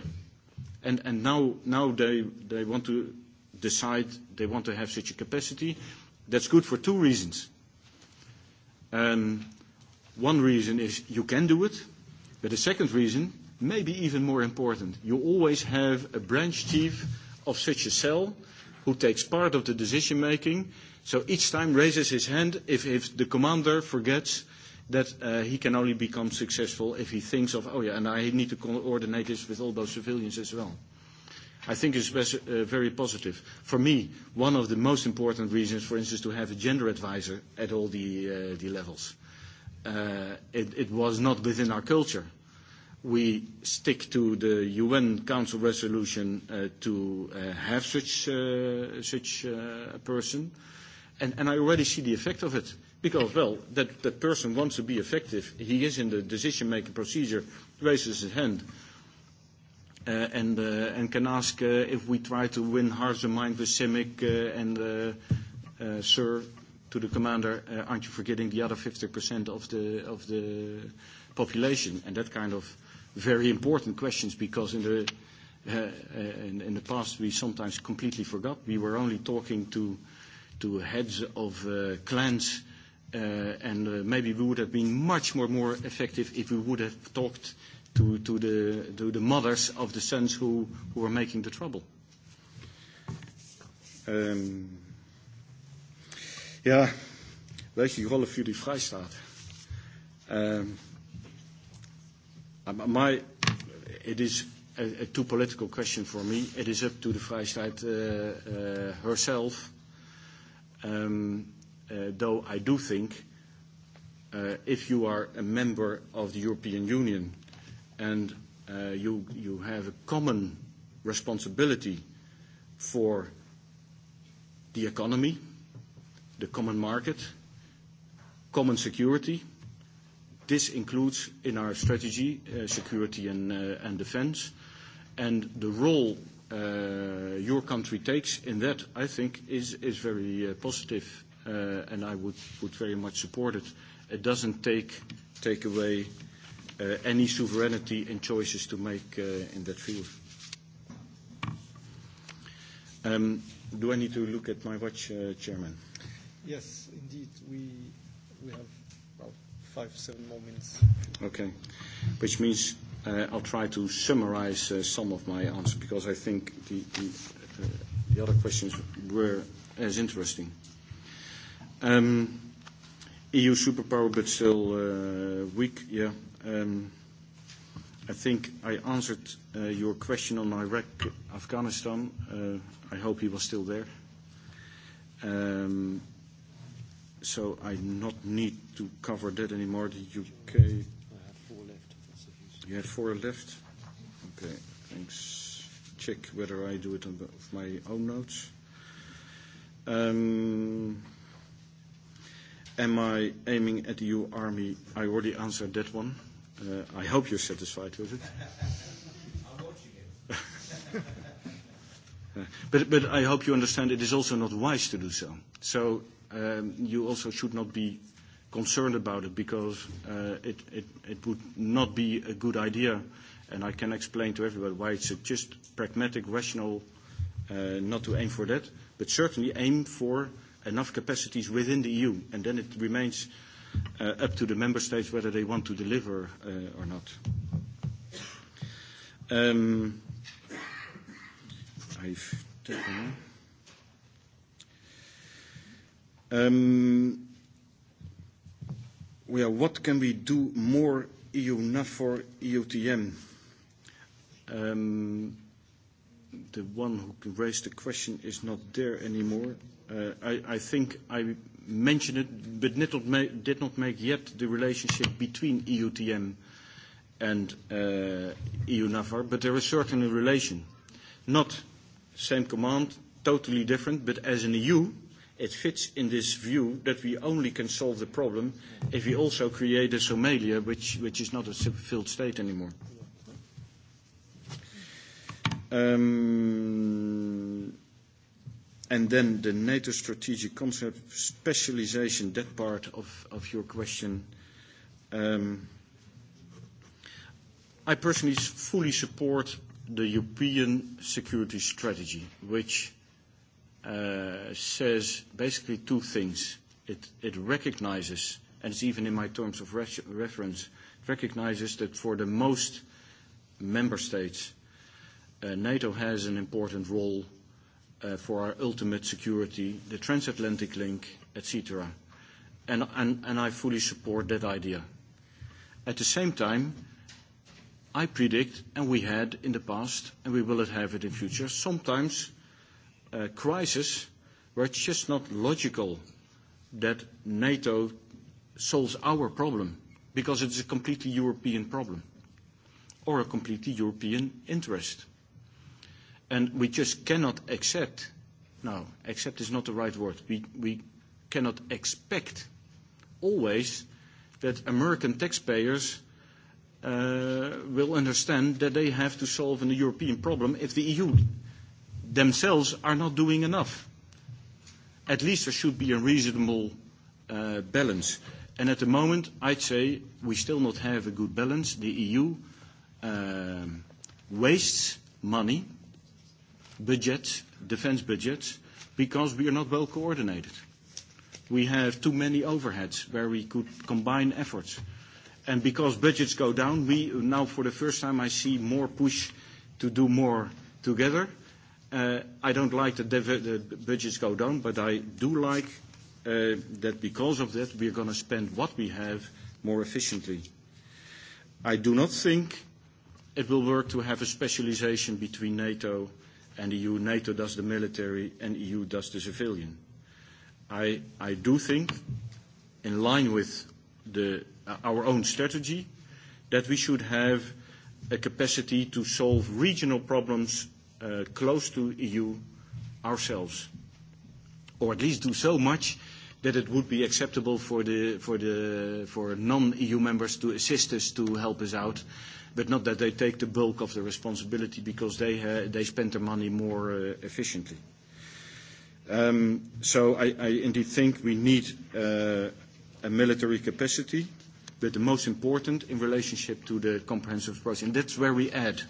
And, and now, now they, they want to decide they want to have such a capacity. That's good for two reasons. Um, one reason is you can do it, but the second reason, maybe even more important, you always have a branch chief of such a cell who takes part of the decision making, so each time raises his hand if, if the commander forgets uh, that uh, he can only become successful if he thinks of, oh yeah, and I need to coordinate this with all those civilians as well. I think it's best, uh, very positive. For me, one of the most important reasons, for instance, to have a gender advisor at all the, uh, the levels. Uh, it, it was not within our culture. We stick to the UN Council resolution uh, to uh, have such, uh, such uh, a person. And, and I already see the effect of it. Uh, Because, well, that, that person wants to be effective. He is in the decision-making procedure, raises his hand, uh, and, uh, and can ask uh, if we try to win hearts and minds with CIMIC uh, and, uh, uh, sir, to the commander, uh, aren't you forgetting the other 50% of the, of the population? And that kind of very important questions because in the, uh, uh, in, in the past we sometimes completely forgot. We were only talking to, to heads of uh, clans uh, Uh, and uh, maybe we would have been much more, more effective if we would have talked to, to, the, to the mothers of the sons who, who were making the trouble. Um, ja, weet je, Rolf jullie vrijstaat. Um, my, it is a, a too political question for me. It is up to the Vrijstaat uh, uh, herself. Um, uh, though I do think uh, if you are a member of the European Union and uh, you, you have a common responsibility for the economy, the common market, common security. This includes in our strategy, uh, security and, uh, and defense. And the role uh, your country takes in that, I think, is, is very uh, positive uh, and I would, would very much support it. It doesn't take, take away uh, any sovereignty and choices to make uh, in that field. Um, do I need to look at my watch, uh, Chairman? Yes, indeed. We, we have about five, seven more minutes. Okay. Which means uh, I'll try to summarize uh, some of my answers because I think the, the, uh, the other questions were as interesting. Uh, Um, ehm, EU superpower, but still uh, weak. Yeah. Um, I think I answered uh, your question on Iraq, Afghanistan. Uh, I hope he was still there. Um, so I not need to cover that anymore. The U.K. I have four left. You have four left? Okay, thanks. Check whether I do it on my own notes. Um, Am I aiming at the EU Army? I already answered that one. Uh, I hope you're satisfied with it. I'm watching it. Uh, but, but I hope you understand it is also not wise to do so. So um, you also should not be concerned about it because uh, it, it, it would not be a good idea. And I can explain to everybody why it's a just pragmatic, rational, uh, not to aim for that, but certainly aim for enough capacities within the EU, and then it remains uh, up to the member states whether they want to deliver uh, or not. Um, I've taken. Um, well, what can we do more EU NAFOR EUTM? Um, the one who raised the question is not there anymore. Uh, I, I think I mentioned it, but did not, ma- did not make yet the relationship between EUTM and uh, EUNAVAR, but there is certainly a relation. Not same command, totally different, but as an EU, e it fits in this view that we only can solve the problem if we also create a Somalia, which, which is not a filled state anymore. Um, And then the NATO strategic concept specialization, that part of, of your question. Um, I personally fully support the European security strategy, which uh, says basically two things. It, it recognizes, and it's even in my terms of re reference, recognizes that for the most member states, uh, NATO has an important role uh, for our ultimate security, the transatlantic link, etc. And, and, and I fully support that idea. At the same time, I predict, and we had in the past, and we will have it in future, sometimes uh, crises where it's just not logical that NATO solves our problem because it's a completely European problem or a completely European interest. And we just cannot accept, no, accept is not the right word. We, we cannot expect always that American taxpayers uh, will understand that they have to solve a European problem if the EU themselves are not doing enough. At least there should be a reasonable uh, balance. And at the moment, I'd say we still not have a good balance. The EU um, wastes money budget, defense budget, because we are not well coordinated. We have too many overheads where we could combine efforts. And because budgets go down, we now, for the first time, I see more push to do more together. Uh, I don't like that the budgets go down, but I do like uh, that because of that, we're gonna spend what we have more efficiently. I do not think it will work to have a specialization between NATO and the EU, NATO does the military, and EU does the civilian. I, I do think, in line with the, uh, our own strategy, that we should have a capacity to solve regional problems uh, close to EU ourselves, or at least do so much that it would be acceptable for the, for the, for non-EU members to assist us to help us out but not that they take the bulk of the responsibility because they, uh, they spend their money more uh, efficiently. Um, so I, I indeed think we need uh, a military capacity, but the most important in relationship to the comprehensive approach. And that's where we add.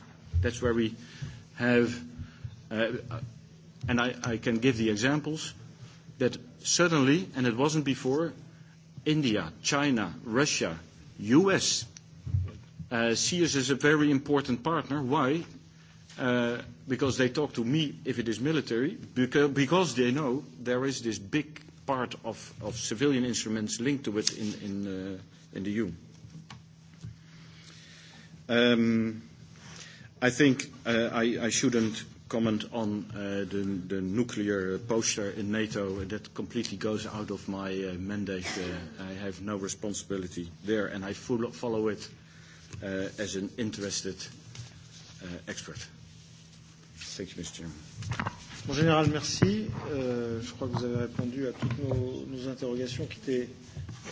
That's where we have, uh, and I, I can give the examples, that suddenly, and it wasn't before, India, China, Russia, U.S., Uh, Sears is a very important partner. Why? Uh, because they talk to me if it is military, because, because they know there is this big part of, of civilian instruments linked to it in, in, uh, in the EU. Um, I think uh, I, I shouldn't comment on uh, the, the nuclear poster in NATO. That completely goes out of my uh, mandate. Uh, I have no responsibility there, and I full, follow it uh, uh, as an interested uh, expert. Thank you, Mr. Chairman. Mon général, merci. Euh, je crois que vous avez répondu à toutes nos, nos interrogations qui étaient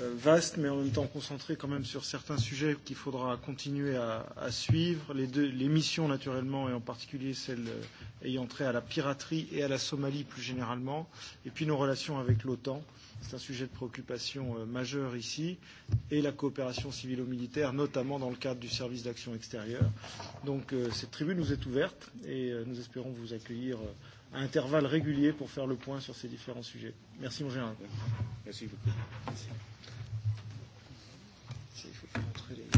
euh, vastes, mais en même temps concentrées quand même sur certains sujets qu'il faudra continuer à, à suivre. Les, deux, les missions, naturellement, et en particulier celles euh, ayant trait à la piraterie et à la Somalie plus généralement, et puis nos relations avec l'OTAN. Euh, C'est un sujet de préoccupation euh, majeur ici, et la coopération civilo-militaire, notamment dans le cadre du service d'action extérieure. Donc euh, cette tribune nous est ouverte et euh, nous espérons vous accueillir euh, à intervalles réguliers pour faire le point sur ces différents sujets. Merci mon général. Merci beaucoup. Merci. Merci, il faut montrer les...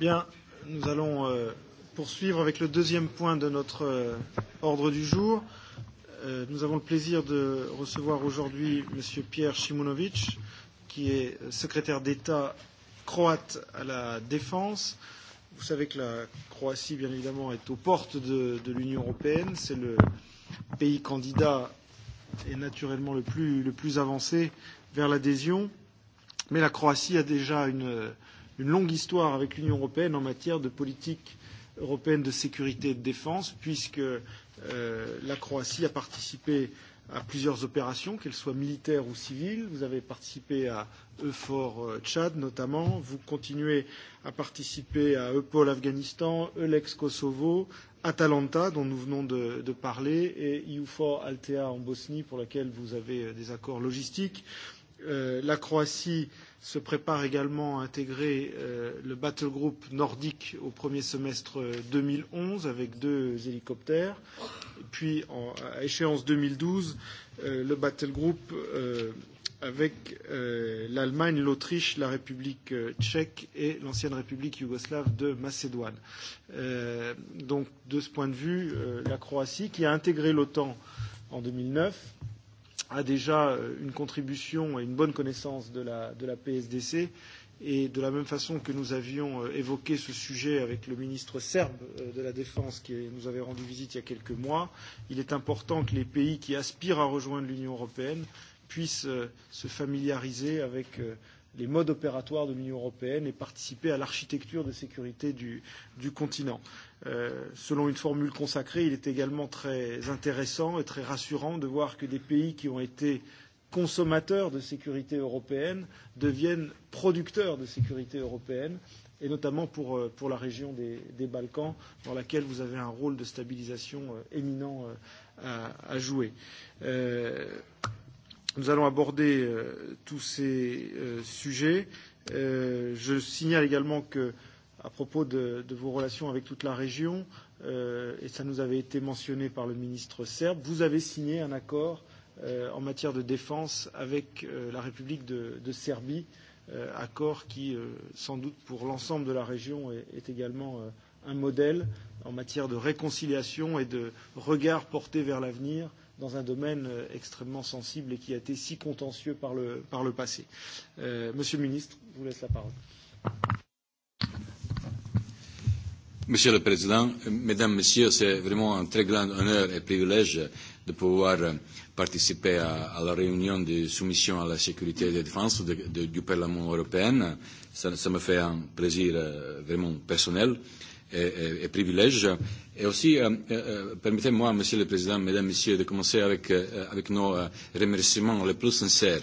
Bien, nous allons euh, poursuivre avec le deuxième point de notre euh, ordre du jour. Euh, nous avons le plaisir de recevoir aujourd'hui M. Pierre Shimunovic, qui est secrétaire d'État croate à la Défense. Vous savez que la Croatie, bien évidemment, est aux portes de, de l'Union européenne. C'est le pays candidat et naturellement le plus, le plus avancé vers l'adhésion. Mais la Croatie a déjà une une longue histoire avec l'Union européenne en matière de politique européenne de sécurité et de défense, puisque euh, la Croatie a participé à plusieurs opérations, qu'elles soient militaires ou civiles. Vous avez participé à EFOR euh, Tchad notamment. Vous continuez à participer à EPOL Afghanistan, ELEX Kosovo, Atalanta, dont nous venons de, de parler, et EUFOR Altea en Bosnie, pour laquelle vous avez euh, des accords logistiques. Euh, la Croatie euh, se prépare également à intégrer euh, le battle group nordique au premier semestre 2011 euh, avec deux hélicoptères. Et puis, en, à échéance 2012, euh, le battle group euh, avec euh, l'Allemagne, l'Autriche, la République euh, tchèque et l'ancienne République yougoslave de Macédoine. Euh, donc, de ce point de vue, euh, la Croatie, qui a intégré l'OTAN en 2009, a déjà euh, une contribution et une bonne connaissance de la, de la PSDC. Et de la même façon que nous avions euh, évoqué ce sujet avec le ministre serbe euh, de la Défense qui nous avait rendu visite il y a quelques mois, il est important que les pays qui aspirent à rejoindre l'Union européenne puissent se familiariser avec les modes opératoires de l'Union européenne et participer à l'architecture de sécurité du, du continent. Euh, selon une formule consacrée, il est également très intéressant et très rassurant de voir que des pays qui ont été consommateurs de sécurité européenne deviennent producteurs de sécurité européenne et notamment pour, euh, pour la région des, des Balkans, dans laquelle vous avez un rôle de stabilisation euh, éminent euh, à, à jouer. Euh, Nous allons aborder euh, tous ces euh, sujets. Euh, je signale également que, à propos de, de vos relations avec toute la région, euh, et ça nous avait été mentionné par le ministre serbe, vous avez signé un accord euh, en matière de défense avec euh, la République de, de Serbie, euh, accord qui, euh, sans doute pour l'ensemble de la région, est, est également euh, un modèle en matière de réconciliation et de regard porté vers l'avenir euh, dans un domaine euh, extrêmement sensible et qui a été si contentieux par le, par le passé. Euh, Monsieur le ministre, je vous laisse la parole. Monsieur le Président, Mesdames, Messieurs, c'est vraiment un très grand honneur et privilège de pouvoir euh, participer à, à la réunion de soumission à la sécurité et la défense de, de, du Parlement européen. Ça, ça me fait un plaisir euh, vraiment personnel. Euh, et, et, et privilèges. Et aussi, euh, euh, permettez-moi, Monsieur le Président, Mesdames, Messieurs, de commencer avec, euh, avec nos euh, remerciements les plus sincères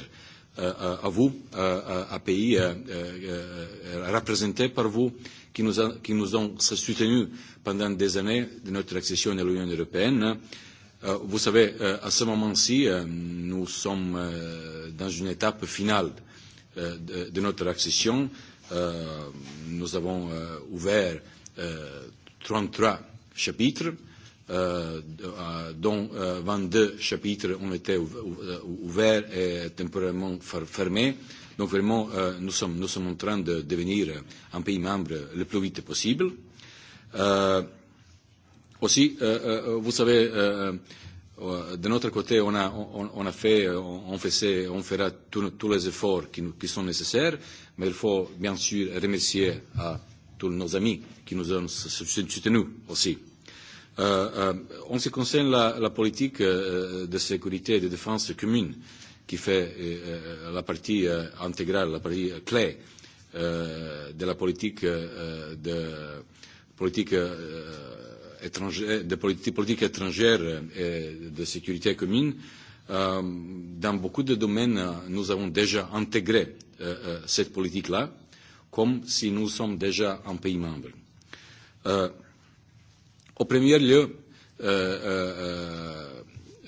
euh, à, euh, à vous, euh, à, à pays euh, euh, euh, représentés par vous, qui nous, a, qui nous ont soutenus pendant des années de notre accession à l'Union européenne. Euh, vous savez, euh, à ce moment-ci, euh, nous sommes euh, dans une étape finale euh, de, de notre accession. Euh, nous avons euh, ouvert euh, euh, 33 chapitres, euh, euh, dont euh, 22 chapitres ont été euh, ouverts et temporairement fermés. Donc vraiment, euh, nous, sommes, nous sommes en train de devenir un pays membre le plus vite possible. Euh, aussi, euh, euh vous savez, euh, de notre côté, on a, on, on a fait, on, on, faisait, on fera tous les efforts qui, qui sont nécessaires, mais il faut bien sûr remercier à tous nos amis qui nous ont soutenus aussi. Euh, euh, en ce qui concerne la, la politique euh, de sécurité et de défense commune, qui fait euh, euh la partie euh, intégrale, la partie euh, clé euh, de la politique euh, de politique euh, étrangère, de politique, politique étrangère et de sécurité commune, euh, dans beaucoup de domaines, nous avons déjà intégré euh, euh cette politique-là comme si nous sommes déjà un pays membre. Euh, au premier lieu, euh, euh, euh,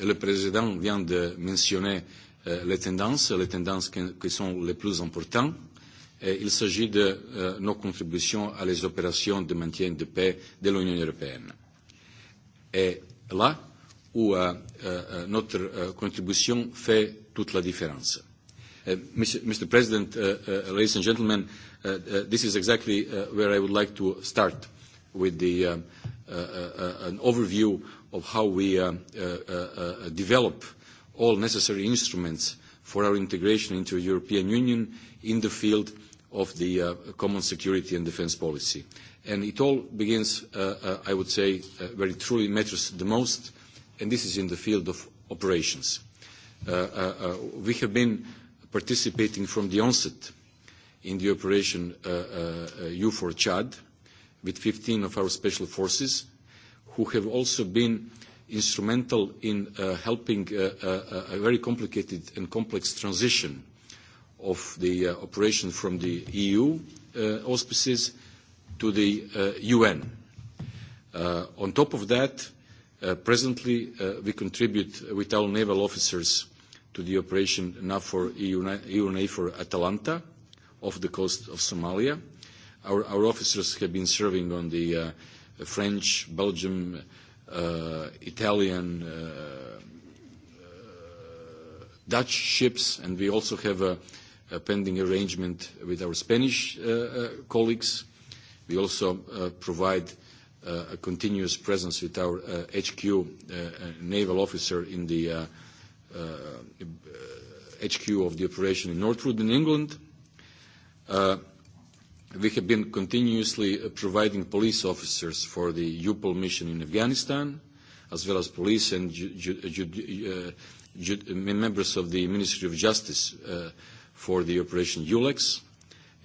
le président vient de mentionner euh, les tendances, les tendances qui, qui sont les plus importantes. Et il s'agit de euh, nos contributions à les opérations de maintien de paix de l'Union européenne. Et là où euh, euh, euh notre euh, contribution fait toute la différence. Uh, Mr. Mr. President, uh, uh, ladies and gentlemen, uh, uh, uh, this is exactly uh, where I would like to start with the, um, uh, uh, uh an overview of how we um, uh, uh, uh, develop all necessary instruments for our integration into the European Union in the field of the uh, common security and defense policy. And it all begins, uh, uh, I would say, uh, where it truly matters the most, and this is in the field of operations. Uh, uh, uh, we have been participating from the onset uh, in the operation EUFOR uh, uh, uh, Chad with 15 of our special forces, who have also been instrumental in helping a very complicated and complex transition of the operation from the EU auspices to the UN. On top of that, presently, we contribute with our naval officers to the operation NAVFOR EU, EUNAVFOR Atalanta, off the coast of Somalia. Our, our officers have been serving on the uh, French, Belgium, uh, Italian, uh, uh, Dutch ships, and we also have a, a pending arrangement with our Spanish uh, uh, colleagues. We also uh, provide uh, a continuous presence with our uh, HQ uh, uh, naval officer in the uh, uh, HQ of the operation in Northwood in England. Uh, Uh, we have been continuously providing police officers for the UPOL mission in Afghanistan, as well as police and ju ju uh, ju uh, uh, members of the Ministry of Justice uh, for the Operation ULEX.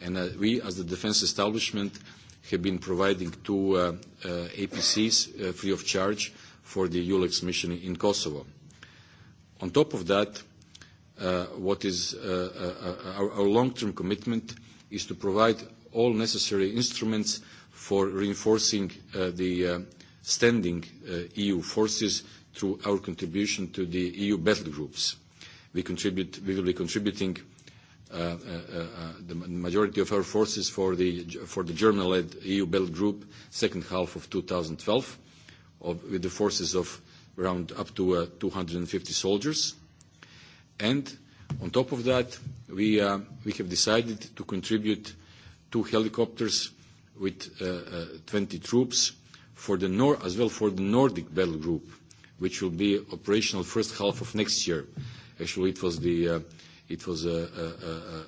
And uh, we, as the defense establishment, have been providing two uh, uh, APCs uh, free of charge for the ULEX mission in Kosovo. On top of that, uh, what is uh, uh, uh our, our long-term commitment – is to provide all necessary instruments for reinforcing uh, the uh, standing uh, EU forces through our contribution to the EU battle groups. We, contribute, we will be contributing uh, uh, uh, uh the majority of our forces for the, for the German-led EU battle group second half of 2012 of, with the forces of around up to uh, 250 soldiers. And On top of that, we, uh, we have decided to contribute two helicopters with uh, uh, 20 troops for the Nor as well for the Nordic battle group, which will be operational first half of next year. Actually, it was, the, uh, it was a,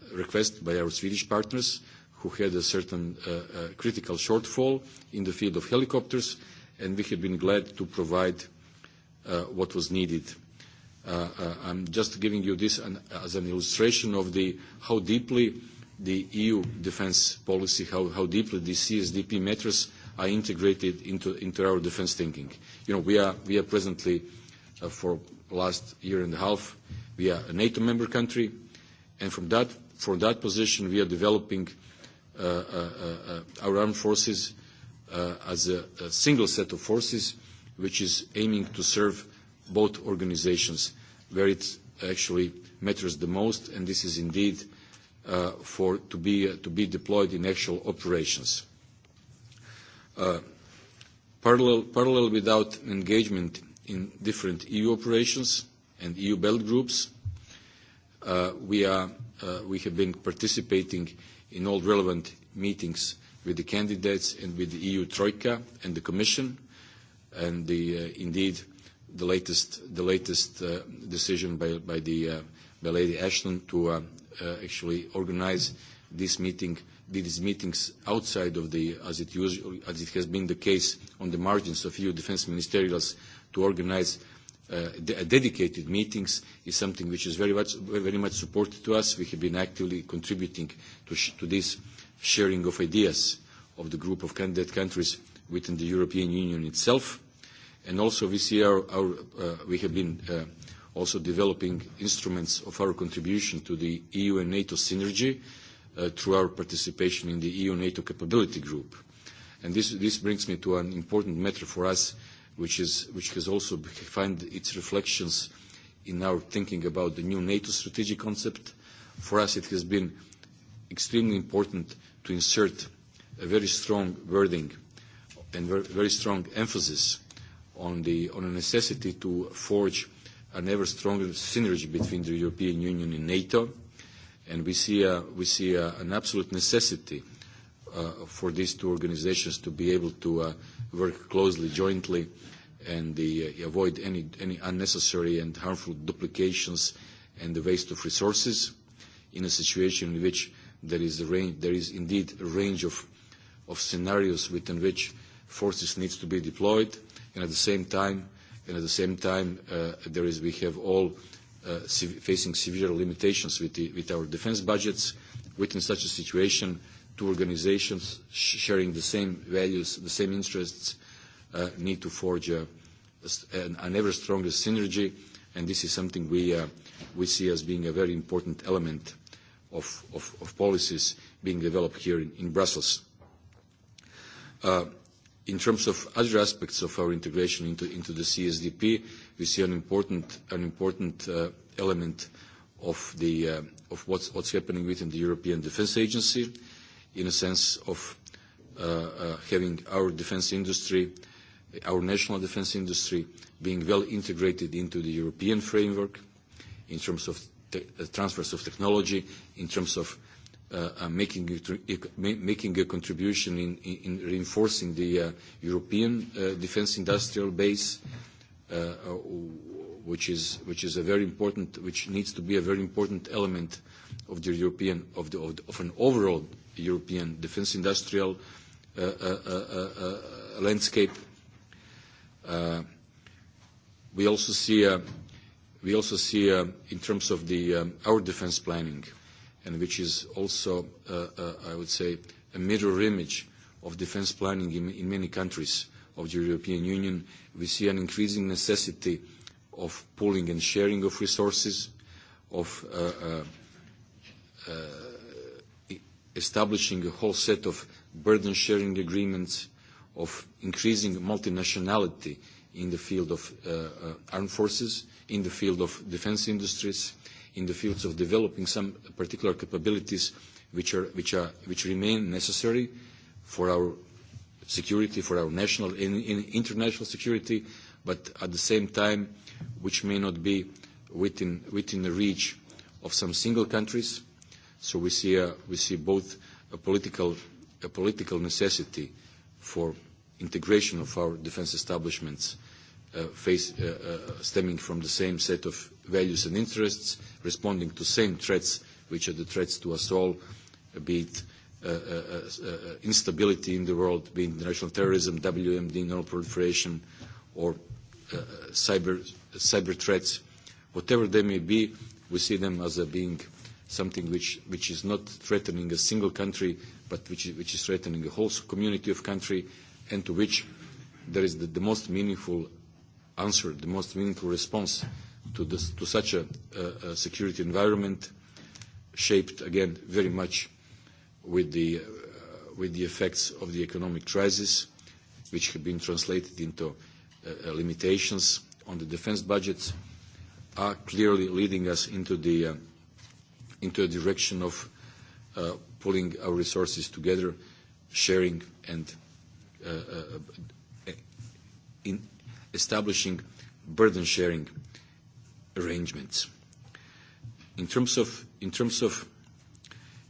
a, a request by our Swedish partners who had a certain uh, uh, critical shortfall in the field of helicopters, and we have been glad to provide uh, what was needed Uh, uh, I'm just giving you this an, as an illustration of the, how deeply the EU defense policy, how, how deeply the CSDP matters are integrated into, into our defense thinking. You know, we are, we are presently, uh, for last year and a half, we are a NATO member country, and from that, from that position, we are developing uh, uh, uh, uh our armed forces uh, as a, a single set of forces, which is aiming to serve both organizations where it actually matters the most, and this is indeed uh, for to be, uh, to be deployed in actual operations. Uh, parallel, parallel without engagement in different EU operations and EU belt groups, uh, we, are, uh, we have been participating in all relevant meetings with the candidates and with the EU Troika and the Commission, and the, uh, indeed the latest, the latest uh, decision by, by, the, uh, by Lady Ashton to uh, uh, actually organize this meeting, these meetings outside of the, as it, usually, as it has been the case on the margins of EU defense ministerials, to organize uh, de dedicated meetings is something which is very much, very much supported to us. We have been actively contributing to, sh to this sharing of ideas of the group of candidate countries within the European Union itself. Uh, And also this year, our, uh, we have been uh, also developing instruments of our contribution to the EU and NATO synergy uh, through our participation in the EU-NATO capability group. And this, this brings me to an important matter for us, which, is, which has also found its reflections in our thinking about the new NATO strategy concept. For us, it has been extremely important to insert a very strong wording and very, very strong emphasis on the on a necessity to forge an ever stronger synergy between the European Union and NATO, and we see a, we see a, an absolute necessity uh, for these two organizations to be able to uh, work closely jointly and the, uh, avoid any, any unnecessary and harmful duplications and the waste of resources in a situation in which there is, a range, there is indeed a range of, of scenarios within which forces needs to be deployed. Uh, and at the same time, and at the same time uh, there is, we have all uh, se facing severe limitations with, the, with our defense budgets. Within such a situation, two organizations sh sharing the same values, the same interests, uh, need to forge a, an, an ever stronger synergy, and this is something we, uh, we see as being a very important element of, of, of policies being developed here in, in Brussels. Uh, In terms of other aspects of our integration into, into the CSDP, we see an important, an important uh, element of, the, uh, of what's, what's happening within the European Defence Agency, in a sense of uh, uh, having our defence industry, our national defence industry, being well integrated into the European framework in terms of te- uh, transfers of technology, in terms of Uh, uh, making, it, e-, making a contribution in, in reinforcing the uh, European uh, defense industrial base, uh, uh, which, is, which is a very important, which needs to be a very important element of the European, of, the, of, the, of an overall European defense industrial uh, uh, uh, uh, uh, landscape. Uh, we also see, uh, we also see uh, in terms of the, um, our defense planning, uh, and which is also, uh, uh, I would say, a mirror image of defense planning in, in many countries of the European Union. We see an increasing necessity of pooling and sharing of resources, of uh, uh, uh, e, establishing a whole set of burden sharing agreements, of increasing multinationality in the field of uh, uh, armed forces, in the field of defense industries, uh, in the fields of developing some particular capabilities which, are, which, are, which remain necessary for our security, for our national and international security, but at the same time, which may not be within, within the reach of some single countries. So we see, a, uh, we see both a political, a political necessity for integration of our defense establishments uh, face, uh, uh, stemming from the same set of values and interests, responding to same threats, which are the threats to us all, be it uh, uh, uh, uh instability in the world, be it international terrorism, WMD, non-proliferation, or uh, cyber, cyber threats. Whatever they may be, we see them as a being something which, which is not threatening a single country, but which is, which is threatening a whole community of country, and to which there is the, the most meaningful answer, the most meaningful response to, this, to such a, a security environment, shaped again very much with the, uh, with the effects of the economic crisis, which have been translated into uh, uh, limitations on the defense budgets, are clearly leading us into, the, uh, into a direction of uh, pulling our resources together, sharing and uh, uh, in establishing burden sharing uh, arrangements. In terms of, in terms of,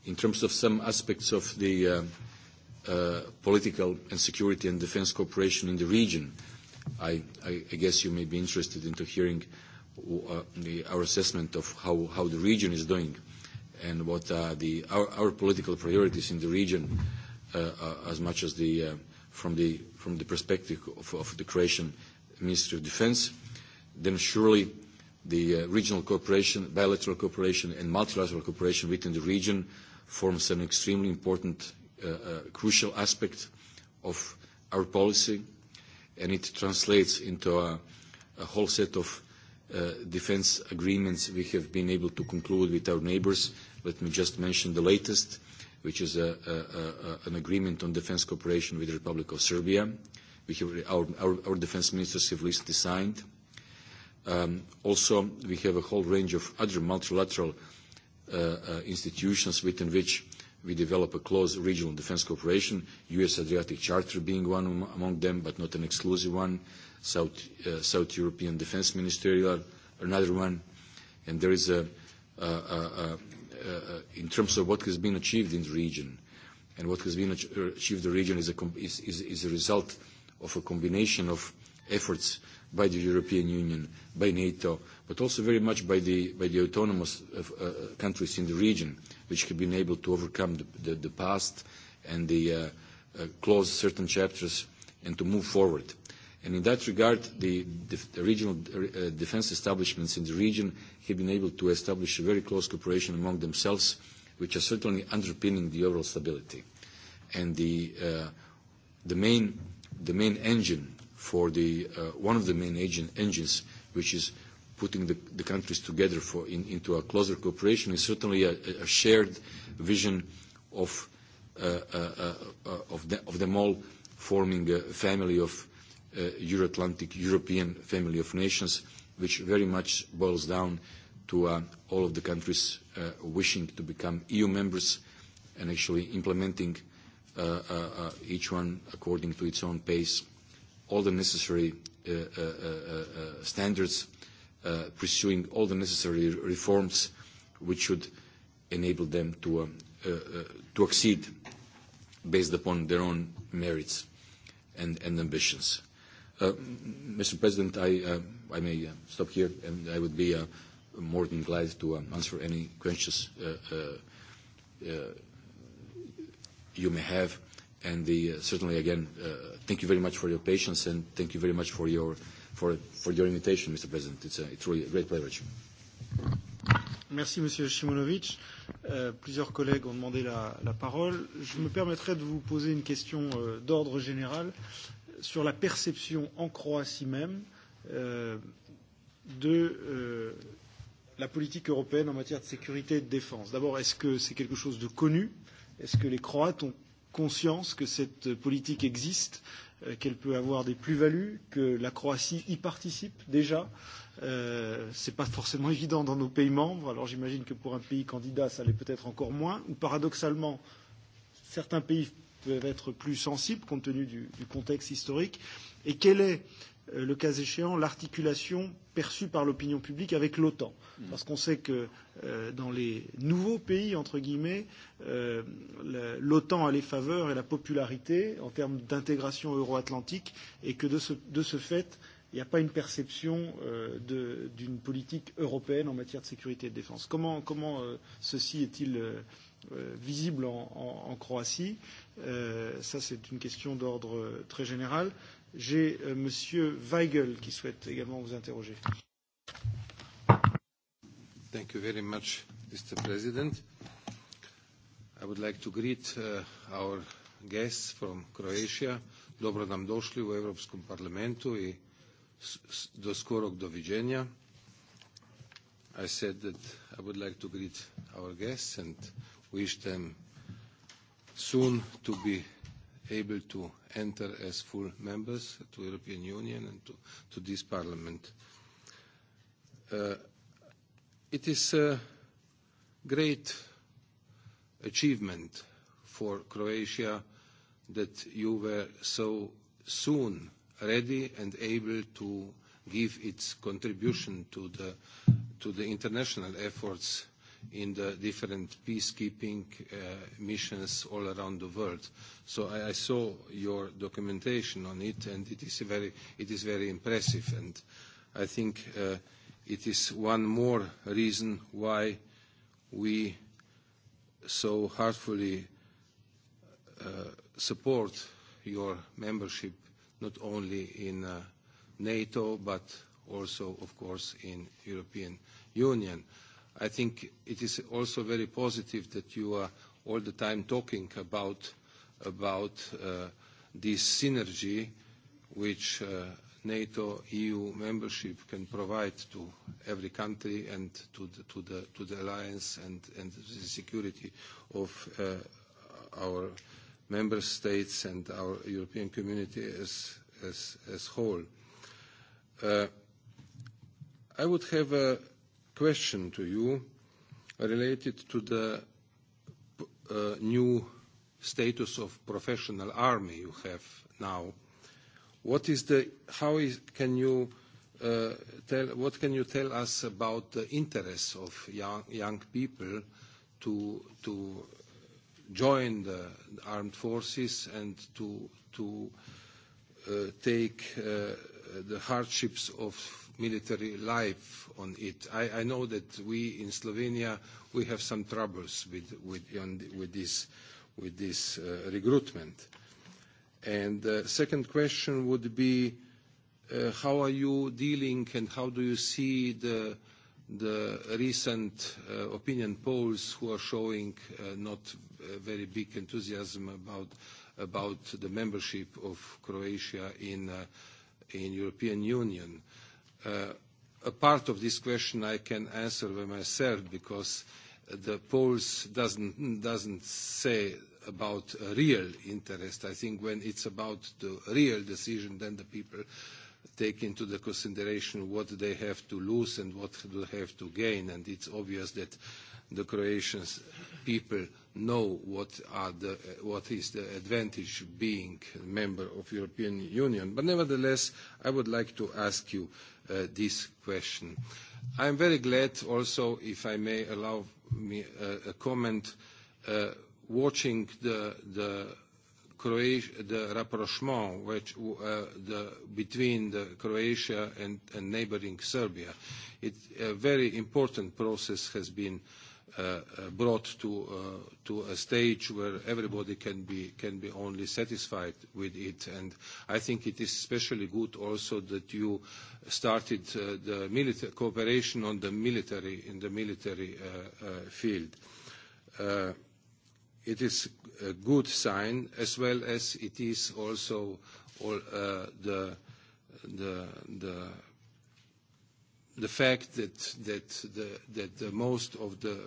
in terms of some aspects of the uh, uh, political and security and defense cooperation in the region, I, I, I guess you may be interested into hearing uh, the, our assessment of how, how the region is doing and what are the, our, our political priorities in the region uh, uh, as much as the, uh, from, the, from the perspective of, of the Croatian Ministry of Defense. Then surely uh, the uh, regional cooperation, bilateral cooperation, and multilateral cooperation within the region forms an extremely important, uh, uh, crucial aspect of our policy, and it translates into a, a whole set of uh, defense agreements we have been able to conclude with our neighbors. Let me just mention the latest, which is a, a, a, an agreement on defense cooperation with the Republic of Serbia. We have, our, our, our defense ministers have recently signed. Uh, Um, also, we have a whole range of other multilateral uh, uh, institutions within which we develop a close regional defense cooperation, U.S. Adriatic Charter being one am among them, but not an exclusive one, South, uh, South European Defense Ministerial, another one. And there is a, a, a, a, uh, in terms of what has been achieved in the region, and what has been uh, achieved in the region is a, is, is, is a result of a combination of efforts uh, by the European Union, by NATO, but also very much by the, by the autonomous uh, uh, countries in the region, which have been able to overcome the, the, the past and the, uh, uh, close certain chapters and to move forward. And in that regard, the, the, the regional uh, defense establishments in the region have been able to establish a very close cooperation among themselves, which are certainly underpinning the overall stability. And the, uh, the, main, the main engine for the, uh, one of the main agent, engines, which is putting the, the countries together for in, into a closer cooperation, is certainly a, a shared vision of, uh, uh, uh, of, the, of them all forming a family of uh, Euro-Atlantic, European family of nations, which very much boils down to uh, all of the countries uh, wishing to become EU members and actually implementing uh, uh, uh, each one according to its own pace uh, all the necessary uh, uh, uh, uh, uh standards, uh, pursuing all the necessary reforms which should enable them to, um, to exceed based upon their own merits and, and ambitions. Mr. President, I, I may stop here, and I would be more than glad to um, answer any questions you may have and the, uh, certainly again, uh, thank you very much for your patience and thank you very much for your, for, for your invitation, Mr. President. It's, a, it's really a great privilege. Merci, Monsieur Shimonovitch. Euh, plusieurs collègues ont demandé la, la parole. Je me permettrai de vous poser une question euh, d'ordre général sur la perception en Croatie même euh, de euh, la politique européenne en matière de sécurité et de défense. D'abord, est-ce que c'est quelque chose de connu Est-ce que les Croates ont conscience que cette politique existe, euh, qu'elle peut avoir des plus-values, que la Croatie y participe déjà. Euh, Ce n'est pas forcément évident dans nos pays membres, alors j'imagine que pour un pays candidat, ça l'est peut-être encore moins, ou paradoxalement, certains pays peuvent être plus sensibles compte tenu du, du contexte historique, et quelle est, euh, le cas échéant, l'articulation perçu par l'opinion publique avec l'OTAN. Mm. Parce qu'on sait que euh, dans les nouveaux pays, entre guillemets, euh, l'OTAN a les faveurs et la popularité en termes d'intégration euro-atlantique et que de ce, de ce fait, il n'y a pas une perception euh, d'une politique européenne en matière de sécurité et de défense. Comment, comment euh, ceci est-il euh, euh visible en, en, en Croatie euh, Ça, c'est une question d'ordre euh, très général. Euh, J'ai euh, Monsieur Weigel qui souhaite également vous interroger. Thank you very much, Mr. President. I would like to greet uh, our guests from Croatia. Dobro nam došli u Europskom parlamentu i do skorog doviđenja. I said that I would like to greet our guests and wish them soon to be able to enter as full members to European Union and to, to this Parliament. Uh, it is a great achievement for Croatia that you were so soon ready and able to give its contribution to the, to the international efforts in the different peacekeeping uh, missions all around the world. So I, I saw your documentation on it, and it is very, it is very impressive. And I think uh, it is one more reason why we so heartfully uh, support your membership not only in uh, NATO but also, of course, in European Union. Uh, I think it is also very positive that you are all the time talking about, about uh, this synergy which uh, NATO EU membership can provide to every country and to the, to the, to the alliance and, and the security of uh, our member states and our European community as, as, as whole. Uh, I would have a question to you related to the uh, new status of professional army you have now. What is the, how is, can you uh, tell, what can you tell us about the interests of young, young people to, to join the armed forces and to, to uh, take uh, the hardships of military life on it. I, I know that we in Slovenia, we have some troubles with, with, on, with this, with this uh, recruitment. And the uh, second question would be, uh, how are you dealing and how do you see the, the recent uh, opinion polls who are showing uh, not uh, very big enthusiasm about, about the membership of Croatia in, uh, in European Union? Uh, Uh, a part of this question I can answer by myself because the polls doesn't, doesn't say about real interest. I think when it's about the real decision, then the people take into the consideration what they have to lose and what they have to gain. And it's obvious that uh, the Croatian people know what, are the, what is the advantage being a member of European Union. But nevertheless, I would like to ask you uh, this question. I am very glad also, if I may allow me a, uh, a comment, uh, watching the, the Croatia, the rapprochement which, uh, the, between the Croatia and, and neighboring Serbia. It, a very important process has been uh, Uh, uh, brought to, uh, to a stage where everybody can be, can be only satisfied with it. And I think it is especially good also that you started uh, the military cooperation on the military, in the military uh, uh, field. It is a good sign, as well as it is also all, the, the, the the fact that, that, the, that the most of the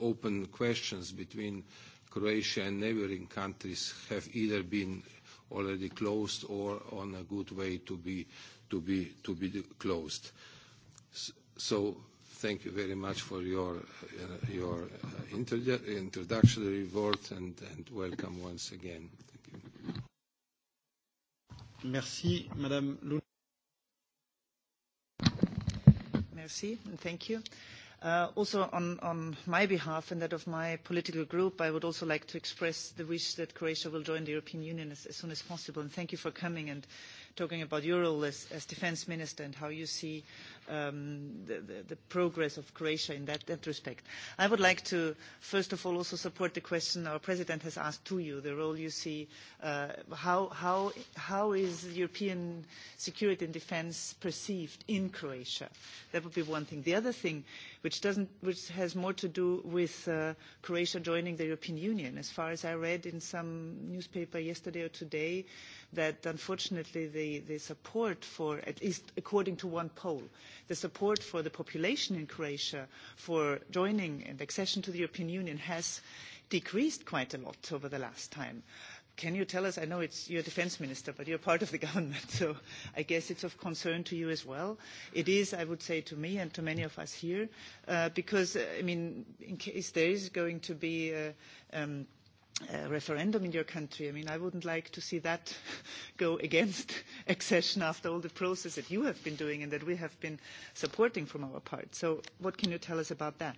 open questions between Croatia and neighboring countries have either been already closed or on a good way to be, to be, to be closed. So thank you very much for your, uh, your uh, introdu introductory word, and, and welcome once again. Thank you. Merci, Madame Lund. see, and thank you. Uh, also on, on my behalf and that of my political group, I would also like to express the wish that Croatia will join the European Union as, as soon as possible. And thank you for coming and talking about your role as, as defense minister and how you see um, the, the, the progress of Croatia in that, that respect. I would like to, first of all, also support the question our President has asked to you, the role you see, uh, how, how, how is European security and defense perceived in Croatia? That would be one thing. The other thing, which, doesn't, which has more to do with uh, Croatia joining the European Union, as far as I read in some newspaper yesterday or today, that unfortunately the, the support for, at least according to one poll, the support for the population in Croatia for joining and accession to the European Union has decreased quite a lot over the last time. Can you tell us, I know it's your defense minister, but you're part of the government, so I guess it's of concern to you as well. It is, I would say, to me and to many of us here, uh, because, uh, I mean, in case there is going to be uh, um, – uh, referendum in your country. I mean, I wouldn't like to see that go against accession after all the process that you have been doing and that we have been supporting from our part. So what can you tell us about that?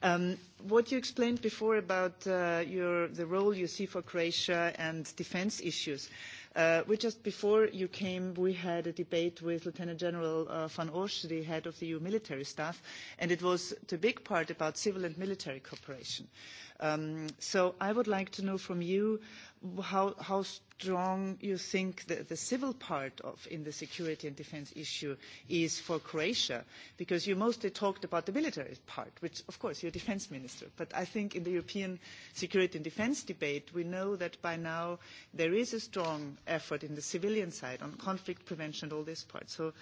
Um, what you explained before about uh, your, the role you see for Croatia and defense issues, Uh, we just before you came, we had a debate with Lieutenant General uh, van Osch, the head of the EU military staff, and it was to a big part about civil and military cooperation. Uh, Um, so I would like to know from you how, how strong you think the, the civil part of in the security and defense issue is for Croatia, because you mostly talked about the military part, which of course you're defense minister, but I think in the European security and defense debate we know that by now there is a strong effort in the civilian side on conflict prevention and all this part. So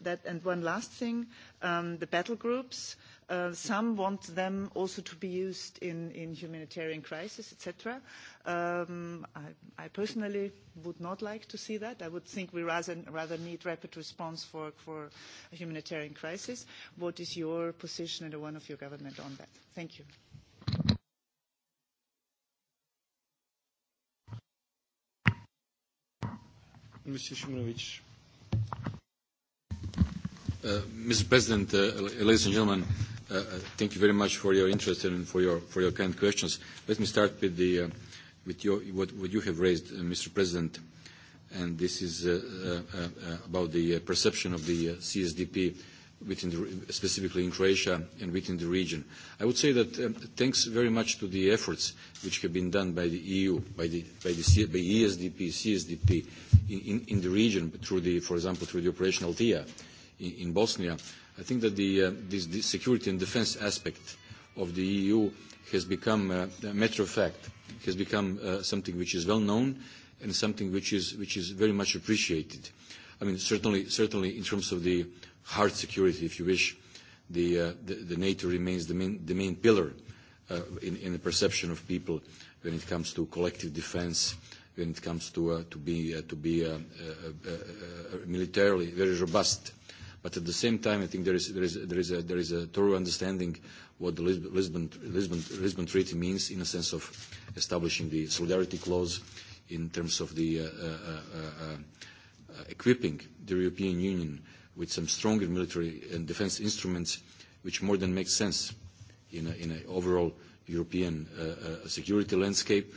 That, and one last thing, um, the battle groups. Uh, some want them also to be used in, in humanitarian crisis, etc. Um, I, I personally would not like to see that. I would think we rather, rather need rapid response for, for a humanitarian crisis. What is your position and the one of your government on that? Thank you. Mr. Shimonovich. Uh, Mr. President, uh, ladies and gentlemen, uh, uh, thank you very much for your interest and for your, for your kind questions. Let me start with, the, uh, with your, what, what you have raised, uh, Mr. President, and this is uh, uh, uh, uh about the uh, perception of the CSDP within the, specifically in Croatia and within the region. I would say that um, thanks very much to the efforts which have been done by the EU, by the, by the C, by ESDP, CSDP in, in, in the region, through the, for example, through the operational TIA, uh, in, in Bosnia. I think that the, uh, this, this security and defense aspect of the EU has become uh, a matter of fact, has become uh, something which is well known and something which is, which is very much appreciated. I mean, certainly, certainly in terms of the hard security, if you wish, the, uh, the, the NATO remains the main, the main pillar uh, in, in the perception of people when it comes to collective defense, when it comes to, uh, to be, uh, to be uh, uh, uh, uh, militarily very robust uh, But at the same time, I think there is, there is, there is, a, there is a thorough understanding what the Lisbon, Lisbon, Lisbon Treaty means in a sense of establishing the solidarity clause in terms of the uh, uh, uh, uh, equipping the European Union with some stronger military and defense instruments, which more than makes sense in an overall European uh, uh, security landscape.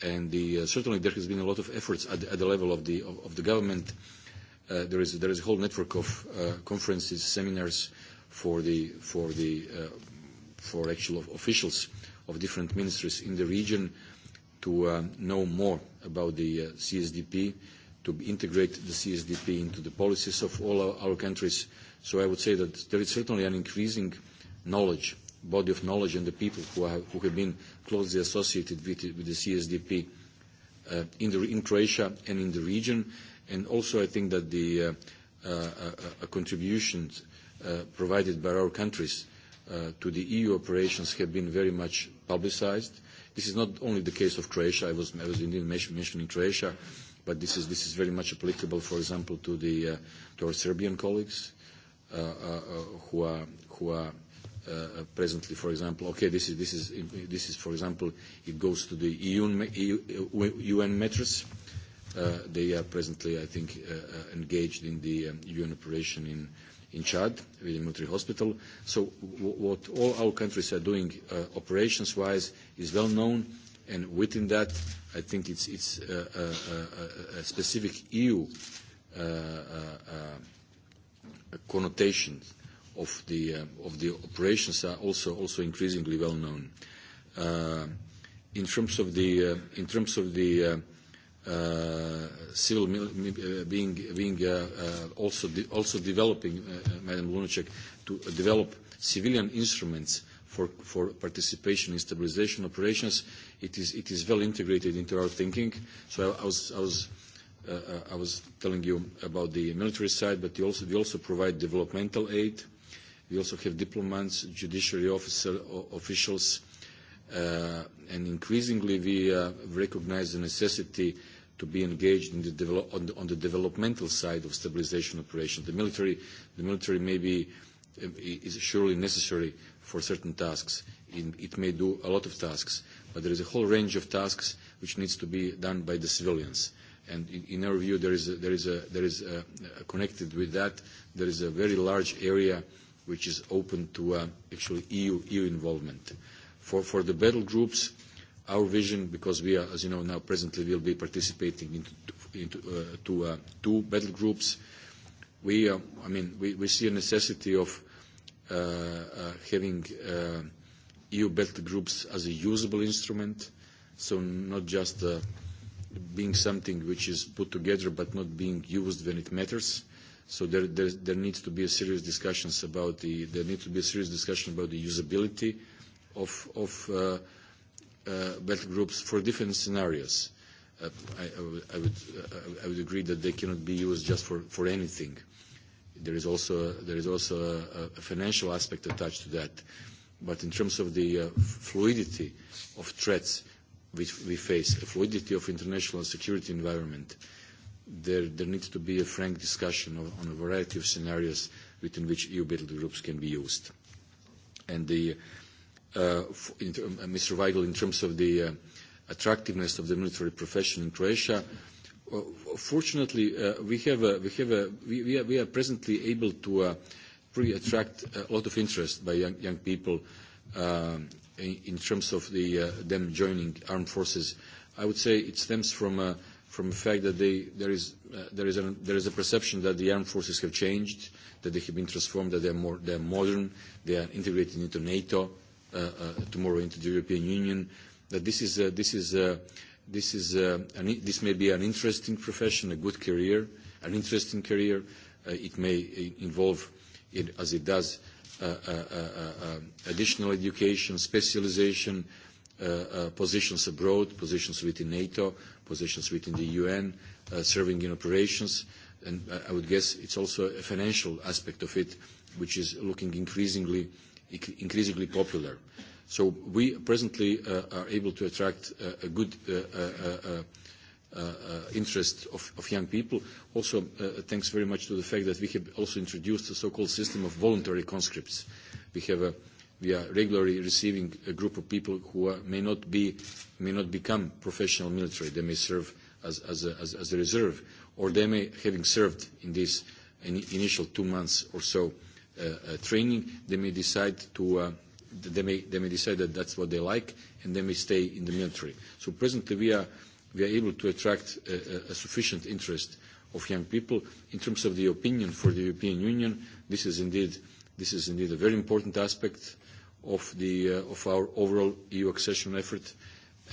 And the, uh, certainly there has been a lot of efforts at, at the level of the, of, of the government uh, Uh, there, is, there is a whole network of uh, conferences, seminars for the, for the uh, for actual officials of different ministries in the region to uh, know more about the uh, CSDP, to integrate the CSDP into the policies of all our, our countries. So I would say that there is certainly an increasing knowledge, body of knowledge, and the people who, are, who have been closely associated with, with the CSDP uh, in, the, in Croatia and in the region. Uh, And also, I think that the uh, uh, uh, contributions provided by our countries to the EU operations have been very much publicized. This is not only the case of Croatia. I was, I was indeed mentioning Croatia, but this is, this is very much applicable, for example, to, the, uh, to our Serbian colleagues uh, uh, who are, who are presently, for example, okay, this is, this is, this is, for example, it goes to the EU, EU, e UN matters. Uh, they are presently, I think, uh, uh, engaged in the um, UN operation in, in Chad with the military hospital. So w- what all our countries are doing uh, operations-wise is well known, and within that, I think it's, it's uh, uh, uh, a specific EU uh, uh, uh, connotation of the, uh, of the operations are also, also increasingly well known. Uh, in terms of the, uh, in terms of the uh, uh, civil mil- uh, being, being uh, uh, also, de- also developing, uh, uh, Madam Lunacek, to develop civilian instruments for, for participation in stabilization operations, it is, it is well integrated into our thinking. So I, I, was, I, was, uh, uh, I was telling you about the military side, but you also, we also provide developmental aid. We also have diplomats, judiciary officer, o- officials, uh, and increasingly we uh, recognize the necessity uh, to be engaged in the develop, on, the, on the developmental side of stabilization operation. The military, the military may be, um, is surely necessary for certain tasks. It, it may do a lot of tasks, but there is a whole range of tasks which needs to be done by the civilians. And in, in our view, there is, a, there is, a, there is a, a connected with that, there is a very large area which is open to uh, actually EU, EU involvement. For, for the battle groups, our vision, because we are, as you know now, presently will be participating into, into uh, to, uh, two battle groups. We, uh, I mean, we, we see a necessity of uh, uh, having uh, EU battle groups as a usable instrument, so not just uh, being something which is put together but not being used when it matters. So there, there, there needs to be a serious discussions about the there need to be a serious discussion about the usability of of uh, uh, battle groups for different scenarios. Uh, I, I, I, would, uh, I would agree that they cannot be used just for, for anything. There is also, a, there is also a, a financial aspect attached to that. But in terms of the uh, fluidity of threats which we face, the fluidity of international security environment, there, there needs to be a frank discussion of, on a variety of scenarios within which EU battle groups can be used. And the uh, uh, in, um, uh, Mr. Weigel, in terms of the uh, attractiveness of the military profession in Croatia, uh, fortunately, uh, we, have a, we, have a, we, we, are, we are presently able to uh, pretty attract a lot of interest by young, young people uh, in, in terms of the, uh, them joining armed forces. I would say it stems from uh, from the fact that they, there, is, uh, there, is a, there is a perception that the armed forces have changed, that they have been transformed, that they are, more, they are modern, they are integrated into NATO, uh, uh, tomorrow into the European Union, that this is, uh, this is, uh, this is, uh, an, this may be an interesting profession, a good career, an interesting career. Uh, it may uh, involve, it, as it does, uh, uh, uh, uh, additional education, specialization, uh, uh, positions abroad, positions within NATO, positions within the UN, uh, serving in operations. And uh, I would guess it's also a financial aspect of it, which is looking increasingly uh, increasingly popular. So we presently uh, are able to attract uh, a good uh, uh, uh, uh interest of, of young people. Also, thanks very much to the fact that we have also introduced a so-called system of voluntary conscripts. We, a, we are regularly receiving a group of people who are, may, not be, may not become professional military. They may serve as, as, a, as a reserve, or they may, having served in these in initial two months or so, uh, uh, training, they may decide to uh, they may they may decide that that's what they like, and they may stay in the military. So presently, we are we are able to attract a, a sufficient interest of young people in terms of the opinion for the European Union. This is indeed this is indeed a very important aspect of the uh, of our overall EU accession effort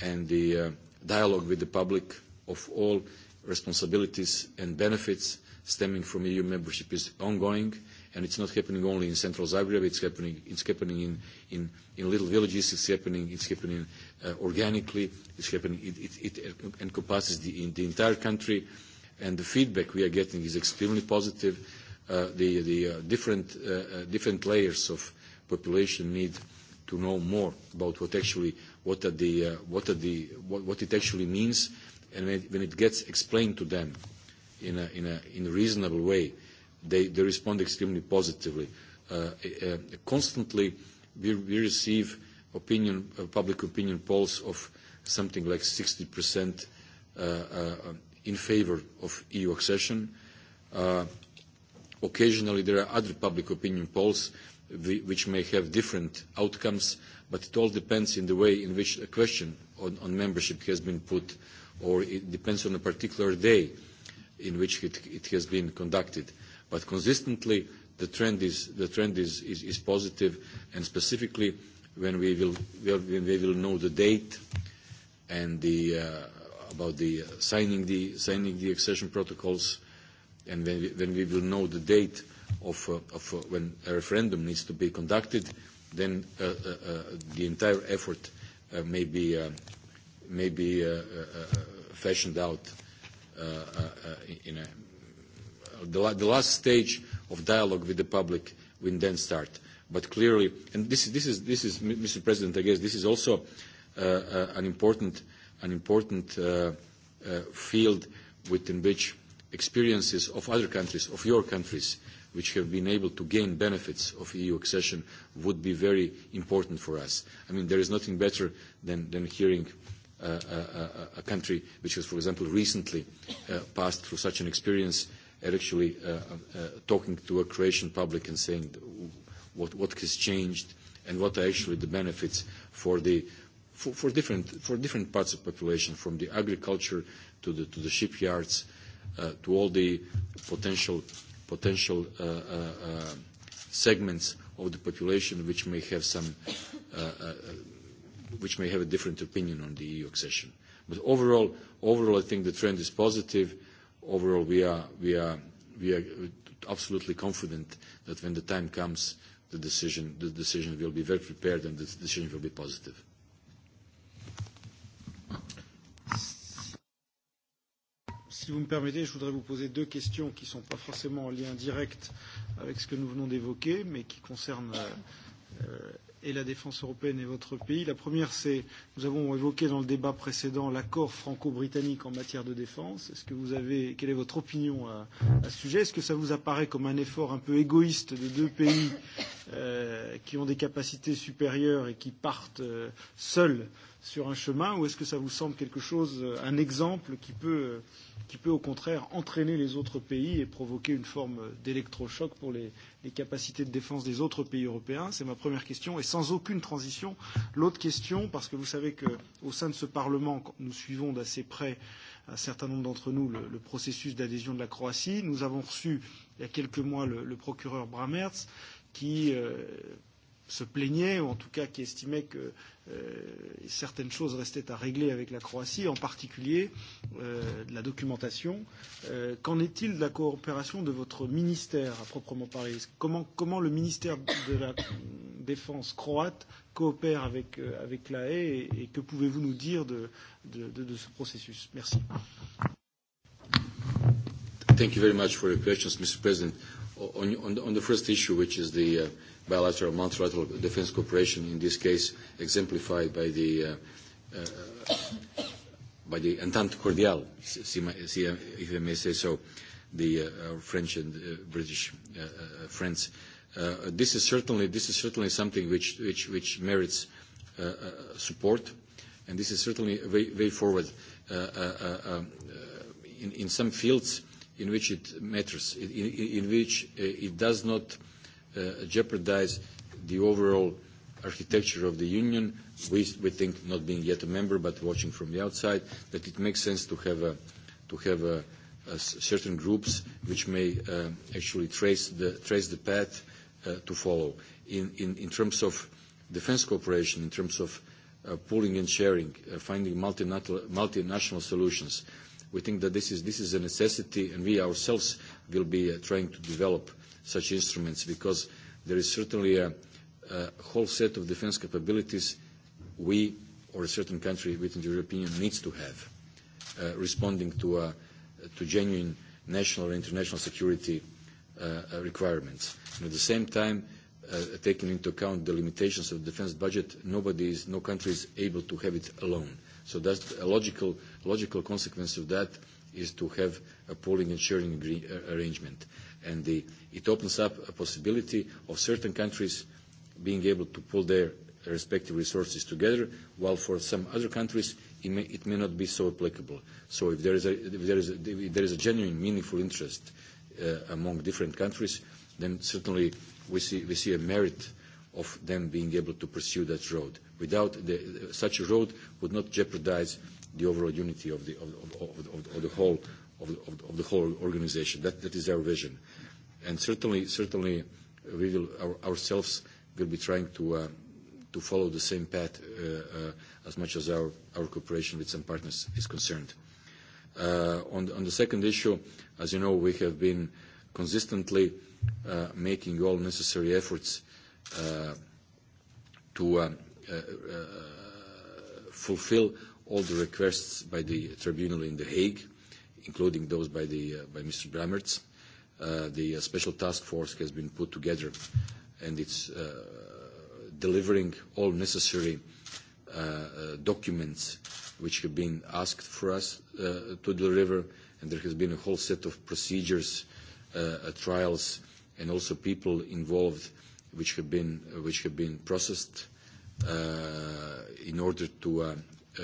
and the uh, dialogue with the public of all responsibilities and benefits stemming from EU membership is ongoing. Uh, and it's not happening only in central Zagreb, it's happening, it's happening in, in, in little villages, it's happening, it's happening uh, organically, it's happening, it, it, it encompasses the, the entire country, and the feedback we are getting is extremely positive. Uh, the the uh, different, uh, uh different layers of population need to know more about what actually, what are the, uh, what are the, what, what it actually means, and when it, when it gets explained to them in a, in a, in a reasonable way, uh, they, they respond extremely positively. Uh, uh, constantly, we, we receive opinion, uh, public opinion polls of something like 60% uh, uh, in favor of EU accession. Uh, occasionally, there are other public opinion polls we, which may have different outcomes, but it all depends in the way in which a question on, on membership has been put, or it depends on a particular day in which it, it has been conducted. Uh, But consistently, the trend is, the trend is, is, is positive, and specifically, when we will, when we will know the date and the, uh, about the uh, signing the, signing the accession protocols, and when we, when we will know the date of, uh, of uh, when a referendum needs to be conducted, then uh, uh, the entire effort may be, may be fashioned out in a the, the last stage of dialogue with the public will then start. But clearly, and this, this, is, this is, Mr. President, I guess this is also uh, uh, an important, an important uh, uh, field within which experiences of other countries, of your countries, which have been able to gain benefits of EU accession would be very important for us. I mean, there is nothing better than, than hearing uh, a, uh, a, uh, a country which has, for example, recently uh, passed through such an experience uh, actually uh, uh, talking to a Croatian public and saying what, what has changed and what are actually the benefits for the for, for different for different parts of population, from the agriculture to the to the shipyards, uh, to all the potential potential uh, uh, uh, segments of the population which may have some uh, uh, which may have a different opinion on the EU accession. But overall, overall, I think the trend is positive. Uh, Overall, we are, we, are, we are absolutely confident that when the time comes, the decision, the decision will be very prepared, and the decision will be positive. Si vous me permettez, je voudrais vous poser deux questions qui ne sont pas forcément en lien direct avec ce que nous venons d'évoquer, mais qui concernent euh, et la défense européenne et votre pays. La première, c'est, nous avons évoqué dans le débat précédent l'accord franco-britannique en matière de défense. Est-ce que vous avez, quelle est votre opinion à, à ce sujet Est-ce que ça vous apparaît comme un effort un peu égoïste de deux pays euh, qui ont des capacités supérieures et qui partent euh, seuls euh, sur un chemin ou est-ce que ça vous semble quelque chose, euh, un exemple qui peut, euh, qui peut au contraire entraîner les autres pays et provoquer une forme d'électrochoc pour les, les capacités de défense des autres pays européens C'est ma première question. Et sans aucune transition, l'autre question, parce que vous savez qu'au sein de ce Parlement, nous suivons d'assez près un certain nombre d'entre nous le, le processus d'adhésion de la Croatie. Nous avons reçu il y a quelques mois le, le procureur Bramertz qui euh, se plaignait, ou en tout cas qui estimait que euh, certaines choses restaient à régler avec la Croatie, en particulier euh, de la documentation. Euh, qu'en est-il de la coopération de votre ministère à proprement parler comment, comment le ministère de la Défense croate coopère avec, euh, avec l'AE et, et que pouvez-vous nous dire de, de, de, de ce processus Merci. Thank you very much for your questions, Mr. President. On, on, on the first issue, which is the uh, bilateral multilateral defense cooperation, in this case exemplified by the, uh, uh, by the Entente Cordiale, if I may say so, the uh, French and uh, British uh, uh, friends. Uh, this is certainly this is certainly something which which, which merits uh, uh, support, and this is certainly a way, way forward uh, uh, uh, um, uh in, in some fields in which it matters, in, in, in which uh, it does not uh, Uh, jeopardize the overall architecture of the Union. We, we think, not being yet a member, but watching from the outside, that it makes sense to have, a, to have a, a certain groups which may uh, actually trace the, trace the path uh, to follow. In, in, in terms of defense cooperation, in terms of uh, pooling and sharing, uh, finding multinational, multinational solutions, we think that this is, this is a necessity, and we ourselves will be uh, trying to develop uh, such instruments because there is certainly a, a whole set of defense capabilities we or a certain country within the European Union needs to have uh, responding to, uh, to genuine national or international security uh, uh, requirements. And at the same time, uh, taking into account the limitations of the defense budget, nobody is, no country is able to have it alone. So that's a logical, logical consequence of that is to have a pooling and sharing agree, uh, arrangement. Uh, and the, it opens up a possibility of certain countries being able to pull their respective resources together, while for some other countries it may, it may not be so applicable. So if there is a, if there is a, if there is a genuine, meaningful interest uh, among different countries, then certainly we see, we see a merit of them being able to pursue that road. Without the, such a road would not jeopardize the overall unity of the, of, of, of, of the whole of the, of the, of the whole organization. That, that is our vision. And certainly, certainly uh, we will our, ourselves will be trying to, uh, to follow the same path uh, uh, as much as our, our cooperation with some partners is concerned. Uh, on, on the second issue, as you know, we have been consistently uh, making all necessary efforts uh, to uh, uh, uh, fulfill all the requests by the tribunal in The Hague. Uh, including those by, the, uh, by Mr. Brammertz. Uh, the uh, special task force has been put together and it's uh, delivering all necessary uh, uh, documents which have been asked for us uh, to deliver. And there has been a whole set of procedures, uh, uh, trials, and also people involved which have been, uh, which have been processed uh, in order to, uh, uh,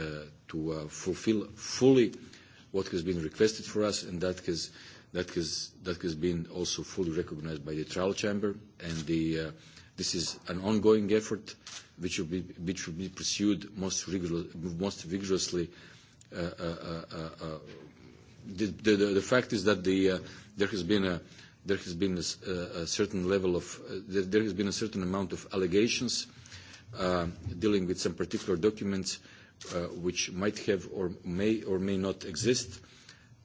to uh, fulfill fully uh, what has been requested for us, and that has, that has, that has been also fully recognized by the trial chamber. And the, uh, this is an ongoing effort which will be, which will be pursued most, rigorous, most vigorously. Uh, uh, uh, uh, uh the, the, the fact is that the, uh, there has been a, there has been a, uh, a certain level of, uh, there, there has been a certain amount of allegations uh, dealing with some particular documents uh, uh, which might have or may or may not exist.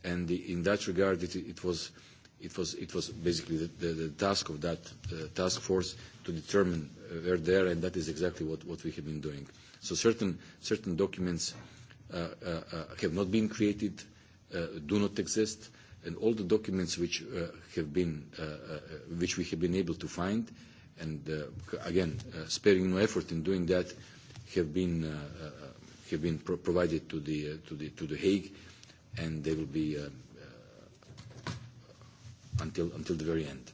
And the, in that regard, it, it, was, it, was, it was basically the, the, the task of that uh, task force to determine uh, where they are, and that is exactly what, what we have been doing. So certain, certain documents uh, uh, uh, have not been created, uh, do not exist, and all the documents which uh, have been, uh, uh, which we have been able to find, and uh, again, uh, sparing no effort in doing that, have been uh, uh, have been pro provided to the, uh, to, the, to the Hague, and they will be uh, uh, until, until the very end.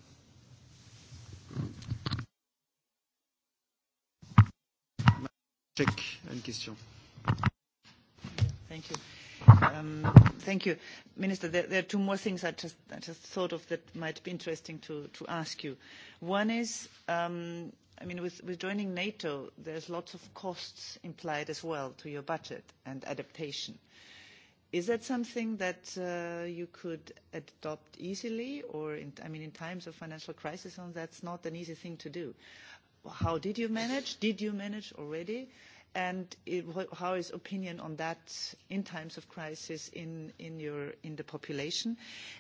Check and question. Thank you. Um, thank you. Minister, there, there are two more things I just, I just thought of that might be interesting to, to ask you. One is, um, I mean, with, with joining NATO, there's lots of costs implied as well to your budget and adaptation. Is that something that uh, you could adopt easily? Or, in, I mean, in times of financial crisis, that's not an easy thing to do. How did you manage? Did you manage already? Uh, and it, how is opinion on that in times of crisis in, in, your, in the population?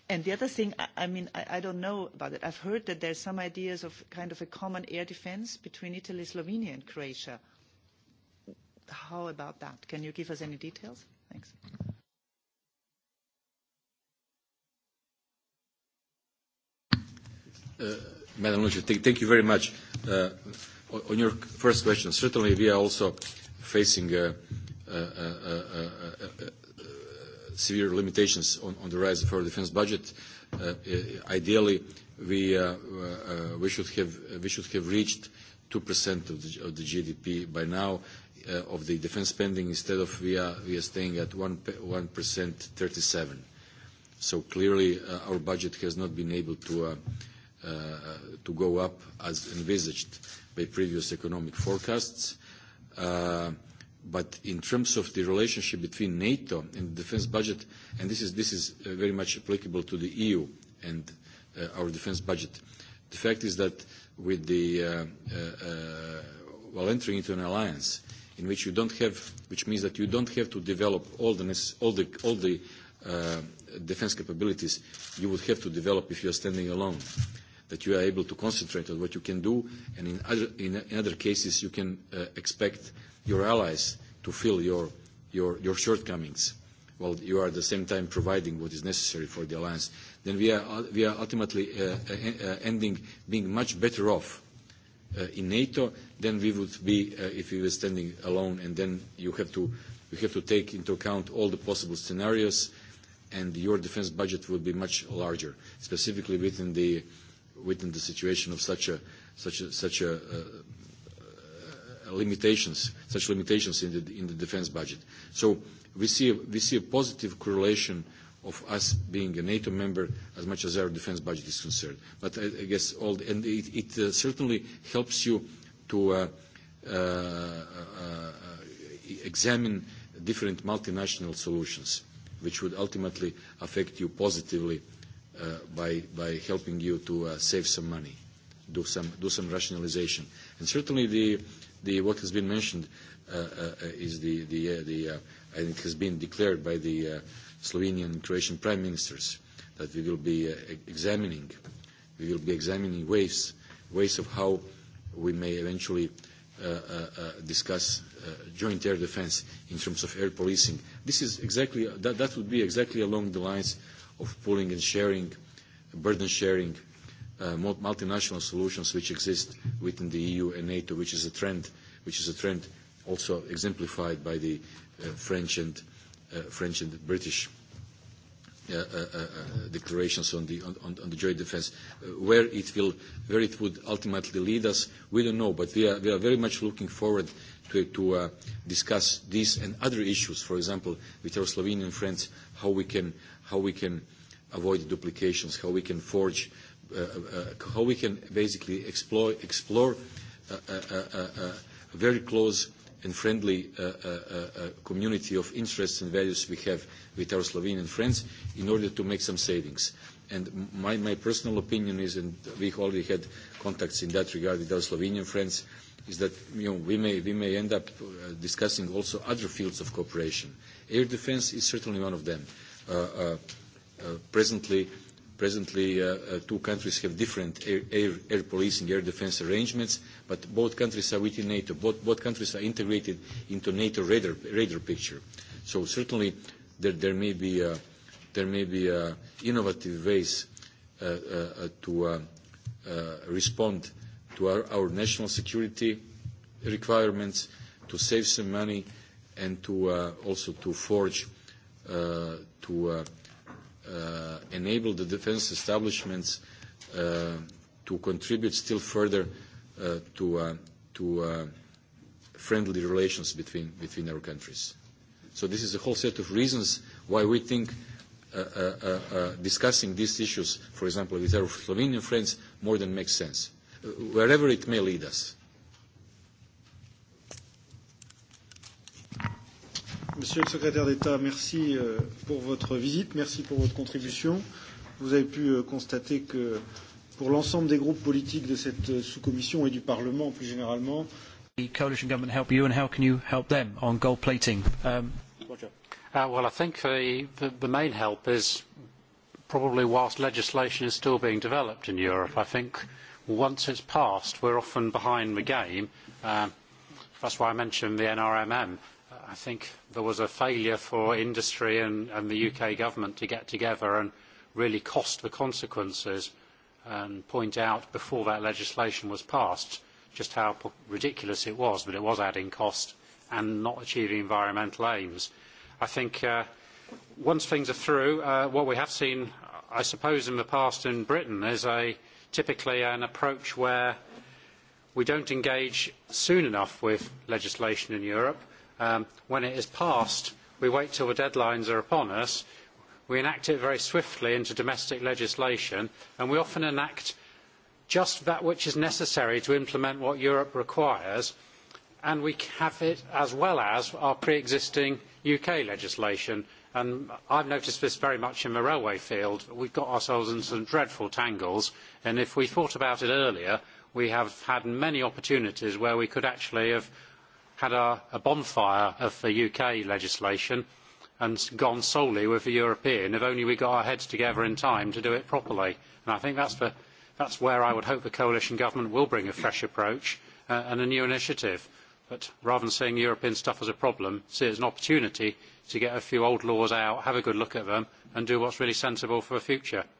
And the other thing, I, I mean, I, I don't know about it. I've heard that there's some ideas of kind of a common air defense between Italy, Slovenia, and Croatia. How about that? Can you give us any details? Thanks. Uh, Madam Lucia, thank, thank you very much. Uh, on your first question, certainly we are also facing uh uh, uh, uh, uh, uh, uh, severe limitations on, on the rise of our defense budget. Uh, ideally, we, uh, uh, uh, we, should have, we should have reached 2% of the, of the GDP by now uh, of the defense spending instead of we are, we are staying at 1%, 1% 37. So clearly uh, our budget has not been able to, uh, uh, to go up as envisaged by previous economic forecasts. Uh, but in terms of the relationship between NATO and the defense budget, and this is, this is uh, very much applicable to the EU and uh, our defense budget, the fact is that with the, uh, uh, uh, while entering into an alliance in which you don't have, which means that you don't have to develop all the, all the, all the uh, defense capabilities you would have to develop if you're standing alone. Uh, that you are able to concentrate on what you can do, and in other, in, in other cases you can uh, expect your allies to fill your, your, your shortcomings while you are at the same time providing what is necessary for the alliance, then we are, we are ultimately uh, uh, uh ending being much better off uh, in NATO than we would be uh, if we were standing alone. And then you have, to, you have to take into account all the possible scenarios, and your defense budget will be much larger, specifically within the uh, within the situation of such a such a, such a, a, uh, a uh, uh, limitations such limitations in the in the defense budget. So we see a, we see a positive correlation of us being a NATO member as much as our defense budget is concerned. But I, I guess all the, and it, it uh, certainly helps you to uh, uh, uh, examine different multinational solutions, which would ultimately affect you positively uh, uh, by, by helping you to uh, save some money, do some, do some rationalization. And certainly the, the, what has been mentioned uh, uh, is the, the, uh, the uh, I think has been declared by the uh, Slovenian and Croatian prime ministers that we will be uh, e-, examining, we will be examining ways, ways of how we may eventually uh, uh, uh, discuss uh, joint air defense in terms of air policing. This is exactly, that, that would be exactly along the lines uh, of pooling and sharing, burden sharing, uh, multinational solutions which exist within the EU and NATO, which is a trend, which is a trend also exemplified by the uh, French and uh, French and British uh, uh, uh, uh declarations on the on, on the joint defence. Uh, where it will, where it would ultimately lead us, we don't know. But we are we are very much looking forward to to uh, discuss these and other issues. For example, with our Slovenian friends, how we can how we can avoid duplications, how we can forge, uh, uh, uh how we can basically explore, explore uh, uh, uh, uh, a very close and friendly uh, uh, uh, uh, community of interests and values we have with our Slovenian friends in order to make some savings. And my, my personal opinion is, and we've already had contacts in that regard with our Slovenian friends, is that you know, we, may, we may end up uh, discussing also other fields of cooperation. Air defense is certainly one of them. Uh, uh, uh, uh, presently, presently uh, uh, two countries have different air, air, air policing, air defense arrangements, but both countries are within NATO. Both, both countries are integrated into NATO radar, radar picture. So certainly there, there may be, uh, there may be uh, innovative ways uh, uh, uh to uh, uh, respond to our, our national security requirements, to save some money, and to uh, also to forge uh, to uh, uh, enable the defense establishments uh, to contribute still further uh, to, uh, to uh, friendly relations between, between our countries. So this is a whole set of reasons why we think uh, uh, uh, uh discussing these issues, for example, with our Slovenian friends, more than makes sense, uh, wherever it may lead us. Monsieur le secrétaire d'État, merci euh, pour votre visite, merci pour votre contribution. Vous avez pu euh, constater que pour l'ensemble des groupes politiques de cette euh, sous-commission et du Parlement plus généralement, the coalition government help you and how can you help them on gold plating? Um, Roger. Uh, well, I think the, the, the main help is probably whilst legislation is still being developed in Europe. I think once it's passed, we're often behind the game. Uh, that's why I mentioned the NRMM. I think there was a failure for industry and, and the UK government to get together and really cost the consequences and point out before that legislation was passed just how ridiculous it was that it was adding cost and not achieving environmental aims. I think uh, once things are through, uh, what we have seen, I suppose, in the past in Britain is a typically an approach where we don't engage soon enough with legislation in Europe um, when it is passed, we wait till the deadlines are upon us, we enact it very swiftly into domestic legislation, and we often enact just that which is necessary to implement what Europe requires, and we have it as well as our pre-existing UK legislation. And I've noticed this very much in the railway field. We've got ourselves in some dreadful tangles, and if we thought about it earlier, we have had many opportunities where we could actually have had a, a bonfire of the UK legislation and gone solely with the European, if only we got our heads together in time to do it properly. And I think that's, the, that's where I would hope the coalition government will bring a fresh approach uh, and a new initiative. But rather than seeing European stuff as a problem, see it as an opportunity to get a few old laws out, have a good look at them, and do what's really sensible for the future.